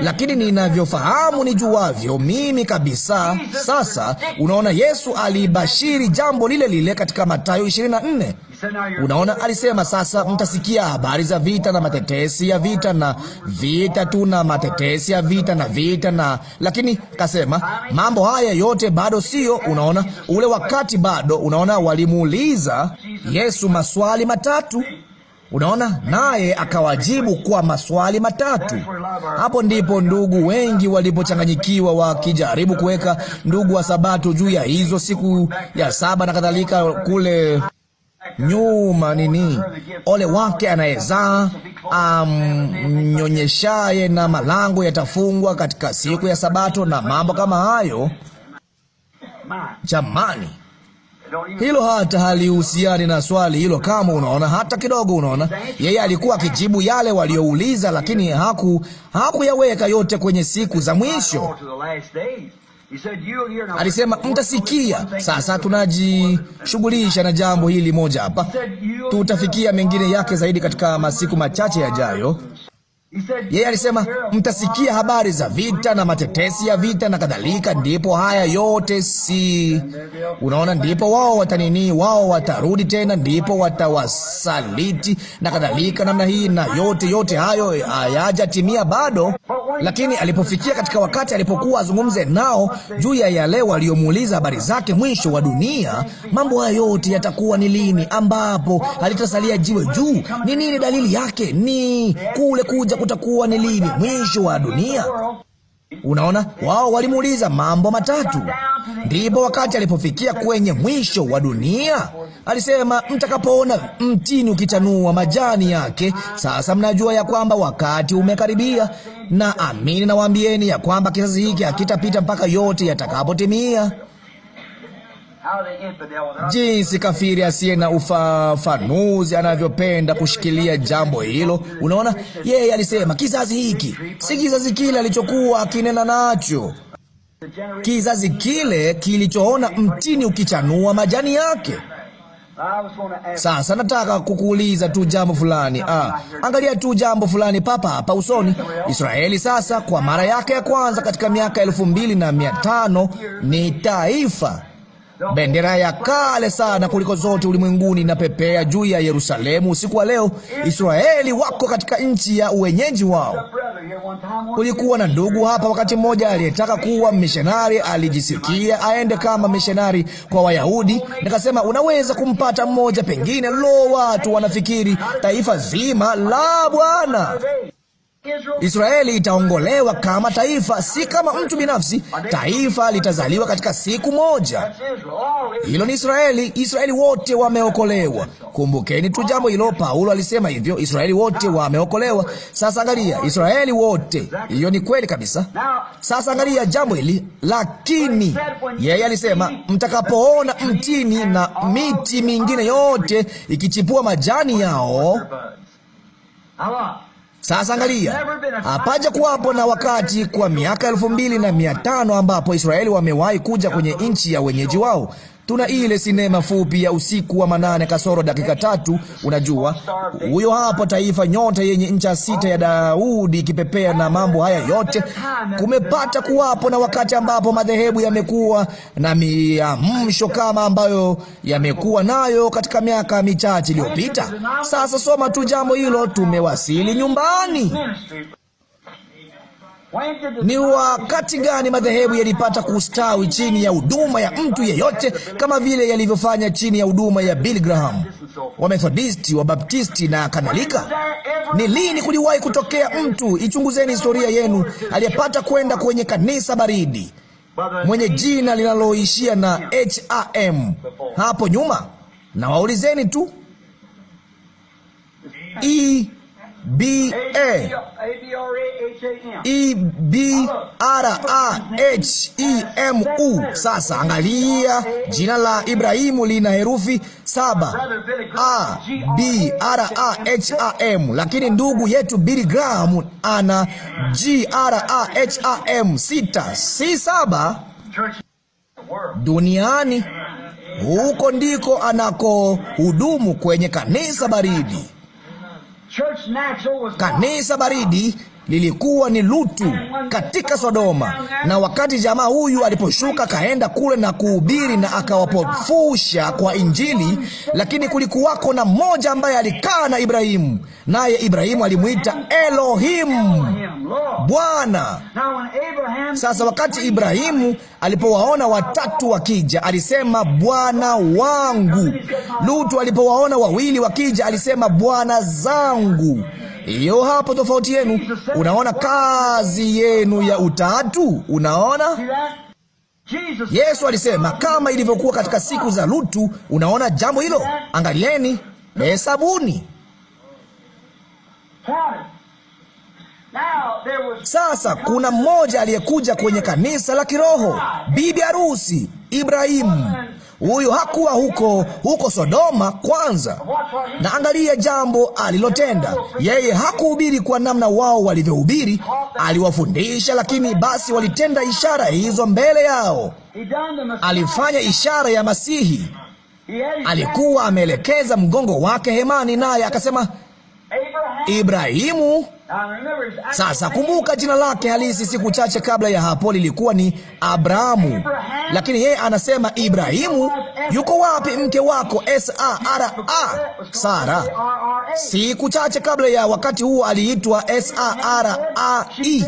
Lakini ninavyofahamu ni juavyo mimi kabisa. Sasa unaona, Yesu alibashiri jambo lile lile katika Mathayo 24. Unaona, alisema sasa mtasikia habari za vita na matetesi ya vita na vita tu na matetesi ya vita na vita na, lakini kasema mambo haya yote bado sio. Unaona, ule wakati bado. Unaona, walimuuliza Yesu maswali matatu. Unaona, naye akawajibu kwa maswali matatu. Hapo ndipo ndugu wengi walipochanganyikiwa, wakijaribu kuweka ndugu wa Sabato juu ya hizo siku ya saba na kadhalika kule nyuma nini. Ole wake anayezaa amnyonyeshaye, na malango yatafungwa katika siku ya Sabato na mambo kama hayo. Jamani, hilo hata halihusiani na swali hilo kama unaona, hata kidogo. Unaona, yeye alikuwa akijibu yale waliouliza, lakini haku hakuyaweka yote kwenye siku za mwisho. Alisema mtasikia. Sasa tunajishughulisha na jambo hili moja hapa, tutafikia mengine yake zaidi katika masiku machache yajayo. Yeye alisema mtasikia habari za vita na matetesi ya vita na kadhalika, ndipo haya yote si, unaona, ndipo wao watanini, wao watarudi tena, ndipo watawasaliti na kadhalika, namna hii, na yote yote hayo hayajatimia bado. Lakini alipofikia katika wakati alipokuwa azungumze nao juu ya yale waliomuuliza habari zake, mwisho wa dunia, mambo hayo yote yatakuwa ni lini, ambapo halitasalia jiwe juu. Ni nini dalili yake? Ni kule kuja kutakuwa ni lini mwisho wa dunia. Unaona, wao walimuuliza mambo matatu, ndipo wakati alipofikia kwenye mwisho wa dunia alisema, mtakapoona mtini ukichanua majani yake, sasa mnajua ya kwamba wakati umekaribia. Na amini nawaambieni ya kwamba kizazi hiki hakitapita mpaka yote yatakapotimia jinsi kafiri asiye na ufafanuzi anavyopenda kushikilia jambo hilo. Unaona, yeye alisema kizazi hiki si kizazi kile alichokuwa akinena nacho kizazi kile kilichoona mtini ukichanua majani yake. Sasa nataka kukuuliza tu jambo fulani. Ah, angalia tu jambo fulani papa hapa usoni. Israeli sasa kwa mara yake ya kwanza katika miaka elfu mbili na mia tano ni taifa Bendera ya kale sana kuliko zote ulimwenguni inapepea juu ya Yerusalemu usiku wa leo. Israeli wako katika nchi ya uwenyeji wao. Kulikuwa na ndugu hapa wakati mmoja aliyetaka kuwa mishonari, alijisikia aende kama mishonari kwa Wayahudi. Nikasema unaweza kumpata mmoja, pengine lo, watu wanafikiri taifa zima la Bwana Israeli itaongolewa kama taifa, si kama mtu binafsi. Taifa litazaliwa katika siku moja. Hilo ni Israeli. Israeli wote wameokolewa. Kumbukeni tu jambo hilo, Paulo alisema hivyo, Israeli wote wameokolewa. Sasa angalia, Israeli wote, hiyo ni kweli kabisa. Sasa angalia jambo hili, lakini yeye alisema, mtakapoona mtini na miti mingine yote ikichipua majani yao sasa angalia, hapaja kuwapo na wakati kwa miaka elfu mbili na mia tano ambapo Israeli wamewahi kuja kwenye nchi ya wenyeji wao. Tuna ile sinema fupi ya usiku wa manane kasoro dakika tatu. Unajua, huyo hapo Taifa, nyota yenye ncha sita ya Daudi ikipepea na mambo haya yote. Kumepata kuwapo na wakati ambapo madhehebu yamekuwa na miamsho kama ambayo yamekuwa nayo katika miaka michache iliyopita. Sasa soma tu jambo hilo, tumewasili nyumbani. Ni wakati gani madhehebu yalipata kustawi chini ya huduma ya mtu yeyote, kama vile yalivyofanya chini ya huduma ya Billy Graham, Wamethodisti, Wabaptisti na kadhalika? Ni lini kuliwahi kutokea mtu, ichunguzeni historia yenu, aliyepata kwenda kwenye kanisa baridi mwenye jina linaloishia na HRM hapo nyuma? Na waulizeni tu E B A E B R A H E M U. Sasa angalia jina la Ibrahimu lina herufi saba A B R A H A M, lakini ndugu yetu Billy Graham ana G R A H A M sita, si saba. Duniani huko ndiko anako hudumu kwenye kanisa baridi. Kanisa baridi lilikuwa ni Lutu katika Sodoma, na wakati jamaa huyu aliposhuka kaenda kule na kuhubiri na akawapofusha kwa Injili, lakini kulikuwako na mmoja ambaye alikaa na Ibrahimu, naye Ibrahimu alimwita Elohimu, Bwana. Sasa wakati Ibrahimu Alipowaona watatu wakija, alisema bwana wangu. Lutu alipowaona wawili wakija, alisema bwana zangu. Hiyo hapo tofauti yenu. Unaona kazi yenu ya utatu? Unaona Yesu alisema kama ilivyokuwa katika siku za Lutu. Unaona jambo hilo? Angalieni, hesabuni sasa kuna mmoja aliyekuja kwenye kanisa la kiroho, bibi harusi Ibrahimu. Huyu hakuwa huko huko Sodoma kwanza, na angalia jambo alilotenda yeye. Hakuhubiri kwa namna wao walivyohubiri, aliwafundisha, lakini basi walitenda ishara hizo mbele yao. Alifanya ishara ya Masihi. Alikuwa ameelekeza mgongo wake hemani, naye akasema, Ibrahimu sasa kumbuka, jina lake halisi siku chache kabla ya hapo lilikuwa ni Abrahamu, lakini yeye anasema Ibrahimu. Yuko wapi mke wako -A, Sara. Siku chache kabla ya wakati huo aliitwa Sarai.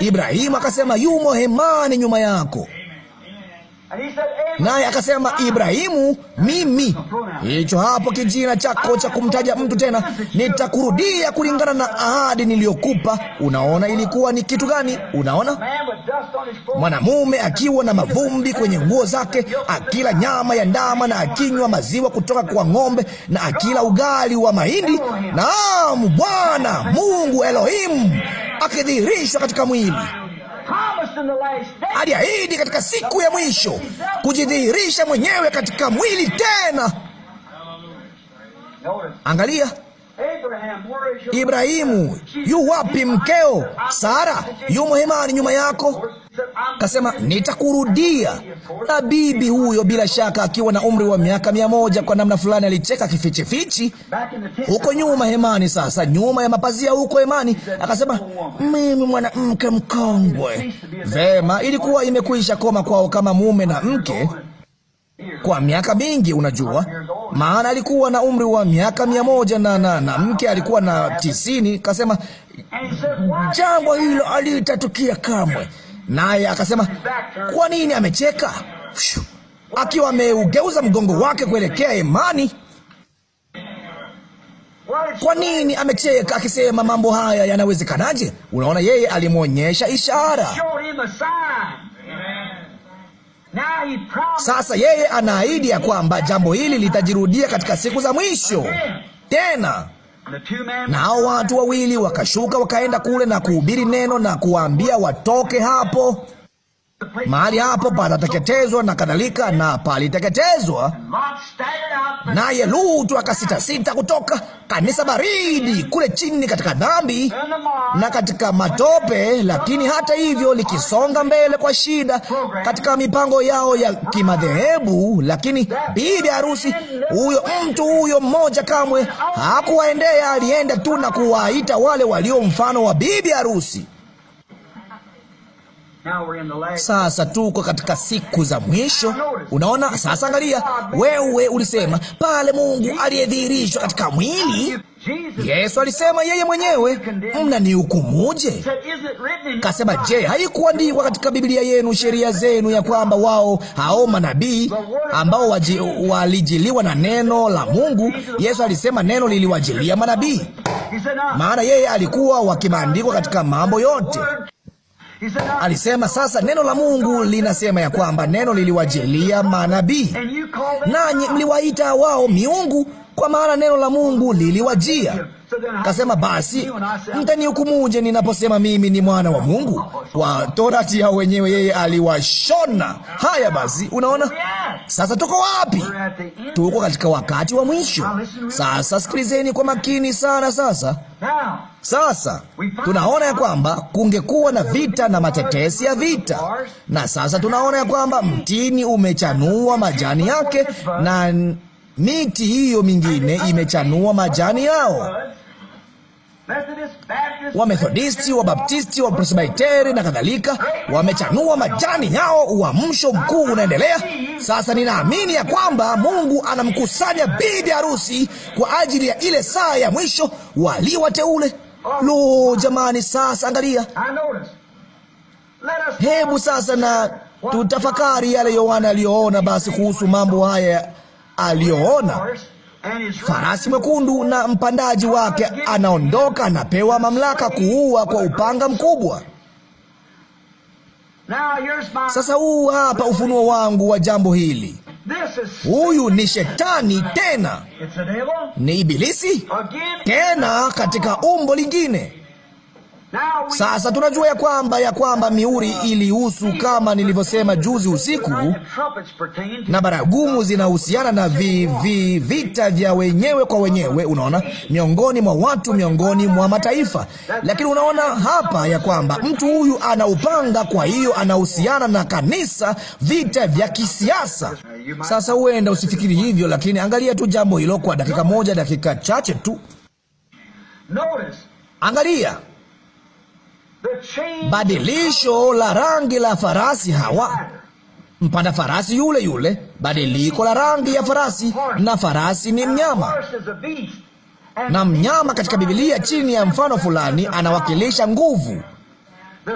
Ibrahimu akasema yumo hemani nyuma yako. Naye akasema Ibrahimu, mimi hicho hapo kijina chako cha kumtaja mtu tena, nitakurudia kulingana na ahadi niliyokupa. Unaona ilikuwa ni kitu gani? Unaona mwanamume akiwa na mavumbi kwenye nguo zake, akila nyama ya ndama na akinywa maziwa kutoka kwa ng'ombe na akila ugali wa mahindi. Naam, Bwana Mungu Elohimu akidhihirishwa katika mwili aliahidi katika siku ya mwisho kujidhihirisha mwenyewe katika mwili tena. Angalia, Ibrahimu yu wapi? Mkeo Sara yumo hemani nyuma yako. Kasema nitakurudia. Na bibi huyo, bila shaka, akiwa na umri wa miaka mia moja, kwa namna fulani alicheka kifichifichi huko nyuma hemani, sasa nyuma ya mapazia huko hemani, akasema mimi mwanamke mkongwe. Vema, ilikuwa imekwisha koma kwao kama mume na mke kwa miaka mingi, unajua maana alikuwa na umri wa miaka mia moja na, na, na mke alikuwa na tisini. Kasema jambo hilo alitatukia kamwe naye akasema, kwa nini amecheka? Akiwa ameugeuza mgongo wake kuelekea imani Kwa nini amecheka akisema mambo haya yanawezekanaje? Unaona, yeye alimwonyesha ishara. Sasa yeye anaahidi ya kwamba jambo hili litajirudia katika siku za mwisho tena na hao watu wawili wakashuka wakaenda kule na kuhubiri neno na kuwaambia watoke hapo mahali hapo patateketezwa na kadhalika, na paliteketezwa. Naye Lutu akasitasita kutoka kanisa baridi kule chini katika dhambi na katika matope, lakini hata hivyo likisonga mbele kwa shida katika mipango yao ya kimadhehebu. Lakini bibi harusi huyo, mtu huyo mmoja, kamwe hakuwaendea alienda tu na kuwaita wale walio mfano wa bibi harusi. Sasa tuko katika siku za mwisho. Unaona, sasa angalia, wewe ulisema pale Mungu aliyedhihirishwa katika mwili. Yesu alisema yeye mwenyewe, mna hukumuje? Kasema, je, haikuandikwa katika Biblia yenu, sheria zenu, ya kwamba wao hao manabii ambao walijiliwa na neno la Mungu? Yesu alisema neno liliwajilia manabii, ah, maana yeye alikuwa wakimaandikwa katika mambo yote. Alisema sasa, neno la Mungu linasema ya kwamba neno liliwajelia manabii, nanyi mliwaita wao miungu, kwa maana neno la Mungu liliwajia. Kasema, basi mtanihukumuje ninaposema mimi ni mwana wa Mungu? Kwa torati yao wenyewe yeye aliwashona. Haya basi, unaona sasa tuko wapi? Tuko katika wakati wa mwisho. Sasa sikilizeni kwa makini sana. Sasa sasa tunaona ya kwamba kungekuwa na vita na matetesi ya vita, na sasa tunaona ya kwamba mtini umechanua majani yake na miti hiyo mingine imechanua majani yao. Wamethodisti, Wabaptisti, Wapresbiteri na kadhalika, wamechanua majani yao. Uamsho mkuu unaendelea sasa. Ninaamini ya kwamba Mungu anamkusanya bibi harusi kwa ajili ya ile saa ya mwisho, waliwateule Lo, jamani! Sasa angalia, hebu sasa na tutafakari yale Yohana aliyoona basi kuhusu mambo haya aliyoona farasi mwekundu na mpandaji wake anaondoka, anapewa mamlaka kuua kwa upanga mkubwa. Sasa huu hapa ufunuo wangu wa jambo hili. Huyu ni shetani tena, ni ibilisi tena katika umbo lingine. Sasa tunajua ya kwamba ya kwamba mihuri ilihusu, kama nilivyosema juzi usiku, na baragumu zinahusiana na vi, vi, vita vya wenyewe kwa wenyewe, unaona, miongoni mwa watu, miongoni mwa mataifa. Lakini unaona hapa ya kwamba mtu huyu ana upanga, kwa hiyo anahusiana na kanisa, vita vya kisiasa. Sasa huenda usifikiri hivyo, lakini angalia tu jambo hilo kwa dakika moja, dakika chache tu, angalia badilisho la rangi la farasi hawa mpanda farasi yule yule, badiliko la rangi ya farasi. Na farasi ni mnyama, na mnyama katika Biblia chini ya mfano fulani anawakilisha nguvu.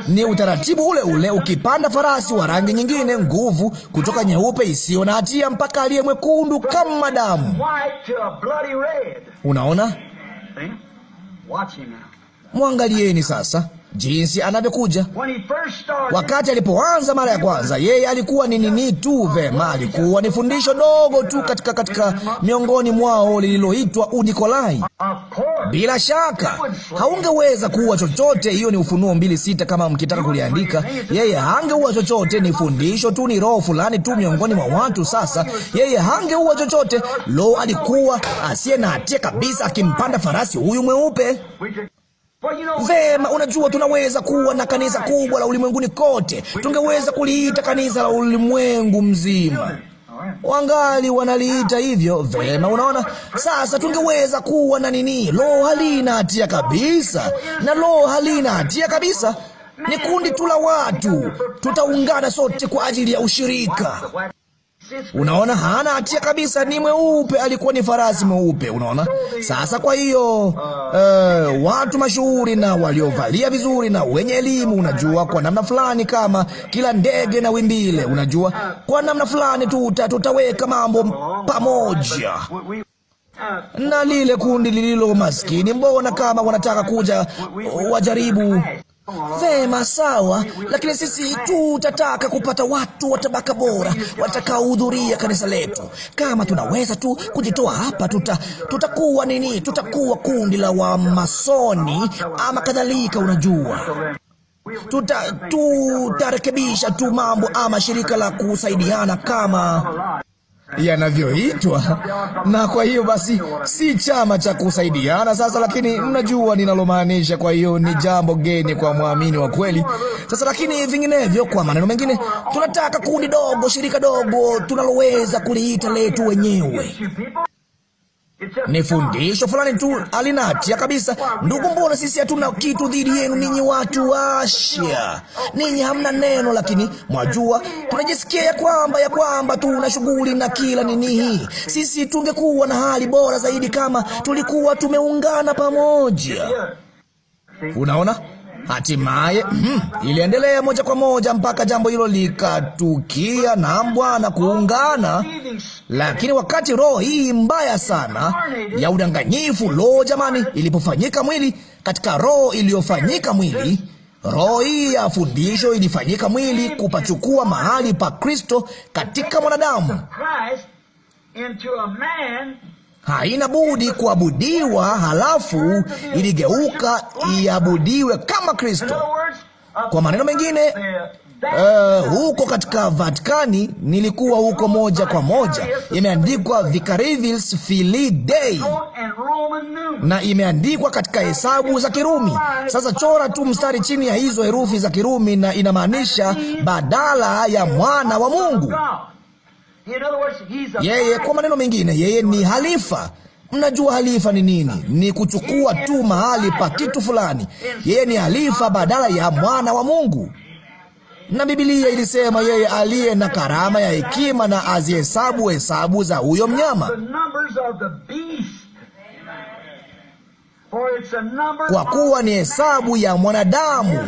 Ni utaratibu ule ule, ukipanda farasi wa rangi nyingine, nguvu kutoka nyeupe isiyo na hatia mpaka aliye mwekundu kama damu. Unaona, mwangalieni sasa jinsi anavyokuja. Wakati alipoanza mara ya kwanza, yeye alikuwa ni nini tu, vema, alikuwa ni fundisho dogo tu katika katika miongoni mwao lililoitwa Unikolai. Bila shaka haungeweza kuwa chochote. Hiyo ni Ufunuo mbili sita, kama mkitaka kuliandika. Yeye hangeuwa chochote, ni fundisho tu, ni roho fulani tu miongoni mwa watu. Sasa yeye hangeuwa chochote. Lo, alikuwa asiye na hatia kabisa, akimpanda farasi huyu mweupe Vema, unajua tunaweza kuwa na kanisa kubwa la ulimwenguni kote, tungeweza kuliita kanisa la ulimwengu mzima. Wangali wanaliita hivyo. Vema, unaona sasa, tungeweza kuwa na nini? Lo, halina hatia kabisa, na lo, halina hatia kabisa. Ni kundi tu la watu, tutaungana sote kwa ajili ya ushirika. Unaona, hana hatia kabisa, ni mweupe, alikuwa ni farasi mweupe. Unaona sasa. Kwa hiyo uh, watu mashuhuri na waliovalia vizuri na wenye elimu, unajua, kwa namna fulani, kama kila ndege na wimbile, unajua, kwa namna fulani tuta tutaweka mambo pamoja na lile kundi lililo maskini. Mbona kama wanataka kuja wajaribu Vema, sawa, lakini sisi tutataka kupata watu wa tabaka bora watakaohudhuria kanisa letu. Kama tunaweza tu kujitoa hapa, tuta tutakuwa nini, tutakuwa kundi la wamasoni ama kadhalika, unajua tuta tutarekebisha tu mambo, ama shirika la kusaidiana kama yanavyoitwa, na kwa hiyo basi si chama cha kusaidiana sasa, lakini mnajua ninalomaanisha. Kwa hiyo ni jambo geni kwa mwamini wa kweli sasa, lakini vinginevyo, kwa maneno mengine, tunataka kundi dogo, shirika dogo tunaloweza kuliita letu wenyewe. Ni fundisho fulani tu alinatia kabisa. Ndugu, mbona sisi hatuna kitu dhidi yenu ninyi watu wa Asia, ninyi hamna neno, lakini mwajua tunajisikia ya kwamba ya kwamba tuna shughuli na kila nini hii. Sisi tungekuwa na hali bora zaidi kama tulikuwa tumeungana pamoja. Unaona? Hatimaye mm, iliendelea moja kwa moja mpaka jambo hilo likatukia na Bwana kuungana. Lakini wakati roho hii mbaya sana ya udanganyifu, lo jamani, ilipofanyika mwili katika roho iliyofanyika mwili roho hii ya fundisho ilifanyika mwili kupachukua mahali pa Kristo katika mwanadamu haina budi kuabudiwa, halafu iligeuka iabudiwe kama Kristo. Kwa maneno mengine, Uh, huko katika Vatikani nilikuwa huko moja kwa moja. Imeandikwa Vicarius Filii Dei na imeandikwa katika hesabu za Kirumi. Sasa chora tu mstari chini ya hizo herufi za Kirumi na inamaanisha badala ya mwana wa Mungu. Yeye, kwa maneno mengine, yeye ni halifa. Mnajua halifa ni nini? Ni kuchukua tu mahali pa kitu fulani. Yeye ni halifa badala ya mwana wa Mungu. Na Biblia ilisema yeye aliye na karama ya hekima na azihesabu hesabu za huyo mnyama kwa kuwa ni hesabu ya mwanadamu,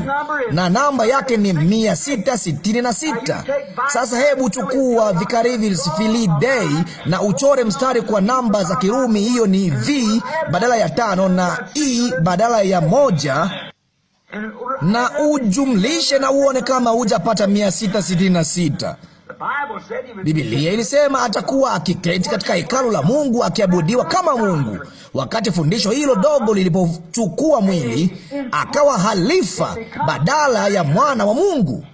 na namba yake ni mia sita sitini na sita. Sasa hebu chukua vikarivi Filii na uchore mstari kwa namba za Kirumi. Hiyo ni v badala ya tano na e badala ya moja na ujumlishe na uone kama hujapata mia sita sitini na sita. Bibilia ilisema atakuwa akiketi katika hekalu la Mungu akiabudiwa kama Mungu. Wakati fundisho hilo dogo lilipochukua mwili, akawa halifa badala ya mwana wa Mungu.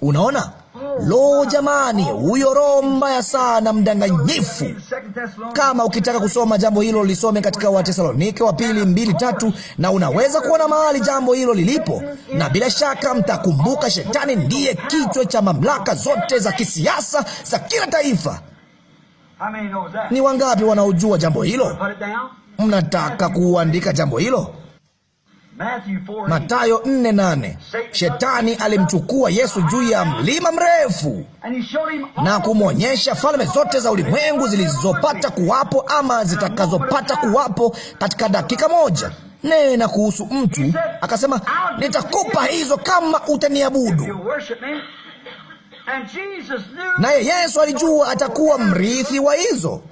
Unaona? Lo, jamani, huyo roho mbaya sana, mdanganyifu. Kama ukitaka kusoma jambo hilo lisome katika Watesalonike wa pili mbili tatu, na unaweza kuona mahali jambo hilo lilipo, na bila shaka mtakumbuka shetani ndiye kichwa cha mamlaka zote za kisiasa za kila taifa. Ni wangapi wanaojua jambo hilo? Mnataka kuandika jambo hilo? nne nane. Shetani alimchukua Yesu juu ya mlima mrefu na kumwonyesha falme zote za ulimwengu zilizopata kuwapo ama zitakazopata kuwapo katika dakika moja. Nena kuhusu mtu akasema, nitakupa hizo kama utaniabudu. Naye Yesu alijua atakuwa mrithi wa hizo.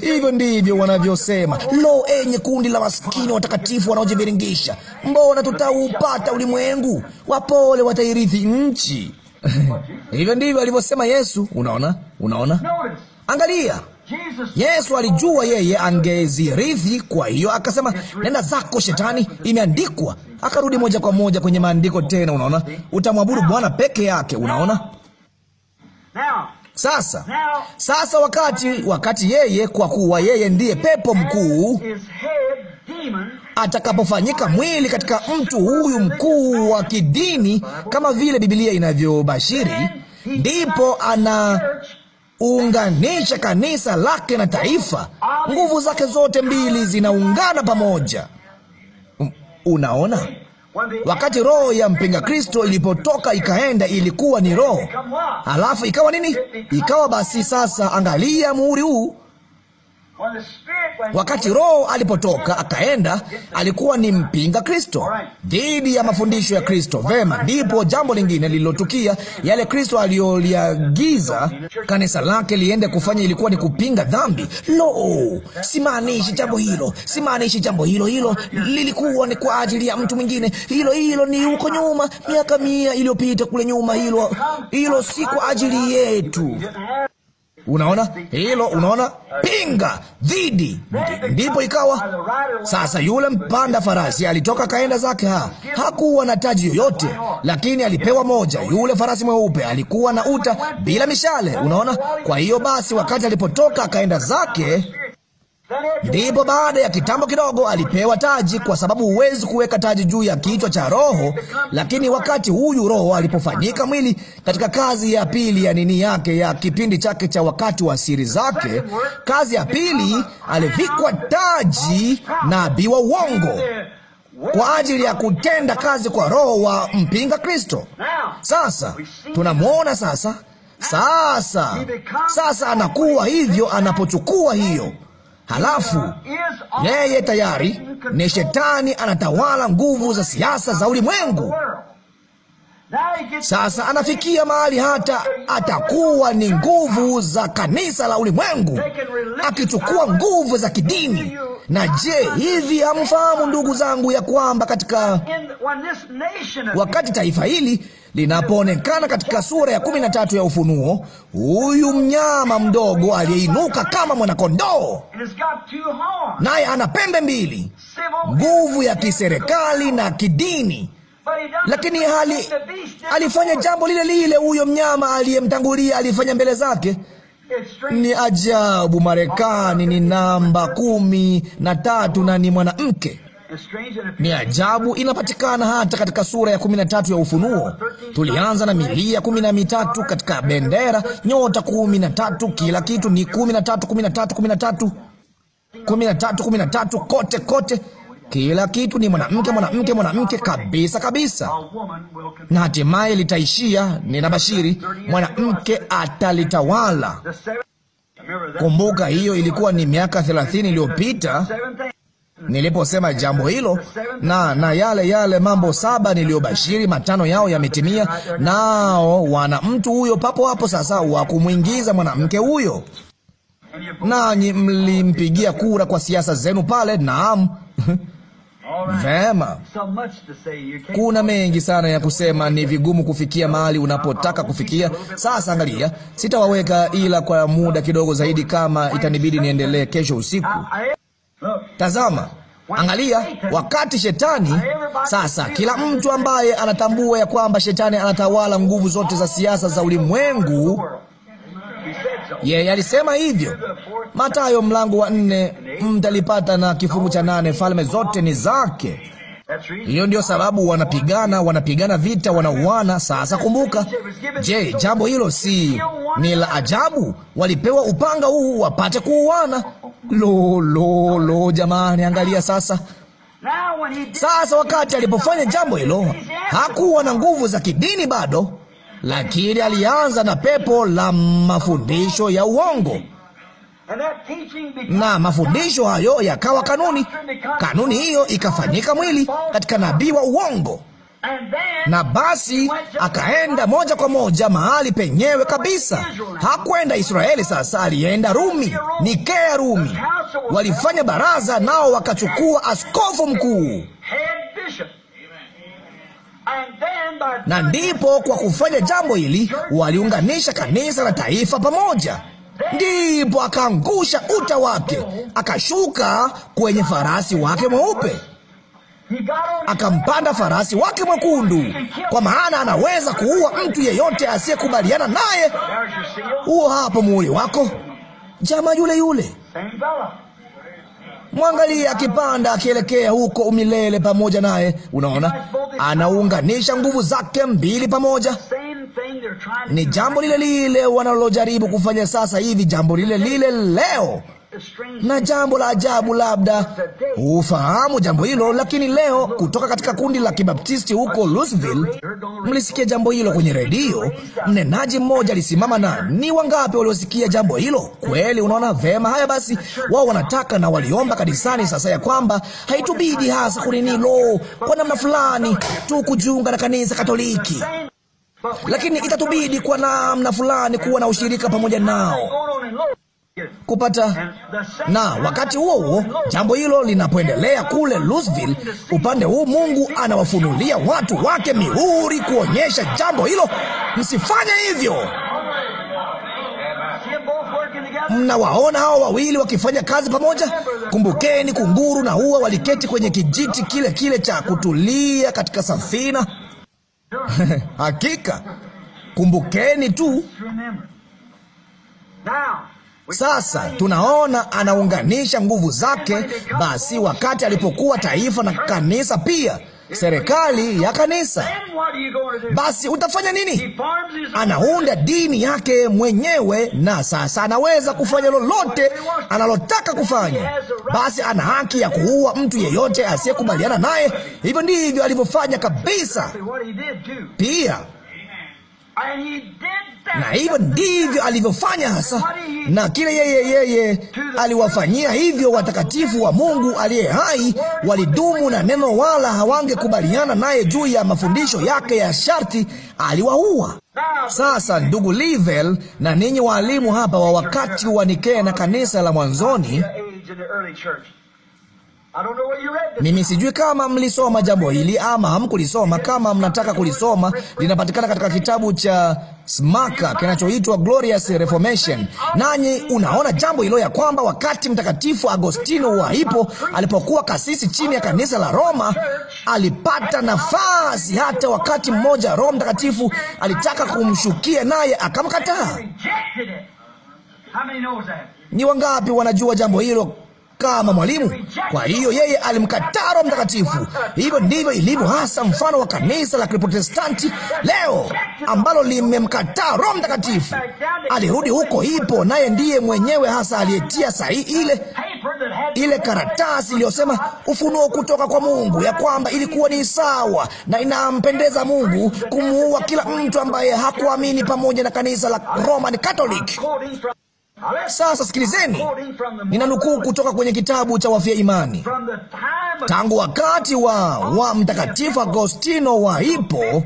Hivyo ndivyo wanavyosema: lo, enye kundi la maskini watakatifu wanaojiviringisha, mbona tutaupata ulimwengu? Wapole watairithi nchi. Hivyo ndivyo alivyosema Yesu. Unaona, unaona, angalia Yesu alijua yeye angezirithi. Kwa hiyo akasema, nenda zako Shetani, imeandikwa. Akarudi moja kwa moja kwenye maandiko tena. Unaona, utamwabudu Bwana peke yake. Unaona. Sasa sasa, wakati wakati yeye, kwa kuwa yeye ndiye pepo mkuu, atakapofanyika mwili katika mtu huyu mkuu wa kidini, kama vile Biblia inavyobashiri, ndipo ana unganisha kanisa lake na taifa. Nguvu zake zote mbili zinaungana pamoja. Unaona? Wakati roho ya mpinga Kristo ilipotoka ikaenda, ilikuwa ni roho. Alafu ikawa nini? Ikawa basi, sasa angalia muhuri huu Wakati Roho alipotoka akaenda, alikuwa ni mpinga Kristo, dhidi ya mafundisho ya Kristo. Vema, ndipo jambo lingine lililotukia, yale Kristo aliyoliagiza kanisa lake liende kufanya ilikuwa ni kupinga dhambi. Lo, simaanishi jambo hilo, simaanishi jambo hilo. Hilo lilikuwa ni kwa ajili ya mtu mwingine. Hilo hilo ni huko nyuma, miaka mia iliyopita kule nyuma. Hilo hilo si kwa ajili yetu. Unaona hilo, unaona pinga dhidi. Ndipo ikawa sasa, yule mpanda farasi alitoka kaenda zake. Ha, hakuwa na taji yoyote, lakini alipewa moja. Yule farasi mweupe alikuwa na uta bila mishale, unaona. Kwa hiyo basi, wakati alipotoka akaenda zake Ndipo baada ya kitambo kidogo alipewa taji, kwa sababu huwezi kuweka taji juu ya kichwa cha roho. Lakini wakati huyu roho alipofanyika mwili katika kazi ya pili ya nini yake ya kipindi chake cha wakati wa siri zake, kazi ya pili, alivikwa taji nabii wa uongo kwa ajili ya kutenda kazi kwa roho wa mpinga Kristo. Sasa tunamwona sasa, sasa, sasa anakuwa hivyo anapochukua hiyo Halafu yeye tayari ni shetani, anatawala nguvu za siasa za ulimwengu. Sasa anafikia mahali hata atakuwa ni nguvu za kanisa la ulimwengu, akichukua nguvu za kidini. Na je, hivi hamfahamu ndugu zangu, ya kwamba katika wakati taifa hili linapoonekana katika sura ya kumi na tatu ya Ufunuo, huyu mnyama mdogo aliyeinuka kama mwanakondoo, naye ana pembe mbili, nguvu ya kiserikali na kidini lakini hali alifanya jambo lile lile huyo mnyama aliyemtangulia alifanya mbele zake. Ni ajabu. Marekani ni namba kumi na tatu na ni mwanamke ni ajabu inapatikana hata katika sura ya kumi na tatu ya Ufunuo. Tulianza na milia kumi na mitatu katika bendera, nyota kumi na tatu. Kila kitu ni kumi na tatu, kumi na tatu, kumi na tatu, kumi na tatu, kumi na tatu, kote kote kila kitu ni mwanamke, mwanamke, mwanamke kabisa kabisa, na hatimaye litaishia, ninabashiri, mwanamke atalitawala. Kumbuka, hiyo ilikuwa ni miaka 30 iliyopita niliposema jambo hilo, na na yale yale mambo saba niliyobashiri, matano yao yametimia, nao wana mtu huyo papo hapo sasa wa kumwingiza mwanamke huyo. Nanyi mlimpigia kura kwa siasa zenu pale. Naam. Vema, kuna mengi sana ya kusema, ni vigumu kufikia mahali unapotaka kufikia. Sasa angalia, sitawaweka ila kwa muda kidogo zaidi, kama itanibidi niendelee kesho usiku. Tazama, angalia, wakati shetani sasa, kila mtu ambaye anatambua ya kwamba shetani anatawala nguvu zote za siasa za ulimwengu yeye alisema hivyo Mathayo mlango wa nne mtalipata na kifungu cha nane falme zote ni zake hiyo ndio sababu wanapigana, wanapigana vita, wanauana. Sasa kumbuka, je, jambo hilo si ni la ajabu? Walipewa upanga huu wapate kuuana. Lo, lo, lo, jamani, angalia sasa. Sasa wakati alipofanya jambo hilo hakuwa na nguvu za kidini bado, lakini alianza na pepo la mafundisho ya uongo na mafundisho hayo yakawa kanuni. Kanuni hiyo ikafanyika mwili katika nabii wa uongo, na basi akaenda moja kwa moja mahali penyewe kabisa. Hakwenda Israeli, sasa alienda Rumi, Nikea Rumi. Walifanya baraza, nao wakachukua askofu mkuu na ndipo kwa kufanya jambo hili waliunganisha kanisa la taifa pamoja. Ndipo akaangusha uta wake, akashuka kwenye farasi wake mweupe, akampanda farasi wake mwekundu, kwa maana anaweza kuua mtu yeyote asiyekubaliana naye. Huo hapo muhuri wako, jama yule yule. Mwangalie akipanda akielekea huko umilele pamoja naye. Unaona, anaunganisha nguvu zake mbili pamoja. Ni jambo lile lile wanalojaribu kufanya sasa hivi, jambo lile lile leo na jambo la ajabu, labda hufahamu jambo hilo, lakini leo kutoka katika kundi la Kibaptisti huko Louisville, mlisikia jambo hilo kwenye redio. Mnenaji mmoja alisimama, na ni wangapi waliosikia jambo hilo kweli? Unaona vema. Haya basi, wao wanataka na waliomba kanisani sasa ya kwamba haitubidi hasa kunini, lo, kwa namna fulani tu kujiunga na kanisa Katoliki lakini itatubidi kwa namna fulani kuwa na ushirika pamoja nao kupata na wakati huo huo, jambo hilo linapoendelea kule Louisville, upande huu Mungu anawafunulia watu wake mihuri kuonyesha jambo hilo. Msifanye hivyo. Mnawaona hao wawili wakifanya kazi pamoja. Kumbukeni, kunguru na huwa waliketi kwenye kijiti kile kile cha kutulia katika safina. Hakika kumbukeni tu. Sasa tunaona anaunganisha nguvu zake. Basi wakati alipokuwa taifa na kanisa pia serikali ya kanisa, basi utafanya nini? Anaunda dini yake mwenyewe, na sasa anaweza kufanya lolote analotaka kufanya. Basi ana haki ya kuua mtu yeyote asiyekubaliana naye. Hivyo ndivyo alivyofanya kabisa pia na hivyo ndivyo alivyofanya hasa, na kile yeye yeye aliwafanyia hivyo watakatifu wa Mungu aliye hai. Walidumu na neno, wala hawangekubaliana naye juu ya mafundisho yake ya sharti. Aliwaua. Sasa ndugu Livel na ninyi waalimu hapa wa wakati wa Nikea na kanisa la mwanzoni mimi sijui kama mlisoma jambo hili ama hamkulisoma. Kama mnataka kulisoma, linapatikana katika kitabu cha Smaka kinachoitwa Glorious Reformation. Nanyi unaona jambo hilo ya kwamba wakati Mtakatifu Agostino wa Hippo alipokuwa kasisi chini ya kanisa la Roma, alipata nafasi. Hata wakati mmoja Roho Mtakatifu alitaka kumshukia naye akamkataa. Ni wangapi wanajua jambo hilo kama mwalimu. Kwa hiyo yeye alimkataa Roho Mtakatifu. Hivyo ndivyo ilivyo hasa mfano wa kanisa la Kiprotestanti leo ambalo limemkataa Roho Mtakatifu. Alirudi huko hipo, naye ndiye mwenyewe hasa aliyetia sahihi ile ile karatasi iliyosema ufunuo kutoka kwa Mungu ya kwamba ilikuwa ni sawa na inampendeza Mungu kumuua kila mtu ambaye hakuamini pamoja na kanisa la Roman Catholic. Sasa sikilizeni, ninanukuu kutoka kwenye kitabu cha wafia imani. Tangu wakati wa, wa Mtakatifu Agostino wa Hippo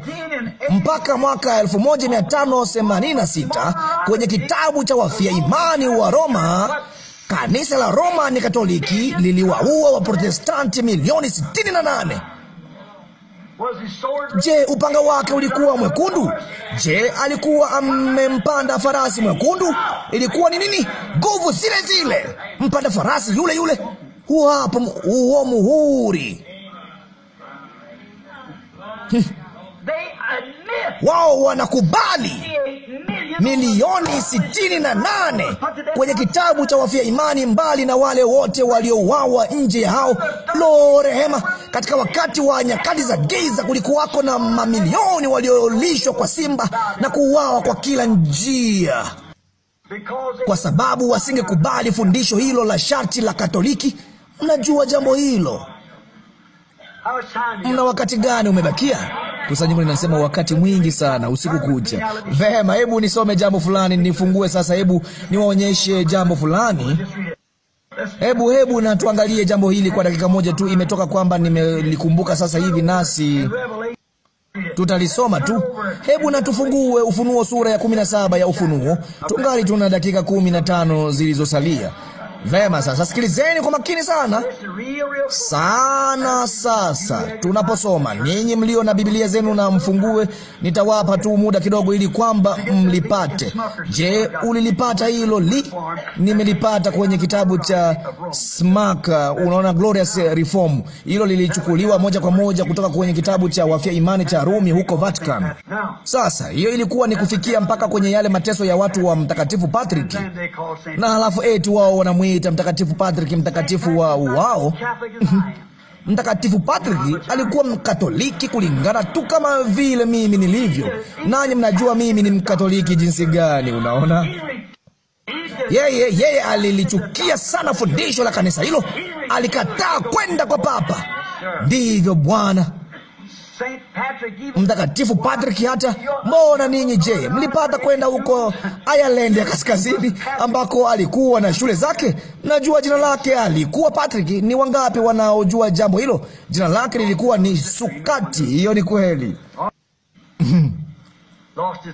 mpaka mwaka 1586 kwenye kitabu cha wafia imani wa Roma, kanisa la Roma ni Katoliki liliwaua Waprotestanti milioni 68. Je, upanga wake ulikuwa mwekundu? Je, alikuwa amempanda farasi mwekundu? Ilikuwa ni nini? Nguvu zile zile, mpanda farasi yule yule. Huo hapo, huo muhuri wao wanakubali milioni sitini na nane kwenye kitabu cha wafia imani, mbali na wale wote waliouawa nje hao. Lo, rehema! Katika wakati wa nyakati za giza kulikuwako na mamilioni waliolishwa kwa simba na kuuawa kwa kila njia, kwa sababu wasingekubali fundisho hilo la sharti la Katoliki. Mnajua jambo hilo. Mna wakati gani umebakia? Kusanyiko linasema wakati mwingi sana usiku kucha. Vema, hebu nisome jambo fulani, nifungue sasa, hebu niwaonyeshe jambo fulani. Hebu hebu na tuangalie jambo hili kwa dakika moja tu. Imetoka kwamba nimelikumbuka sasa hivi, nasi tutalisoma tu. Hebu na tufungue Ufunuo sura ya kumi na saba ya Ufunuo. Tungali tuna dakika kumi na tano zilizosalia. Vema, sasa sikilizeni kwa makini sana sana. Sasa tunaposoma, ninyi mlio na Biblia zenu na mfungue, nitawapa tu muda kidogo ili kwamba mlipate. Je, ulilipata hilo li? Nimelipata kwenye kitabu cha Smak, unaona Glorious Reform. Hilo lilichukuliwa moja kwa moja kutoka kwenye kitabu cha Wafia Imani cha Rumi huko Vatican. Sasa hiyo ilikuwa ni kufikia mpaka kwenye yale mateso ya watu wa Mtakatifu Patrick, na halafu eti wao wana kumwita Mtakatifu Patrick mtakatifu wa wao. Mtakatifu Patrick alikuwa Mkatoliki kulingana tu kama vile mimi nilivyo, nanyi mnajua mimi ni Mkatoliki jinsi gani. Unaona, yeye yeye alilichukia sana fundisho la kanisa hilo, alikataa kwenda kwa papa. Ndivyo Bwana Mtakatifu Patrick. Hata mbona ninyi, je, mlipata kwenda huko Ireland ya kaskazini ambako alikuwa na shule zake? Najua jina lake alikuwa Patrick. Ni wangapi wanaojua jambo hilo? Jina lake lilikuwa ni Sukati. Hiyo ni kweli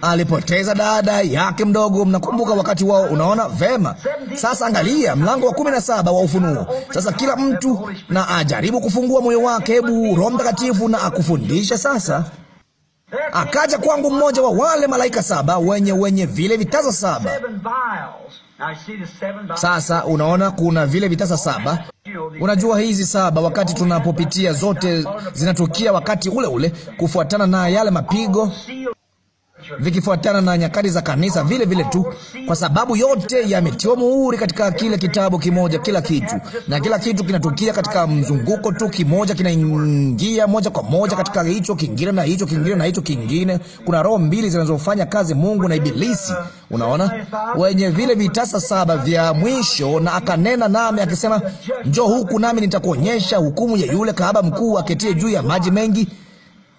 alipoteza dada yake mdogo. Mnakumbuka wakati wao? Unaona vema. Sasa angalia mlango wa kumi na saba wa Ufunuo. Sasa kila mtu na ajaribu kufungua moyo wake, hebu Roho Mtakatifu na akufundisha sasa Akaja kwangu mmoja wa wale malaika saba wenye wenye vile vitasa saba. Sasa unaona kuna vile vitasa saba. Unajua hizi saba, wakati tunapopitia zote, zinatukia wakati ule ule, kufuatana na yale mapigo vikifuatana na nyakati za kanisa vile vile tu, kwa sababu yote yametiwa muhuri katika kile kitabu kimoja, kila kitu na kila kitu kinatukia katika mzunguko tu, kimoja kinaingia moja kwa moja katika hicho kingine na hicho kingine na hicho kingine. Kuna roho mbili zinazofanya kazi, Mungu na Ibilisi. Unaona, wenye vile vitasa saba vya mwisho. Na akanena nami akisema, njoo huku nami nitakuonyesha hukumu ya yule kahaba mkuu aketie juu ya maji mengi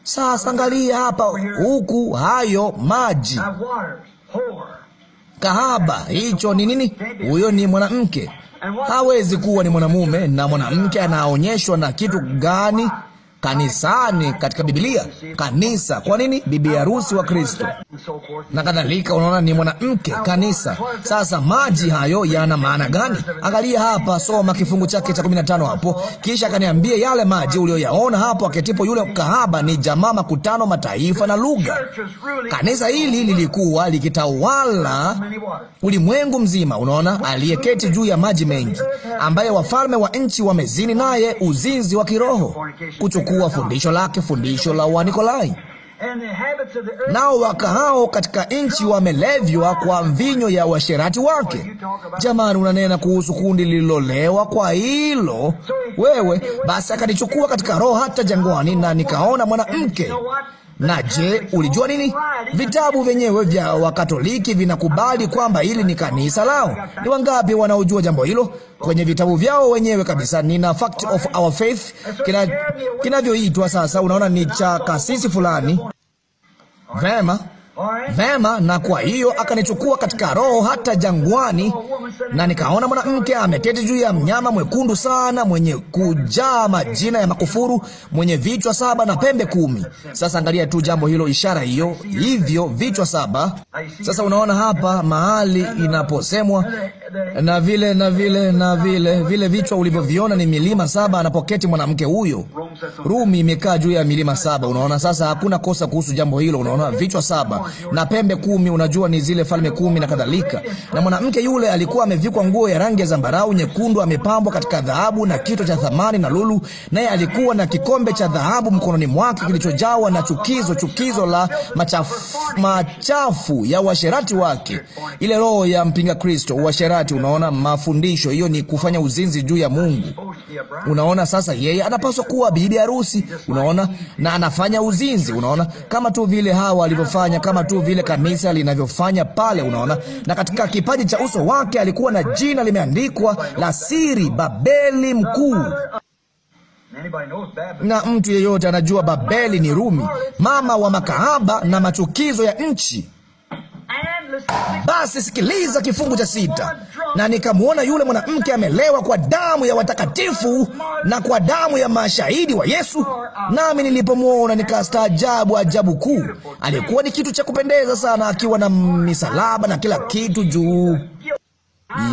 sasa angalia hapa, huku hayo maji kahaba, hicho ni nini? Huyo ni mwanamke, hawezi kuwa ni mwanamume. Na mwanamke anaonyeshwa na kitu gani? kanisani katika Biblia. Kanisa kwa nini? Bibi harusi wa Kristo na kadhalika. Unaona, ni mwanamke kanisa. Sasa maji hayo yana maana gani? Angalia hapa, soma kifungu chake cha 15 hapo. Kisha akaniambia, yale maji uliyoyaona hapo aketipo yule kahaba ni jamaa, makutano, mataifa na lugha. Kanisa hili lilikuwa likitawala ulimwengu mzima. Unaona, aliyeketi juu ya maji mengi, ambaye wafalme wa nchi wamezini naye uzinzi wa kiroho, kuchukua kuwa fundisho lake, fundisho la Wanikolai. Nao waka hao katika nchi wamelevywa kwa mvinyo ya washerati wake. Jamani, unanena kuhusu kundi lililolewa kwa hilo wewe. Basi akanichukua katika roho hata jangwani, na nikaona mwanamke na je, ulijua nini? Vitabu vyenyewe vya Wakatoliki vinakubali kwamba hili ni kanisa lao. Ni wangapi wanaojua jambo hilo? Kwenye vitabu vyao wenyewe kabisa, nina fact of our faith kinavyoitwa kina sasa. Unaona, ni cha kasisi fulani. Vema. Vema, na kwa hiyo akanichukua katika roho hata jangwani, na nikaona mwanamke ameketi juu ya mnyama mwekundu sana, mwenye kujaa majina ya makufuru, mwenye vichwa saba na pembe kumi. Sasa angalia tu jambo hilo, ishara hiyo, hivyo vichwa saba. Sasa unaona hapa mahali inaposemwa na vile na vile na vile vile vichwa ulivyoviona ni milima saba anapoketi mwanamke huyo. Rumi imekaa juu ya milima saba. Unaona sasa, hakuna kosa kuhusu jambo hilo. Unaona vichwa saba na pembe kumi, unajua ni zile falme kumi na kadhalika. Na mwanamke yule alikuwa amevikwa nguo ya rangi ya zambarau nyekundu, amepambwa katika dhahabu na kito cha thamani na lulu, naye alikuwa na kikombe cha dhahabu mkononi mwake kilichojawa na chukizo, chukizo la machafu, machafu ya uasherati wake, ile roho ya mpinga Kristo, uasherati. Unaona mafundisho hiyo ni kufanya uzinzi juu ya Mungu. Unaona sasa, yeye anapaswa kuwa bibi harusi, unaona, na anafanya uzinzi, unaona, kama tu vile Hawa walivyofanya kama kama tu vile kanisa linavyofanya pale, unaona. Na katika kipaji cha uso wake alikuwa na jina limeandikwa la siri, Babeli Mkuu na mtu yeyote anajua Babeli ni Rumi, mama wa makahaba na machukizo ya nchi. Basi sikiliza kifungu cha sita. Na nikamwona yule mwanamke amelewa kwa damu ya watakatifu na kwa damu ya mashahidi wa Yesu, nami nilipomwona nikastaajabu ajabu kuu. Alikuwa ni kitu cha kupendeza sana, akiwa na misalaba na kila kitu juu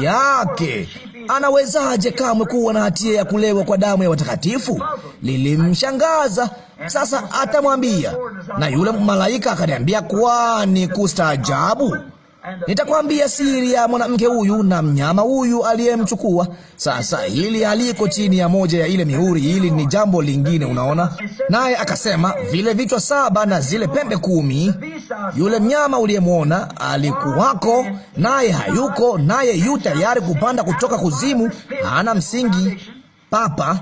yake. Anawezaje kamwe kuwa na hatia ya kulewa kwa damu ya watakatifu? Lilimshangaza. Sasa atamwambia, na yule malaika akaniambia, kwani kustaajabu Nitakwambia siri ya mwanamke huyu na mnyama huyu aliyemchukua. Sasa hili haliko chini ya moja ya ile mihuri, hili ni jambo lingine, unaona. Naye akasema vile vichwa saba na zile pembe kumi, yule mnyama uliyemwona alikuwako, naye hayuko, naye yu tayari kupanda kutoka kuzimu, hana msingi papa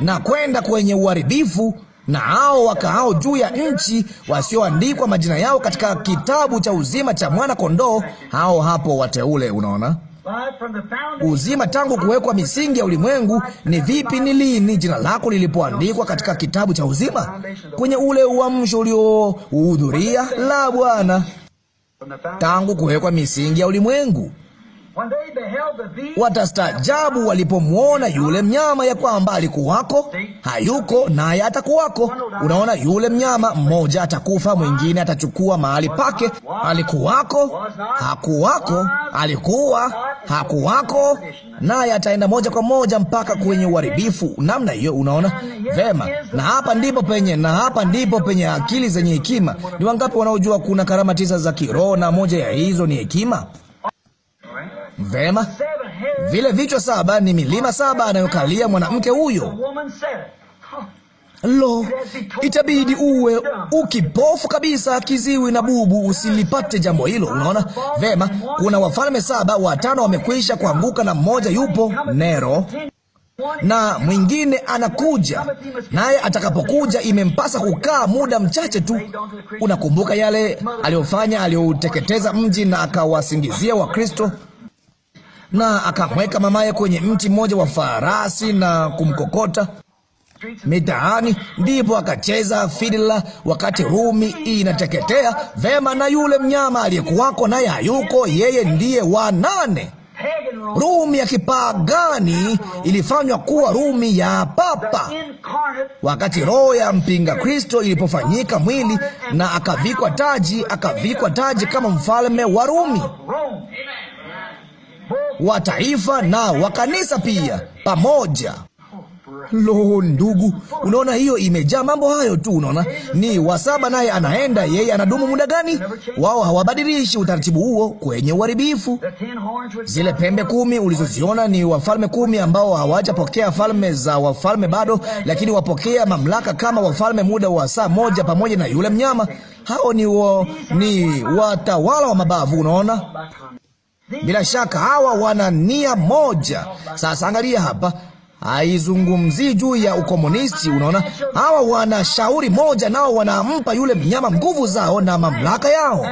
na kwenda kwenye uharibifu na hao wakaao juu ya nchi wasioandikwa majina yao katika kitabu cha uzima cha mwana kondoo, hao hapo wateule. Unaona, uzima tangu kuwekwa misingi ya ulimwengu. Ni vipi, ni lini jina lako lilipoandikwa katika kitabu cha uzima? Kwenye ule uamsho uliohudhuria la Bwana tangu kuwekwa misingi ya ulimwengu. Watastaajabu walipomwona yule mnyama, ya kwamba alikuwako, hayuko, naye atakuwako. Unaona, yule mnyama mmoja atakufa, mwingine atachukua mahali pake. Alikuwako, hakuwako, alikuwa, hakuwako, naye ataenda moja kwa moja mpaka kwenye uharibifu. Namna hiyo, unaona vema. Na hapa ndipo penye, na hapa ndipo penye akili zenye hekima. Ni wangapi wanaojua kuna karama tisa za kiroho na moja ya hizo ni hekima? Vema, vile vichwa saba ni milima saba anayokalia mwanamke huyo. Lo, itabidi uwe ukipofu kabisa, kiziwi na bubu, usilipate jambo hilo. Unaona vema, kuna wafalme saba, watano wamekwisha kuanguka na mmoja yupo Nero, na mwingine anakuja, naye atakapokuja imempasa kukaa muda mchache tu. Unakumbuka yale aliyofanya, aliyouteketeza mji na akawasingizia Wakristo na akamweka mamaye kwenye mti mmoja wa farasi na kumkokota mitaani. Ndipo akacheza fidila wakati Rumi inateketea vema, na yule mnyama aliyekuwako naye hayuko, yeye ndiye wa nane. Rumi ya kipagani ilifanywa kuwa Rumi ya papa, wakati roho ya mpinga Kristo ilipofanyika mwili na akavikwa taji, akavikwa taji kama mfalme wa Rumi wa taifa na wa kanisa pia pamoja. Lo, ndugu, unaona, hiyo imejaa mambo hayo tu. Unaona, ni wa saba naye anaenda yeye, anadumu muda gani? Wao hawabadilishi utaratibu huo kwenye uharibifu. Zile pembe kumi ulizoziona ni wafalme kumi ambao hawajapokea falme za wafalme bado, lakini wapokea mamlaka kama wafalme muda wa saa moja, pamoja na yule mnyama. Hao ni, ni watawala wa mabavu. Unaona, bila shaka hawa wana nia moja. Sasa angalia hapa, haizungumzii juu ya ukomunisti. Unaona, hawa wana shauri moja, nao wanampa yule mnyama nguvu zao na mamlaka yao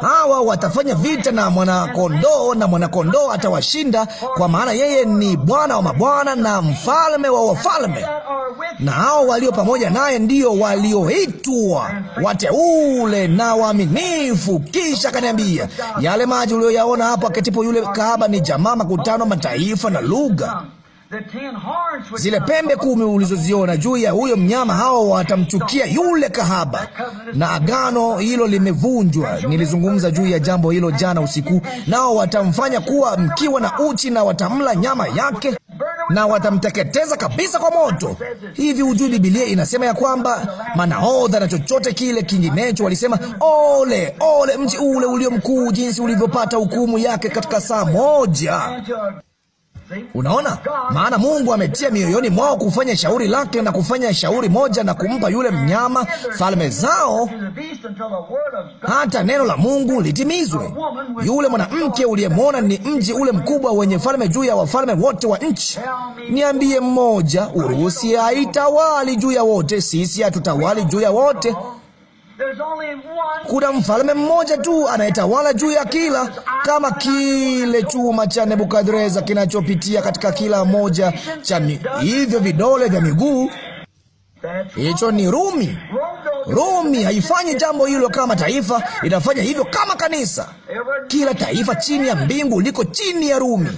hawa watafanya vita na mwanakondoo, na mwanakondoo atawashinda, kwa maana yeye ni Bwana wa mabwana na mfalme wa wafalme, na hao walio pamoja naye ndio walioitwa, wateule na waaminifu. Kisha akaniambia, yale maji uliyoyaona hapo aketipo yule kahaba ni jamaa, makutano, mataifa na lugha Zile pembe kumi ulizoziona juu ya huyo mnyama, hao watamchukia yule kahaba, na agano hilo limevunjwa. Nilizungumza juu ya jambo hilo jana usiku. Nao watamfanya kuwa mkiwa na uchi, na watamla nyama yake na watamteketeza kabisa kwa moto. Hivi hujui Bibilia inasema ya kwamba manahodha na chochote kile kinginecho walisema, ole ole mji ule ulio mkuu, jinsi ulivyopata hukumu yake katika saa moja. Unaona, maana Mungu ametia mioyoni mwao kufanya shauri lake na kufanya shauri moja na kumpa yule mnyama falme zao hata neno la Mungu litimizwe. Yule mwanamke uliyemwona ni mji ule mkubwa wenye falme juu ya wafalme wote wa nchi. Niambie mmoja, Urusi haitawali juu ya wote, sisi hatutawali juu ya wote. Kuna mfalme mmoja tu anayetawala juu ya kila, kama kile chuma cha Nebukadreza kinachopitia katika kila moja cha hivyo vidole vya miguu. Hicho ni Rumi. Rumi haifanyi jambo hilo kama taifa, inafanya hivyo kama kanisa. Kila taifa chini ya mbingu liko chini ya Rumi.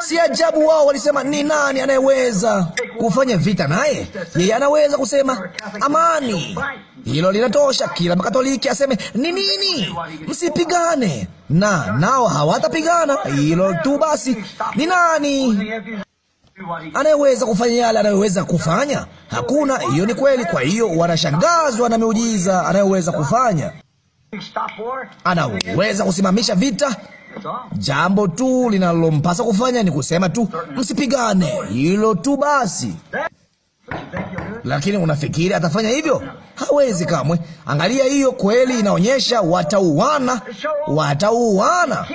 Si ajabu wao walisema, ni nani anayeweza kufanya vita naye? Yeye anaweza kusema amani, hilo linatosha. Kila Mkatoliki aseme ni nini, msipigane na nao, hawatapigana hilo tu basi. Ni nani anayeweza kufanya yale anayoweza kufanya? Hakuna. Hiyo ni kweli. Kwa hiyo wanashangazwa na miujiza anayoweza kufanya. Anaweza kusimamisha vita Jambo tu linalompasa kufanya ni kusema tu msipigane, hilo tu basi. Lakini unafikiri atafanya hivyo? Hawezi kamwe. Angalia, hiyo kweli inaonyesha watauana, watauana.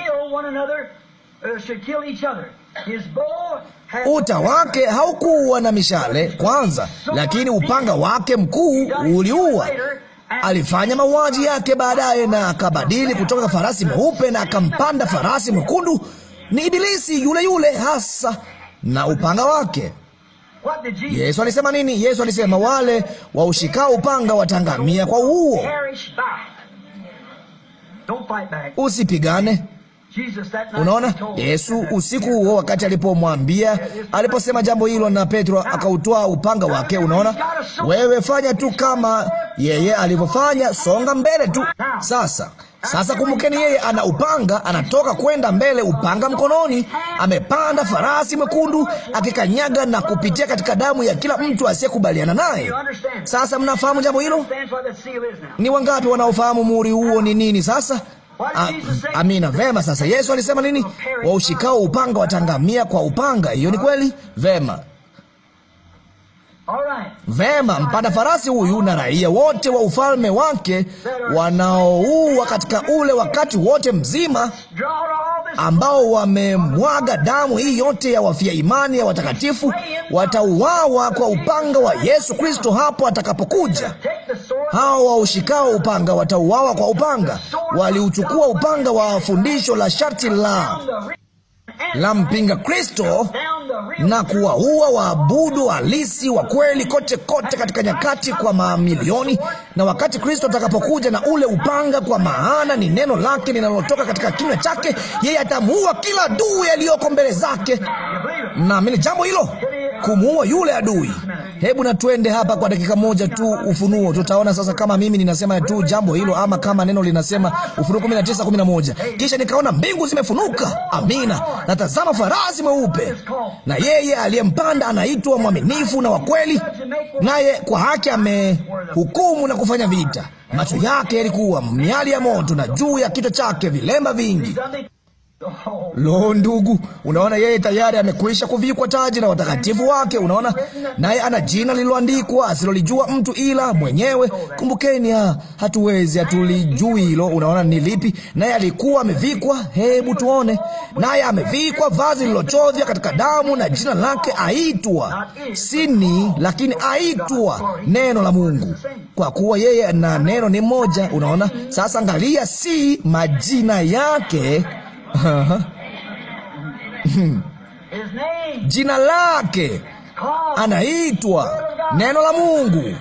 Uta wake haukuwa na mishale kwanza, lakini upanga wake mkuu uliua alifanya mauaji yake baadaye, na akabadili kutoka farasi mweupe na akampanda farasi mwekundu. Ni Ibilisi yule yule hasa na upanga wake. Yesu alisema nini? Yesu alisema wale waushikao upanga watangamia kwa uo. Usipigane. Unaona, Yesu usiku huo wakati alipomwambia, aliposema jambo hilo, na Petro akautwaa upanga wake. Unaona, wewe fanya tu kama yeye alivyofanya, songa mbele tu. Sasa sasa kumbukeni, yeye ana upanga, anatoka kwenda mbele, upanga mkononi, amepanda farasi mwekundu, akikanyaga na kupitia katika damu ya kila mtu asiyekubaliana naye. Sasa mnafahamu jambo hilo? Ni wangapi wanaofahamu muhuri huo ni nini? Sasa Ah, amina. Vema, sasa Yesu alisema nini? Waushikao upanga watangamia kwa upanga. Hiyo ni kweli. Vema, vema. Mpanda farasi huyu na raia wote wa ufalme wake wanaoua katika ule wakati wote mzima ambao wamemwaga damu hii yote ya wafia imani ya watakatifu watauawa kwa upanga wa Yesu Kristo hapo atakapokuja. Hao waushikao upanga watauawa kwa upanga. Waliuchukua upanga wa fundisho la sharti la la mpinga Kristo na kuwaua waabudu halisi wa kweli kote kote katika nyakati kwa mamilioni. Na wakati Kristo atakapokuja na ule upanga, kwa maana ni neno lake linalotoka katika kinywa chake, yeye atamuua kila adui aliyoko mbele zake. Naamini jambo hilo? kumuua yule adui. Hebu na twende hapa kwa dakika moja tu, Ufunuo. Tutaona sasa kama mimi ninasema tu jambo hilo ama kama neno linasema, Ufunuo 19:11. Kisha nikaona mbingu zimefunuka, amina, natazama farasi mweupe, na yeye aliyempanda anaitwa mwaminifu na wakweli naye kwa haki amehukumu na kufanya vita. Macho yake yalikuwa miali ya moto, na juu ya kichwa chake vilemba vingi. Lo, ndugu, unaona yeye tayari amekwisha kuvikwa taji na watakatifu wake. Unaona, naye ana jina lililoandikwa asilolijua mtu ila mwenyewe. Kumbukeni, ha, hatuwezi hatulijui hilo. Unaona ni lipi? Naye alikuwa amevikwa, hebu tuone, naye amevikwa vazi lilochovya katika damu, na jina lake aitwa sini, lakini aitwa neno la Mungu, kwa kuwa yeye na neno ni moja. Unaona, sasa angalia, si majina yake Uh-huh. jina lake anaitwa neno la Mungu.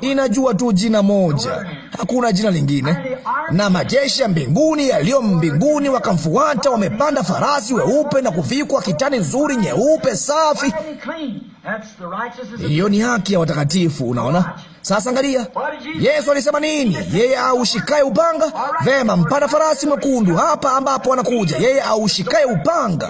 Inajua tu jina moja, hakuna jina lingine. Na majeshi ya mbinguni yaliyo mbinguni wakamfuata, wamepanda farasi weupe na kuvikwa kitani nzuri nyeupe safi. Hiyo ni haki ya watakatifu. Unaona, sasa angalia, Yesu alisema nini? Yeye aushikaye upanga, vema, mpanda farasi mwekundu hapa ambapo anakuja. Yeye aushikaye upanga,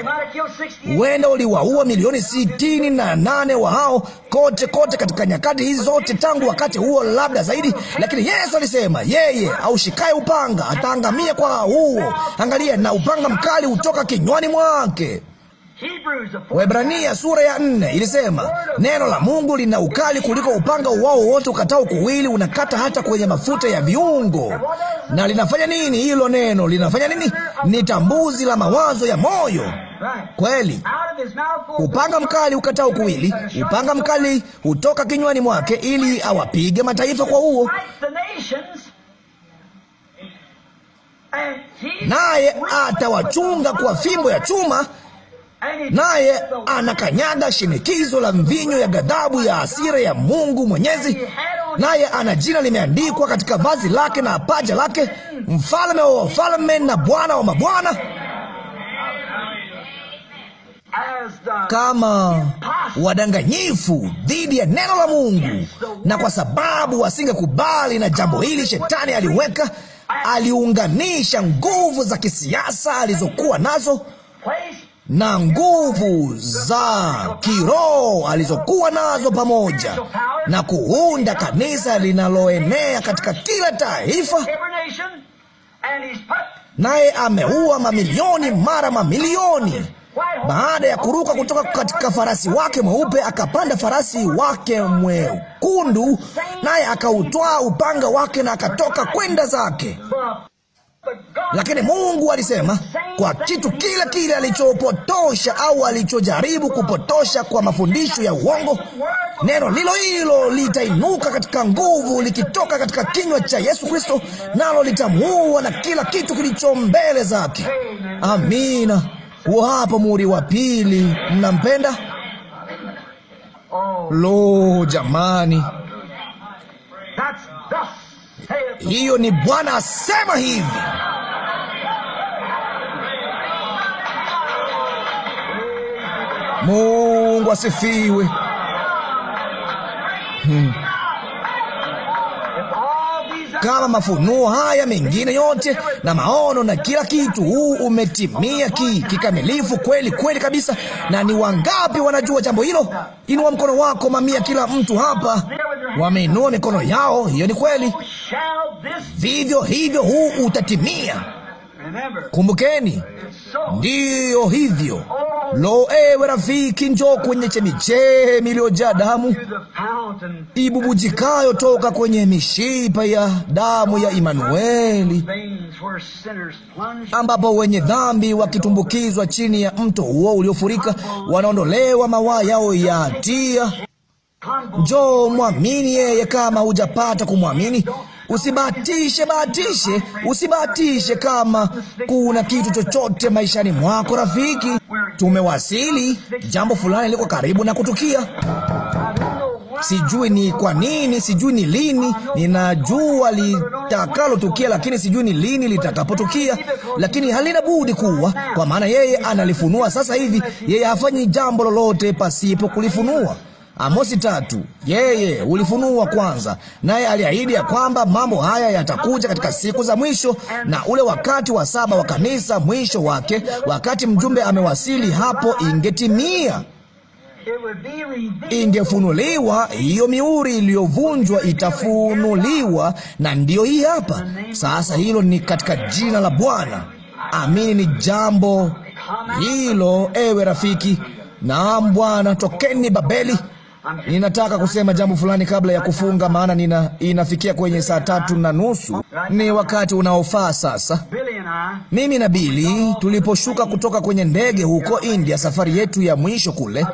huenda uliwaua milioni sitini na nane wa hao kote kote katika nyakati hizi zote tangu wakati huo, labda zaidi, lakini Yesu alisema yeye aushikaye upanga ataangamia kwa huo. Angalia, na upanga mkali hutoka kinywani mwake. Waebrania sura ya nne ilisema neno la Mungu lina ukali kuliko upanga wao wote ukatao kuwili, unakata hata kwenye mafuta ya viungo. Na linafanya nini hilo neno? Linafanya nini? Ni tambuzi la mawazo ya moyo. Kweli, upanga mkali ukatao kuwili, upanga mkali hutoka kinywani mwake, ili awapige mataifa kwa huo naye atawachunga kwa fimbo ya chuma naye anakanyaga shinikizo la mvinyo ya ghadhabu ya hasira ya Mungu Mwenyezi, naye ana jina limeandikwa katika vazi lake na paja lake, mfalme wa wafalme na Bwana wa mabwana. Kama wadanganyifu dhidi ya neno la Mungu, na kwa sababu wasingekubali na jambo hili, shetani aliweka aliunganisha nguvu za kisiasa alizokuwa nazo na nguvu za kiroho alizokuwa nazo pamoja na kuunda kanisa linaloenea katika kila taifa. Naye ameua mamilioni mara mamilioni. Baada ya kuruka kutoka katika farasi wake mweupe, akapanda farasi wake mwekundu, naye akautwaa upanga wake na akatoka kwenda zake. Lakini Mungu alisema kwa kitu kila kile alichopotosha au alichojaribu kupotosha kwa mafundisho ya uongo, neno lilo hilo litainuka katika nguvu likitoka katika kinywa cha Yesu Kristo, nalo litamuua na kila kitu kilicho mbele zake. Amina. Huo hapo muri wa pili. Mnampenda? Lo, jamani! hiyo ni Bwana asema hivi. Mungu asifiwe. Hmm. Kama mafunuo haya mengine yote na maono na kila kitu, huu umetimia ki, kikamilifu kweli kweli kabisa. Na ni wangapi wanajua jambo hilo? Inua mkono wako, mamia, kila mtu hapa wameinua mikono yao. Hiyo ni kweli, vivyo hivyo huu utatimia. Kumbukeni, ndiyo hivyo. Lo, ewe rafiki, njoo kwenye chemichemi iliyojaa damu ibubujikayo toka kwenye mishipa ya damu ya Imanueli, ambapo wenye dhambi wakitumbukizwa chini ya mto huo uliofurika wanaondolewa mawaa yao ya hatia. Njoo mwamini yeye kama hujapata kumwamini. usibatishe batishe usibatishe Kama kuna kitu chochote maishani mwako, rafiki, tumewasili, jambo fulani liko karibu na kutukia. Sijui ni kwa nini, sijui ni lini. Ninajua litakalotukia, lakini sijui ni lini litakapotukia, lakini halina budi kuwa, kwa maana yeye analifunua sasa hivi. Yeye hafanyi jambo lolote pasipo kulifunua. Amosi tatu, yeye ulifunua kwanza, naye aliahidi ya kwamba mambo haya yatakuja katika siku za mwisho na ule wakati wa saba wa kanisa, mwisho wake, wakati mjumbe amewasili, hapo ingetimia ingefunuliwa hiyo miuri iliyovunjwa itafunuliwa, na ndiyo hii hapa sasa. Hilo ni katika jina la Bwana. Amini ni jambo hilo, ewe rafiki. Naam Bwana, tokeni Babeli. Ninataka kusema jambo fulani kabla ya kufunga, maana nina, inafikia kwenye saa tatu na nusu. Ni wakati unaofaa sasa. Mimi na Bili tuliposhuka kutoka kwenye ndege huko India, safari yetu ya mwisho kule,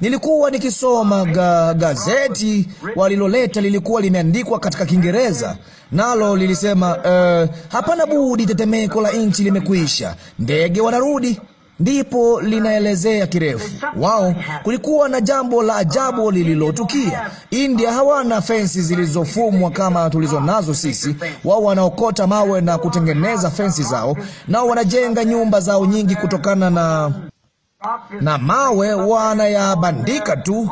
nilikuwa nikisoma ga gazeti waliloleta. Lilikuwa limeandikwa katika Kiingereza nalo lilisema uh, hapana budi, tetemeko la nchi limekwisha, ndege wanarudi. Ndipo linaelezea kirefu wao, kulikuwa na jambo la ajabu lililotukia India. Hawana fensi zilizofumwa kama tulizo nazo sisi. Wao wanaokota mawe na kutengeneza fensi zao, nao wanajenga nyumba zao nyingi kutokana na na mawe, wanayabandika tu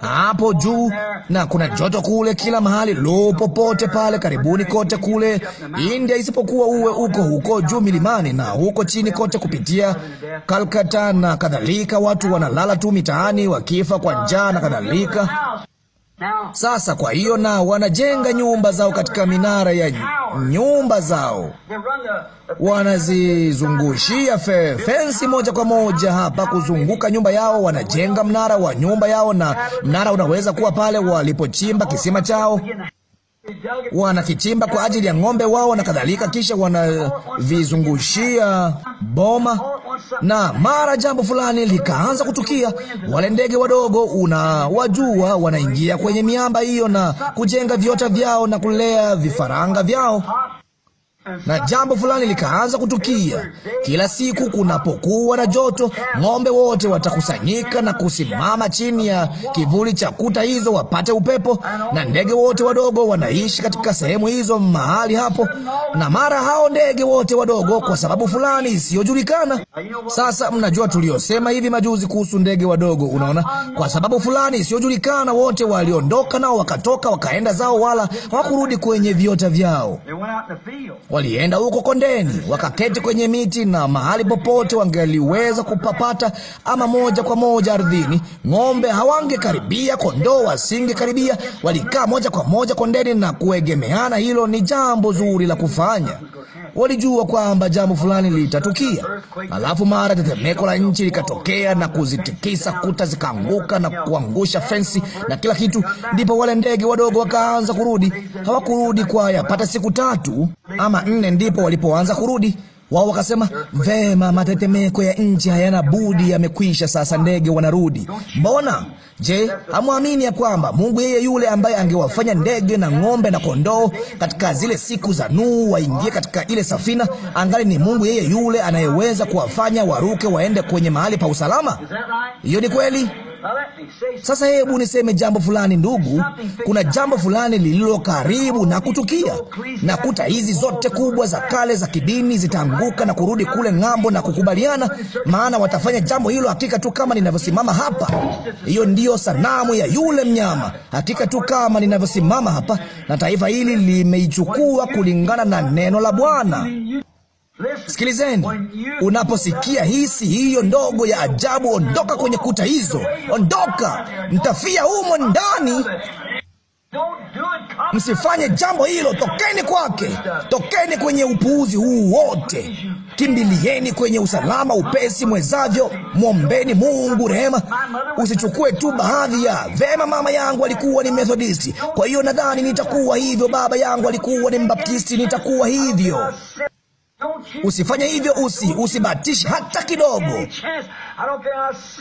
hapo juu, na kuna joto kule kila mahali, lo, popote pale, karibuni kote kule India, isipokuwa uwe uko huko juu milimani na huko chini kote, kupitia kalkata na kadhalika. Watu wanalala tu mitaani wakifa kwa njaa na kadhalika. Sasa kwa hiyo, na wanajenga nyumba zao katika minara ya nyumba zao, wanazizungushia fe, fensi moja kwa moja hapa kuzunguka nyumba yao. Wanajenga mnara wa nyumba yao, na mnara unaweza kuwa pale walipochimba kisima chao wanavichimba kwa ajili ya ng'ombe wao na kadhalika, kisha wanavizungushia boma, na mara jambo fulani likaanza kutukia. Wale ndege wadogo unawajua, wanaingia kwenye miamba hiyo na kujenga viota vyao na kulea vifaranga vyao na jambo fulani likaanza kutukia. Kila siku kunapokuwa na joto, ng'ombe wote watakusanyika na kusimama chini ya kivuli cha kuta hizo wapate upepo, na ndege wote wadogo wanaishi katika sehemu hizo mahali hapo, na mara hao ndege wote wadogo kwa sababu fulani isiyojulikana. Sasa mnajua tuliosema hivi majuzi kuhusu ndege wadogo, unaona, kwa sababu fulani isiyojulikana wote waliondoka, nao wakatoka wakaenda zao, wala hawakurudi kwenye viota vyao Walienda huko kondeni, wakaketi kwenye miti na mahali popote wangeliweza kupapata, ama moja kwa moja ardhini. Ng'ombe hawangekaribia, kondoo wasingekaribia, walikaa moja kwa moja kondeni na kuegemeana. Hilo ni jambo zuri la kufanya. Walijua kwamba jambo fulani litatukia. Alafu mara tetemeko la nchi likatokea na kuzitikisa kuta, zikaanguka na kuangusha fensi na kila kitu. Ndipo wale ndege wadogo wakaanza kurudi. Hawakurudi kwa yapata siku tatu ama nne ndipo walipoanza kurudi. Wao wakasema vema, matetemeko ya nchi hayana budi yamekwisha, sasa ndege wanarudi. Mbona? Je, hamwamini ya kwamba Mungu yeye yule ambaye angewafanya ndege na ng'ombe na kondoo katika zile siku za Nuhu waingie katika ile safina, angali ni Mungu yeye yule anayeweza kuwafanya waruke waende kwenye mahali pa usalama? Hiyo ni kweli. Sasa hebu niseme jambo fulani, ndugu. Kuna jambo fulani lililo karibu na kutukia, na kuta hizi zote kubwa za kale za kidini zitaanguka na kurudi kule ng'ambo na kukubaliana, maana watafanya jambo hilo hakika tu kama ninavyosimama hapa. Hiyo ndiyo sanamu ya yule mnyama, hakika tu kama ninavyosimama hapa, na taifa hili limeichukua kulingana na neno la Bwana. Sikilizeni, unaposikia hisi hiyo ndogo ya ajabu, ondoka kwenye kuta hizo, ondoka, mtafia humo ndani. Msifanye jambo hilo, tokeni kwake, tokeni kwenye upuuzi huu wote, kimbilieni kwenye usalama upesi mwezavyo, mwombeni Mungu rehema. Usichukue tu baadhi ya vema. Mama yangu alikuwa ni Methodisti, kwa hiyo nadhani nitakuwa hivyo. Baba yangu alikuwa ni Mbaptisti, nitakuwa hivyo. Usifanye hivyo, usi usibatishe hata kidogo.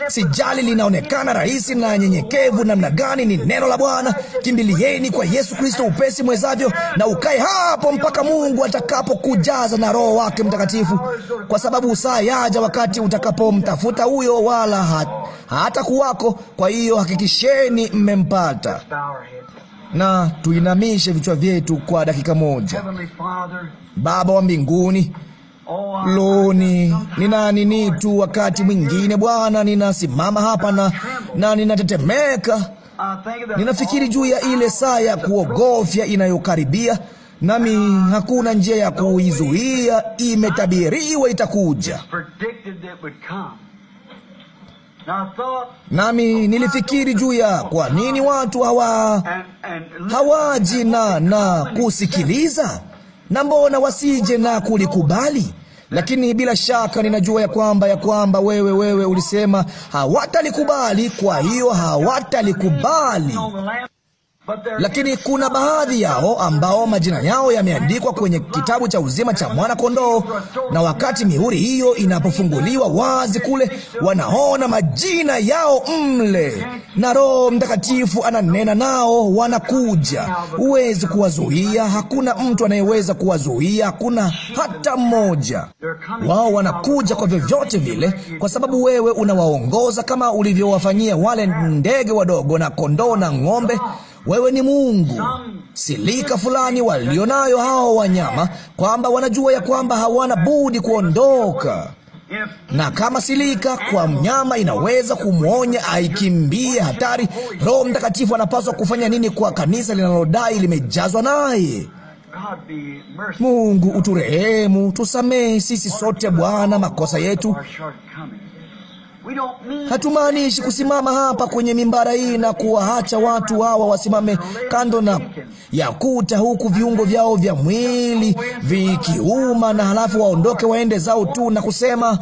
Sijali linaonekana rahisi na nyenyekevu namna gani, ni neno la Bwana. Kimbilieni kwa Yesu Kristo upesi mwezavyo, na ukae hapo mpaka Mungu atakapokujaza na Roho wake Mtakatifu, kwa sababu saa yaja wakati utakapomtafuta huyo, wala hat, hata kuwako. Kwa hiyo hakikisheni mmempata. Na tuinamishe vichwa vyetu kwa dakika moja. Baba wa mbinguni, lo, ni nina nini tu wakati mwingine Bwana, ninasimama hapa na, na ninatetemeka. Ninafikiri juu ya ile saa ya kuogofya inayokaribia, nami hakuna njia ya kuizuia. Imetabiriwa itakuja. Nami nilifikiri juu ya kwa nini watu hawa hawaji na na kusikiliza na mbona wasije na kulikubali? Lakini bila shaka ninajua ya kwamba ya kwamba wewe wewe ulisema hawatalikubali, kwa hiyo hawatalikubali. Lakini kuna baadhi yao ambao majina yao yameandikwa kwenye kitabu cha uzima cha mwana-kondoo, na wakati mihuri hiyo inapofunguliwa wazi kule, wanaona majina yao mle, na Roho Mtakatifu ananena nao, wanakuja. Huwezi kuwazuia, hakuna mtu anayeweza kuwazuia, hakuna hata mmoja. Wao wanakuja kwa vyovyote vile, kwa sababu wewe unawaongoza kama ulivyowafanyia wale ndege wadogo na kondoo na ng'ombe wewe ni Mungu. Silika fulani walionayo hao wanyama, kwamba wanajua ya kwamba hawana budi kuondoka na kama silika kwa mnyama inaweza kumwonya aikimbie hatari, Roho Mtakatifu anapaswa kufanya nini kwa kanisa linalodai limejazwa naye? Mungu uturehemu, tusamehe sisi sote Bwana makosa yetu Hatumaanishi kusimama hapa kwenye mimbara hii na kuwaacha watu hawa wasimame kando na yakuta, huku viungo vyao vya mwili vikiuma, na halafu waondoke waende zao tu na kusema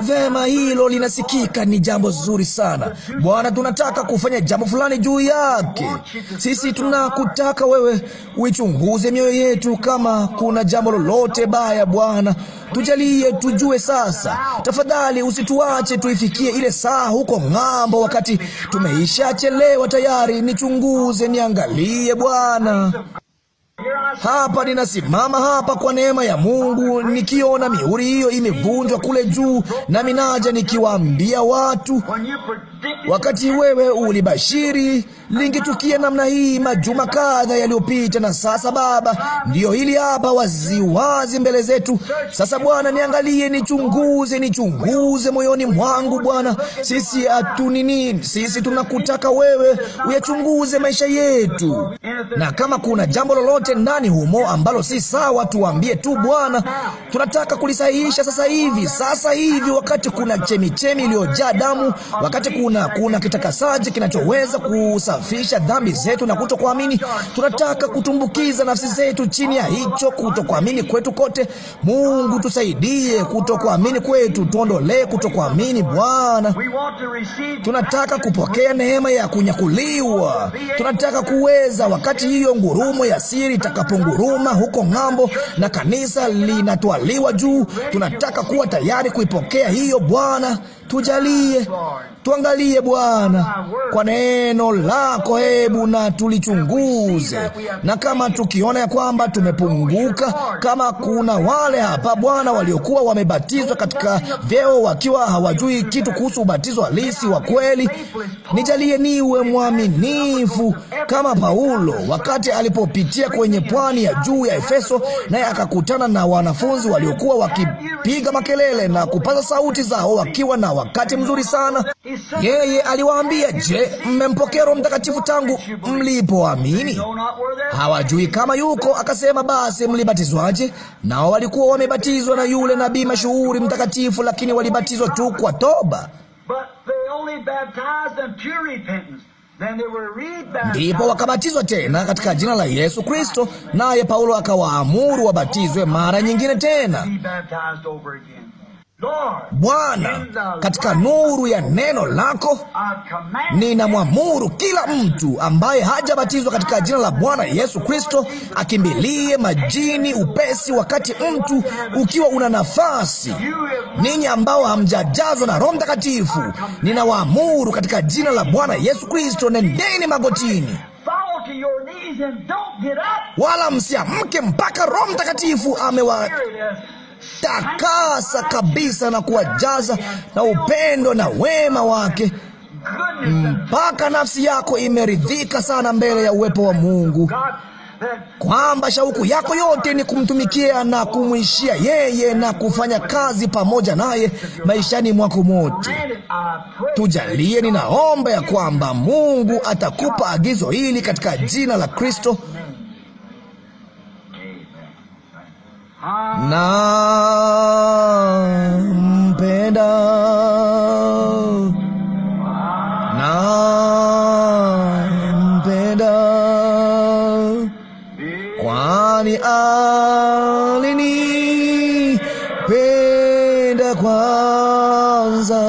Vema, hilo linasikika, ni jambo zuri sana. Bwana, tunataka kufanya jambo fulani juu yake. Sisi tunakutaka wewe uichunguze mioyo yetu, kama kuna jambo lolote baya. Bwana, tujalie tujue sasa. Tafadhali usituache tuifikie ile saa huko ng'ambo, wakati tumeishachelewa tayari. Nichunguze, niangalie Bwana hapa, ninasimama hapa kwa neema ya Mungu, nikiona mihuri hiyo imevunjwa kule juu, na minaja nikiwaambia watu, wakati wewe ulibashiri lingetukia namna hii majuma kadha yaliyopita, na sasa Baba, ndiyo hili hapa waziwazi mbele zetu. Sasa Bwana, niangalie, nichunguze, nichunguze moyoni mwangu Bwana. Sisi hatunini nini? Sisi tunakutaka wewe uyachunguze maisha yetu, na kama kuna jambo lolote ndani humo ambalo si sawa, tuambie tu Bwana, tunataka kulisahihisha sasa hivi, sasa hivi, wakati kuna chemichemi iliyojaa damu, wakati kuna kuna kitakasaji kinachoweza kusa kusafisha dhambi zetu na kutokuamini. Tunataka kutumbukiza nafsi zetu chini ya hicho kutokuamini kwetu kote. Mungu tusaidie, kutokuamini kwetu tuondolee, kutokuamini Bwana. Tunataka kupokea neema ya kunyakuliwa, tunataka kuweza, wakati hiyo ngurumo ya siri itakaponguruma huko ng'ambo na kanisa linatwaliwa juu, tunataka kuwa tayari kuipokea hiyo Bwana. Tujalie, tuangalie Bwana, kwa neno lako, hebu na tulichunguze, na kama tukiona ya kwamba tumepunguka, kama kuna wale hapa Bwana waliokuwa wamebatizwa katika vyeo wakiwa hawajui kitu kuhusu ubatizo halisi wa kweli, nijalie niwe mwaminifu kama Paulo wakati alipopitia kwenye pwani ya juu ya Efeso, naye akakutana na wanafunzi waliokuwa wakipiga makelele na kupaza sauti zao wakiwa na wakati mzuri sana. Yeye aliwaambia, je, mmempokea Roho Mtakatifu tangu mlipoamini? Hawajui kama yuko. Akasema, basi mlibatizwaje? Nao walikuwa wamebatizwa na yule nabii mashuhuri mtakatifu, lakini walibatizwa tu kwa toba. Ndipo wakabatizwa tena katika jina la Yesu Kristo, naye Paulo akawaamuru wabatizwe mara nyingine tena. Bwana, katika nuru ya neno lako ninamwamuru kila mtu ambaye hajabatizwa katika jina la Bwana Yesu Kristo akimbilie majini upesi, wakati mtu ukiwa una nafasi. Ninyi ambao hamjajazwa na Roho Mtakatifu, ninawaamuru katika jina la Bwana Yesu Kristo, nendeni magotini wala msiamke mpaka Roho Mtakatifu amewa kuwatakasa kabisa na kuwajaza na upendo na wema wake mpaka nafsi yako imeridhika sana mbele ya uwepo wa Mungu, kwamba shauku yako yote ni kumtumikia na kumwishia yeye na kufanya kazi pamoja naye maishani mwako mote. Tujalie, ninaomba ya kwamba Mungu atakupa agizo hili katika jina la Kristo. na mpenda na mpenda, kwani penda kwanza.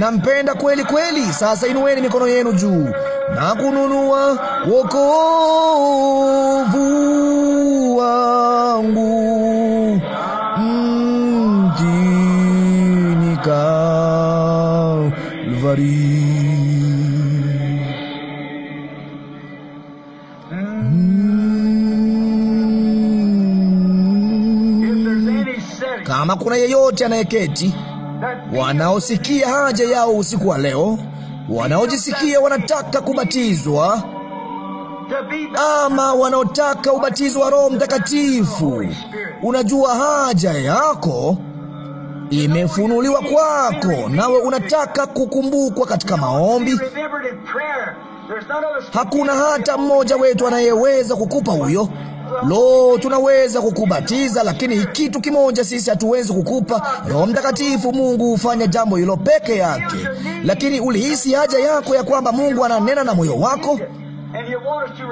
Nampenda kweli kweli. Sasa inueni mikono yenu juu na kununua wokovu wangu mjini mm, Kalvari. Mm. Kama kuna yeyote anayeketi, wanaosikia haja yao usiku wa leo, wanaojisikia wanataka kubatizwa ama wanaotaka ubatizo wa Roho Mtakatifu. Unajua haja yako imefunuliwa kwako, nawe unataka kukumbukwa katika maombi. Hakuna hata mmoja wetu anayeweza kukupa huyo. Lo, tunaweza kukubatiza, lakini kitu kimoja sisi hatuwezi kukupa. Roho Mtakatifu, Mungu hufanya jambo hilo peke yake. Lakini ulihisi haja yako ya kwamba Mungu ananena na moyo wako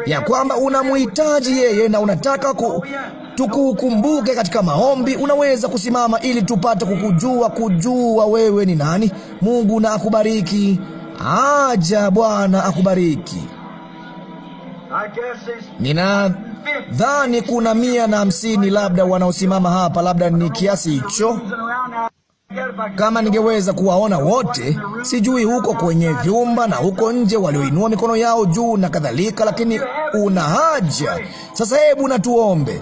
ya kwamba unamhitaji yeye na unataka ku, tukukumbuke katika maombi. Unaweza kusimama ili tupate kukujua, kujua wewe ni nani. Mungu na akubariki. Aja, Bwana akubariki. Ninadhani kuna mia na hamsini labda wanaosimama hapa, labda ni kiasi hicho. Kama ningeweza kuwaona wote, sijui huko kwenye vyumba na huko nje, walioinua mikono yao juu na kadhalika, lakini una haja sasa. Hebu natuombe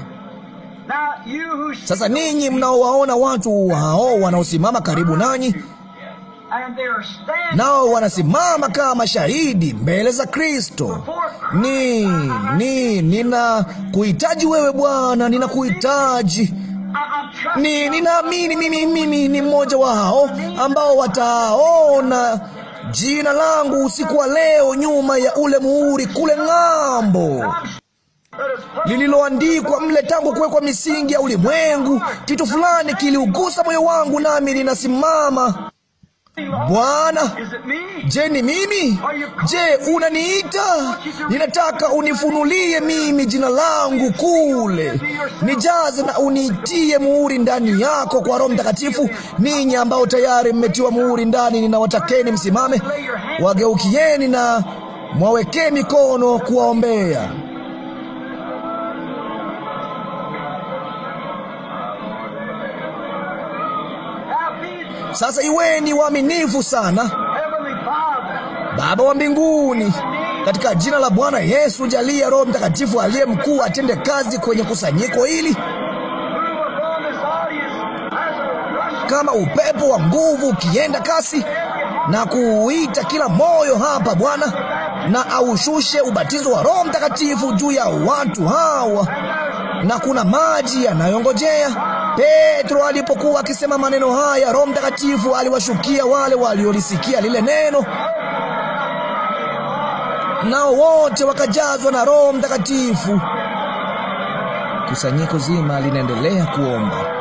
sasa. Ninyi mnaowaona watu hao wanaosimama karibu nanyi, nao wanasimama kama mashahidi mbele za Kristo. Ni ni nina kuhitaji wewe Bwana, ninakuhitaji ni ninaamini mimi mimi ni mmoja wao ambao wataona jina langu usiku wa leo nyuma ya ule muhuri kule ng'ambo lililoandikwa mle tangu kuwekwa misingi ya ulimwengu. Kitu fulani kiliugusa moyo wangu, nami ninasimama Bwana, je, ni mimi? Je, unaniita? Ninataka unifunulie mimi jina langu kule, nijaze na unitie muhuri ndani yako kwa Roho Mtakatifu. Ninyi ambao tayari mmetiwa muhuri ndani, ninawatakeni msimame, wageukieni na mwawekee mikono kuwaombea. Sasa iweni waaminifu sana. Baba wa mbinguni, katika jina la Bwana Yesu, jalia Roho Mtakatifu aliye mkuu atende kazi kwenye kusanyiko hili kama upepo wa nguvu ukienda kasi na kuuita kila moyo hapa Bwana na aushushe ubatizo wa Roho Mtakatifu juu ya watu hawa, na kuna maji yanayongojea. Petro alipokuwa akisema maneno haya, Roho Mtakatifu aliwashukia wale waliolisikia lile neno, nao wote wakajazwa na Roho Mtakatifu. Kusanyiko zima linaendelea kuomba.